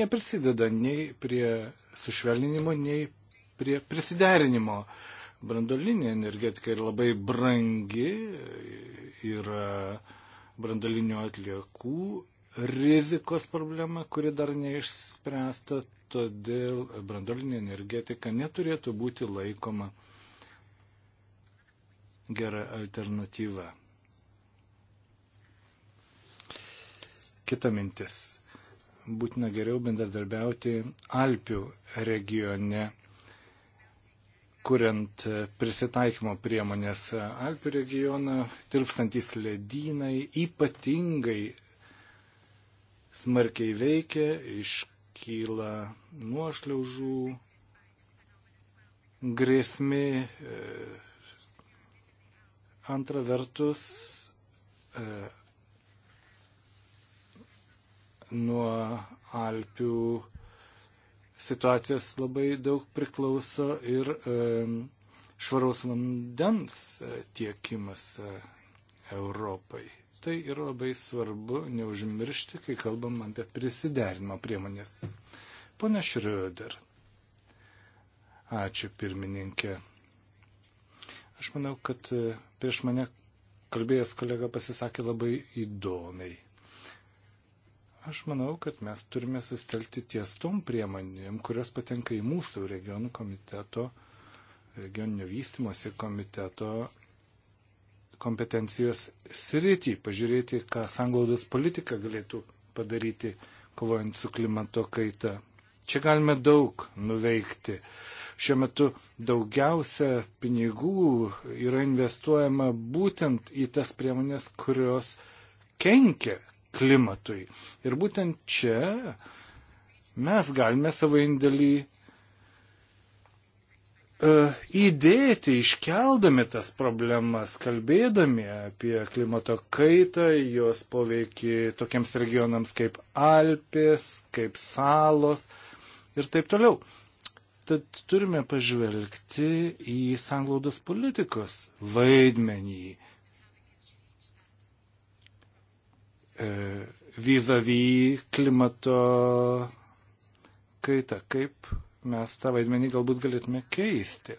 neprisideda nei prie sušvelninimo, nei prie prisiderinimo. Brandalinė energetika yra labai brangi, yra brandalinių atliekų rizikos problema, kuri dar neišspręsta, todėl brandolinė energetika neturėtų būti laikoma gera alternatyva. Kita mintis. Būtina geriau bendradarbiauti Alpių regione kuriant prisitaikymo priemonės Alpių regioną, tirpstantys ledynai ypatingai smarkiai veikia, iškyla nuošliaužų grėsmė. E, antra vertus, e, nuo Alpių situacijos labai daug priklauso ir e, švaraus vandens tiekimas Europai. Tai yra labai svarbu neužmiršti, kai kalbam apie prisiderimo priemonės. Pone Šrioder, ačiū pirmininkė. Aš manau, kad e, prieš mane kalbėjęs kolega pasisakė labai įdomiai. Aš manau, kad mes turime sustelti ties tom priemonėm, kurios patenka į mūsų regionų komiteto, regioninio vystimosi komiteto kompetencijos sritį, pažiūrėti, ką sanglaudos politika galėtų padaryti, kovojant su klimato kaita. Čia galime daug nuveikti. Šiuo metu daugiausia pinigų yra investuojama būtent į tas priemonės, kurios kenkia klimatui. Ir būtent čia mes galime savo indėlį E, įdėti, iškeldami tas problemas, kalbėdami apie klimato kaitą, jos poveikį tokiems regionams kaip Alpės, kaip salos ir taip toliau. Tad turime pažvelgti į sanglaudos politikos vaidmenį. E, Vizavy klimato kaita, kaip mes tą vaidmenį galbūt galėtume keisti.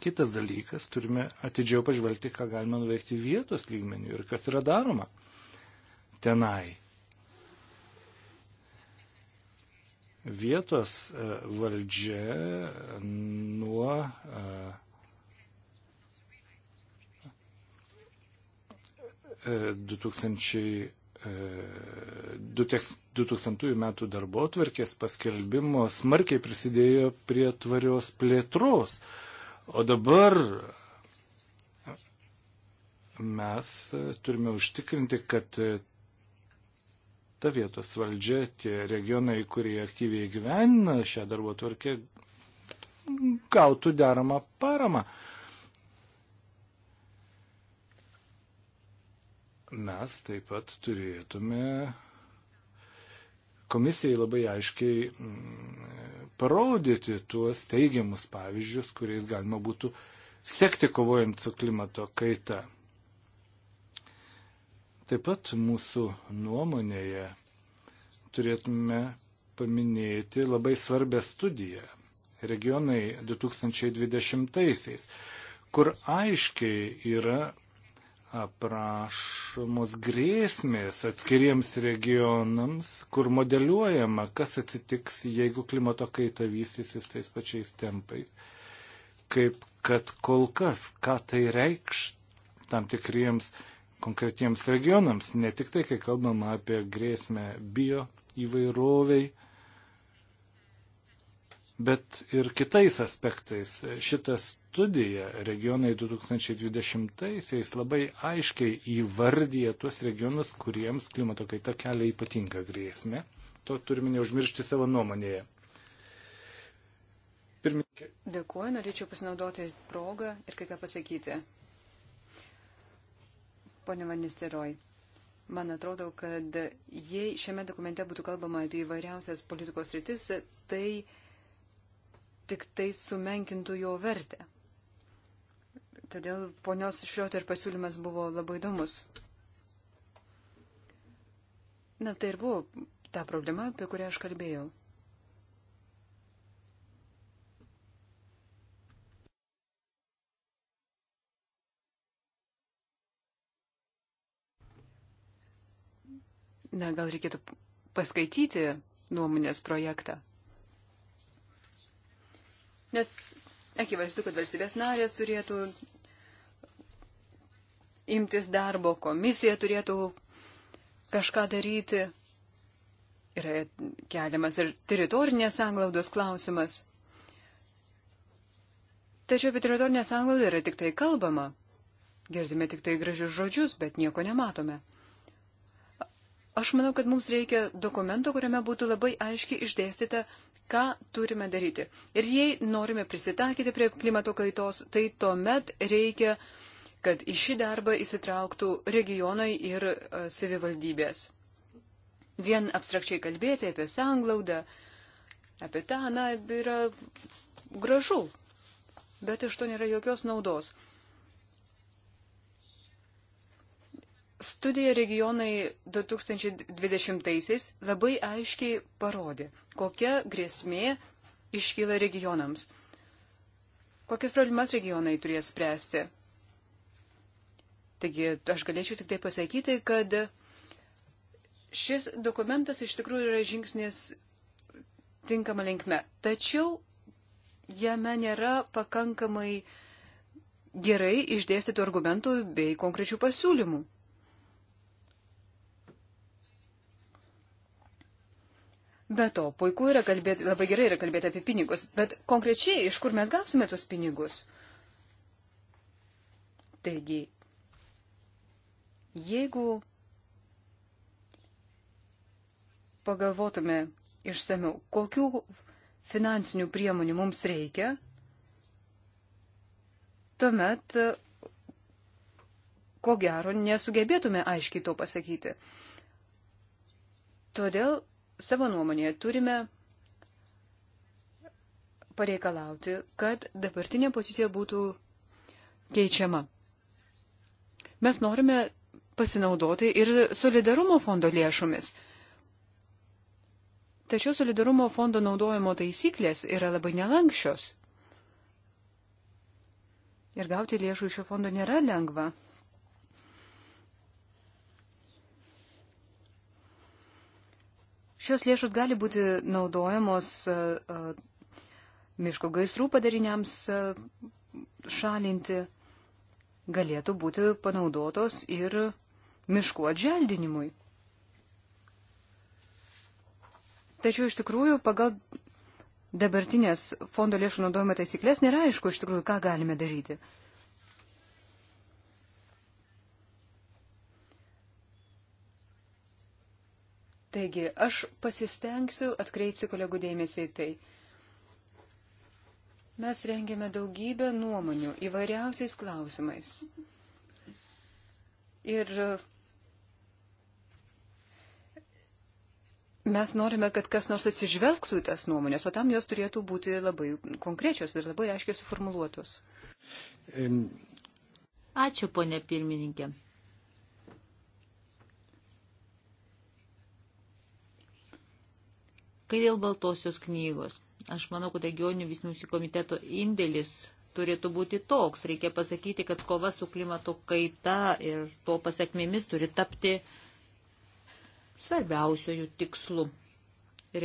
Kitas dalykas, turime atidžiau pažvelgti, ką galima nuveikti vietos lygmenių ir kas yra daroma tenai. Vietos e, valdžia nuo e, e, uh, 2000 2000 e, metų darbo atvarkės paskelbimo smarkiai prisidėjo prie tvarios plėtros. O dabar mes turime užtikrinti, kad ta vietos valdžia, tie regionai, kurie aktyviai gyvenina šią darbo tvarkę, gautų deramą paramą. mes taip pat turėtume komisijai labai aiškiai mm, parodyti tuos teigiamus pavyzdžius, kuriais galima būtų sekti kovojant su klimato kaita. Taip pat mūsų nuomonėje turėtume paminėti labai svarbę studiją regionai 2020-aisiais, kur aiškiai yra aprašomos grėsmės atskiriems regionams, kur modeliuojama, kas atsitiks, jeigu klimato kaita vystysis tais pačiais tempais, kaip kad kol kas, ką tai reikš tam tikriems konkretiems regionams, ne tik tai, kai kalbama apie grėsmę bio įvairoviai, bet ir kitais aspektais. Šitas studija regionai 2020-aisiais labai aiškiai įvardyja tuos regionus, kuriems klimato kaita kelia ypatingą grėsmę. To turime neužmiršti savo nuomonėje. Pirmininkė. Dėkuoju, norėčiau pasinaudoti progą ir kai ką pasakyti. Pone Vanisteroj, man atrodo, kad jei šiame dokumente būtų kalbama apie įvairiausias politikos rytis, tai tik tai sumenkintų jo vertę. Todėl ponios Šrioter pasiūlymas buvo labai įdomus. Na, tai ir buvo ta problema, apie kurią aš kalbėjau. Na, gal reikėtų paskaityti nuomonės projektą. Nes akivaizdu, kad valstybės narės turėtų imtis darbo, komisija turėtų kažką daryti. Yra keliamas ir teritorinės anglaudos klausimas. Tačiau apie teritorinę sanglaudą yra tik tai kalbama. Girdime tik tai gražius žodžius, bet nieko nematome. Aš manau, kad mums reikia dokumento, kuriame būtų labai aiškiai išdėstyta, ką turime daryti. Ir jei norime prisitakyti prie klimato kaitos, tai tuomet reikia uh, kad į šį darbą įsitrauktų regionai ir e, savivaldybės. Vien abstrakčiai kalbėti apie sanglaudą, apie tą, na, yra gražu, bet iš to nėra jokios naudos. Studija regionai 2020-aisiais labai aiškiai parodė, kokia grėsmė iškyla regionams, kokias problemas regionai turės spręsti. Taigi aš galėčiau tik tai pasakyti, kad šis dokumentas iš tikrųjų yra žingsnis tinkama linkme. Tačiau jame nėra pakankamai gerai išdėstytų argumentų bei konkrečių pasiūlymų. Be to, puiku yra kalbėti, labai gerai yra kalbėti apie pinigus, bet konkrečiai iš kur mes gausime tuos pinigus? Taigi, Jeigu pagalvotume išsamiau, kokių finansinių priemonių mums reikia, tuomet, ko gero, nesugebėtume aiškiai to pasakyti. Todėl savo nuomonėje turime pareikalauti, kad dabartinė pozicija būtų keičiama. Mes norime pasinaudoti ir solidarumo fondo lėšomis. Tačiau solidarumo fondo naudojimo taisyklės yra labai nelankščios. Ir gauti lėšų iš šio fondo nėra lengva. Šios lėšos gali būti naudojamos miško gaisrų padariniams šalinti, galėtų būti panaudotos ir miškų atželdinimui. Tačiau iš tikrųjų pagal dabartinės fondo lėšų naudojimo taisyklės nėra aišku iš tikrųjų, ką galime daryti. Taigi, aš pasistengsiu atkreipti kolegų dėmesį į tai. Mes rengėme daugybę nuomonių įvairiausiais klausimais. Ir e, mes norime, kad kas nors atsižvelgtų į tas nuomonės, o tam jos turėtų būti labai konkrečios ir labai aiškiai suformuluotos. Ačiū, ponė pirmininkė. Kai dėl baltosios knygos, aš manau, kad regioninių vystymusių komiteto indėlis turėtų būti toks. Reikia pasakyti, kad kova su klimato kaita ir to pasiekmėmis turi tapti svarbiausiojų tikslų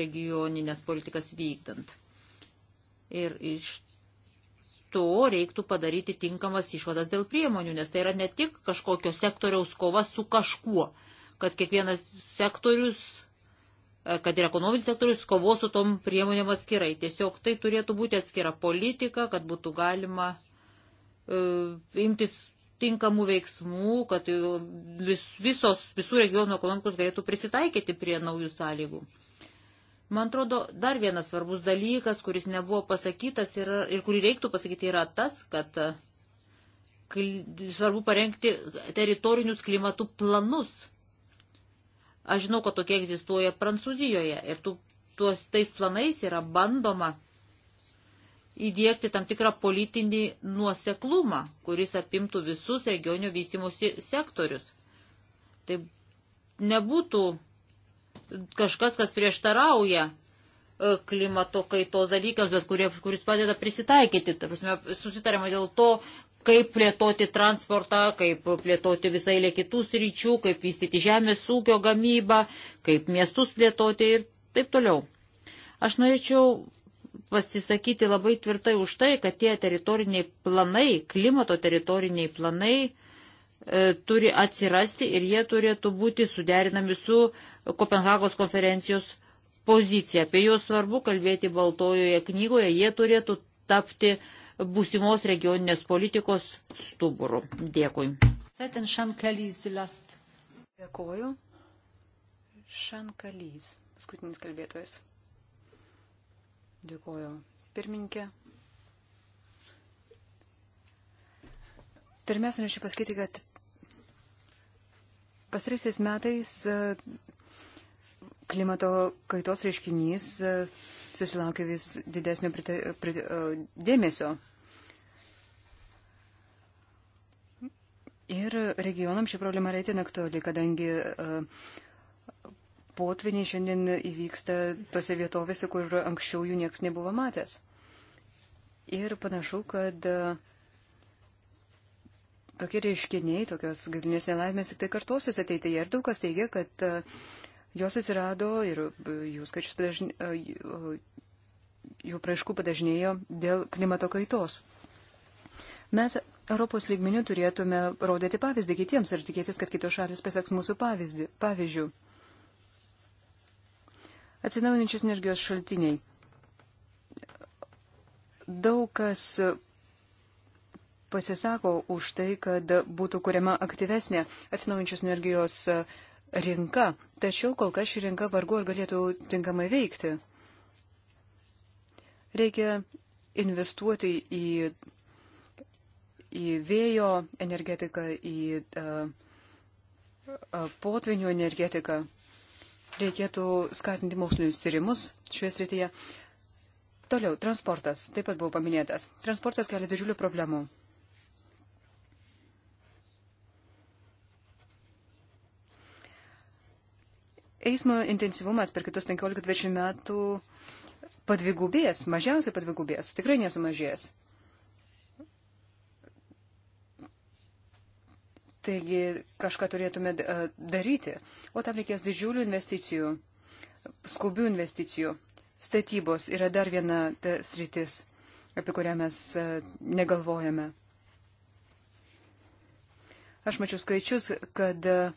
regioninės politikas vykdant. Ir iš to reiktų padaryti tinkamas išvadas dėl priemonių, nes tai yra ne tik kažkokio sektoriaus kova su kažkuo, kad kiekvienas sektorius E, kad ir ekonominis sektorius kovos su tom priemonėm atskirai. Tiesiog tai turėtų būti atskira politika, kad būtų galima uh, imtis tinkamų veiksmų, kad e, vis, visos, visų regionų ekonomikos galėtų prisitaikyti prie naujų sąlygų. Man atrodo, dar vienas svarbus dalykas, kuris nebuvo pasakytas yra, ir kurį reiktų pasakyti, yra tas, kad svarbu parengti teritorinius klimatų planus Aš žinau, kad tokie egzistuoja Prancūzijoje ir tu, tuos, tais planais yra bandoma įdėkti tam tikrą politinį nuoseklumą, kuris apimtų visus regionio vystimusi sektorius. Tai nebūtų kažkas, kas prieštarauja e, klimato kaitos dalykas, bet kurie, kuris padeda prisitaikyti. Prasme, susitarėma dėl to, kaip plėtoti transportą, kaip plėtoti visai lė kitų sričių, kaip vystyti žemės ūkio gamybą, kaip miestus plėtoti ir taip toliau. Aš norėčiau pasisakyti labai tvirtai už tai, kad tie teritoriniai planai, klimato teritoriniai planai e, turi atsirasti ir jie turėtų būti suderinami su Kopenhagos konferencijos pozicija. Apie juos svarbu kalbėti Baltojoje knygoje, jie turėtų tapti uh, būsimos regioninės politikos stuburų. Dėkui. Dėkoju. Šankalys, paskutinis kalbėtojas. Dėkoju. Pirminkė. Pirmiausia, norėčiau pasakyti, kad pastarysiais metais e, klimato kaitos reiškinys e, susilaukia vis didesnio prita, prita, dėmesio. Ir regionam ši problema yra itin aktuali, kadangi potviniai šiandien įvyksta tose vietovėse, kur anksčiau jų niekas nebuvo matęs. Ir panašu, kad tokie reiškiniai, tokios gaivinės nelaimės tik tai kartosis ateityje. Ir daug kas teigia, kad Jos atsirado ir e, jų skaičius padažnėjo, e, jų praaiškų padažnėjo dėl klimato kaitos. Mes Europos lygmenių turėtume rodyti pavyzdį kitiems ir tikėtis, kad kitos šalis pasaks mūsų pavyzdį, pavyzdžių. Atsinaujinančios energijos šaltiniai. Daug kas pasisako už tai, kad būtų kuriama aktyvesnė atsinaujinčios energijos šaltiniai e, rinka, tačiau kol kas ši rinka vargu ar galėtų tinkamai veikti. Reikia investuoti į, į vėjo energetiką, į uh, potvinių energetiką. Reikėtų skatinti mokslinius tyrimus šioje srityje. Toliau, transportas taip pat buvo paminėtas. Transportas kelia didžiulių problemų. eismo intensyvumas per kitus 15-20 metų padvigubės, mažiausiai padvigubės, tikrai nesumažės. Taigi kažką turėtume daryti, o tam reikės didžiulių investicijų, skubių investicijų. Statybos yra dar viena sritis, apie kurią mes negalvojame. Aš mačiau skaičius, kad uh,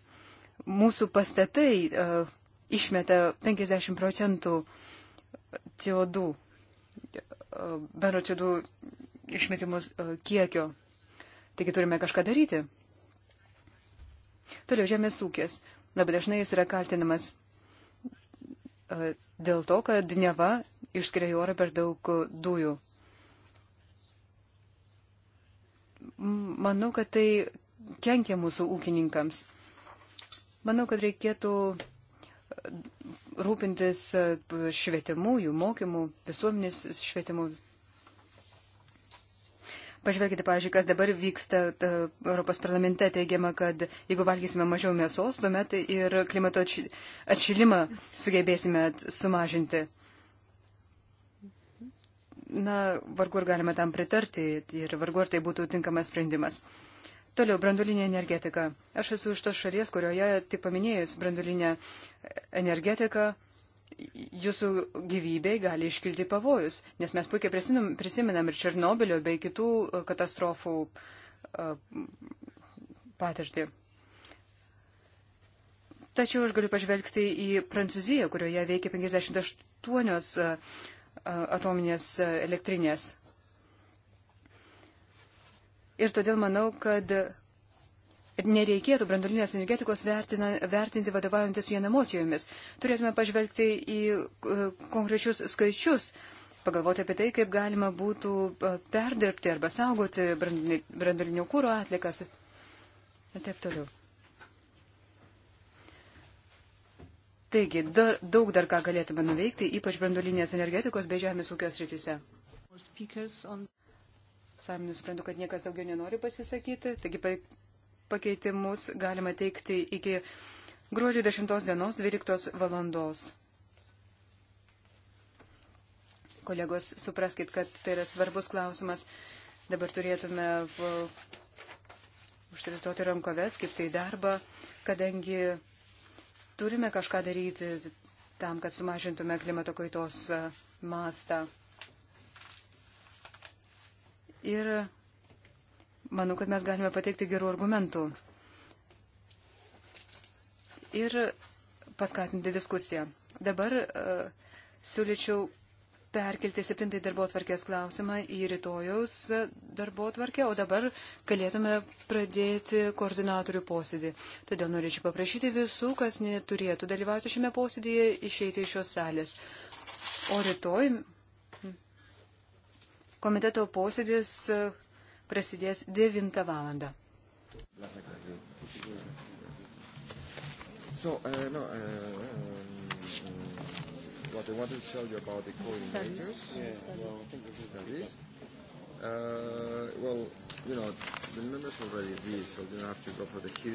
mūsų pastatai uh, išmeta 50 procentų CO2, uh, e, bendro CO2 išmetimus uh, e, kiekio. Taigi turime kažką daryti. Toliau žemės ūkis. Labai dažnai jis yra kaltinamas uh, dėl to, kad neva išskiria į orą per daug dujų. Manau, kad tai kenkia mūsų ūkininkams. Uh, Manau, kad reikėtų e, rūpintis e, švietimu, jų mokymu, visuomenės švietimu. Pažvelkite, pažiūrėk, kas dabar vyksta e, Europos parlamente, teigiama, kad jeigu valgysime mažiau mėsos, tuomet ir klimato atšilimą sugebėsime sumažinti. Na, vargu ar galima tam pritarti ir vargu ar tai būtų tinkamas sprendimas. Toliau, brandulinė energetika. Aš esu iš tos šalies, kurioje tik paminėjus brandulinę energetiką, jūsų gyvybei gali iškilti pavojus, nes mes puikiai prisimenam ir Černobilio bei kitų e, katastrofų e, patirtį. Tačiau aš galiu pažvelgti į Prancūziją, kurioje veikia 58 e, atominės elektrinės. Ir todėl manau, kad nereikėtų brandolinės energetikos vertina, vertinti vadovaujantis vien emocijomis. Turėtume pažvelgti į e, konkrečius skaičius, pagalvoti apie tai, kaip galima būtų e, perdirbti arba saugoti brandolinio kūro atlikas ir taip toliau. Taigi, dar, daug dar ką galėtume nuveikti, ypač brandolinės energetikos bei žemės ūkio srityse. On... Sąjungų suprantu, kad niekas daugiau nenori pasisakyti, taigi pakeitimus galima teikti iki gruodžio 10 dienos 12 valandos. Kolegos, supraskit, kad tai yra svarbus klausimas. Dabar turėtume užsiritoti rankoves, kaip tai darba, kadangi turime kažką daryti tam, kad sumažintume klimato kaitos mastą. Ir manau, kad mes galime pateikti gerų argumentų. Ir paskatinti diskusiją. Dabar uh, siūlyčiau perkelti septintai darbo tvarkės klausimą į rytojaus darbo tvarkę, o dabar galėtume pradėti koordinatorių posėdį. Todėl norėčiau paprašyti visų, kas neturėtų dalyvauti šiame posėdėje, išeiti iš šios salės. O rytoj Komiteto posėdis e, prasidės 9 valandą. So, uh, no, uh, um, what I wanted to tell you about the coordinators. Yeah, well, studies. Uh, well, you know, the members already agreed, so they don't have to go for the hearing.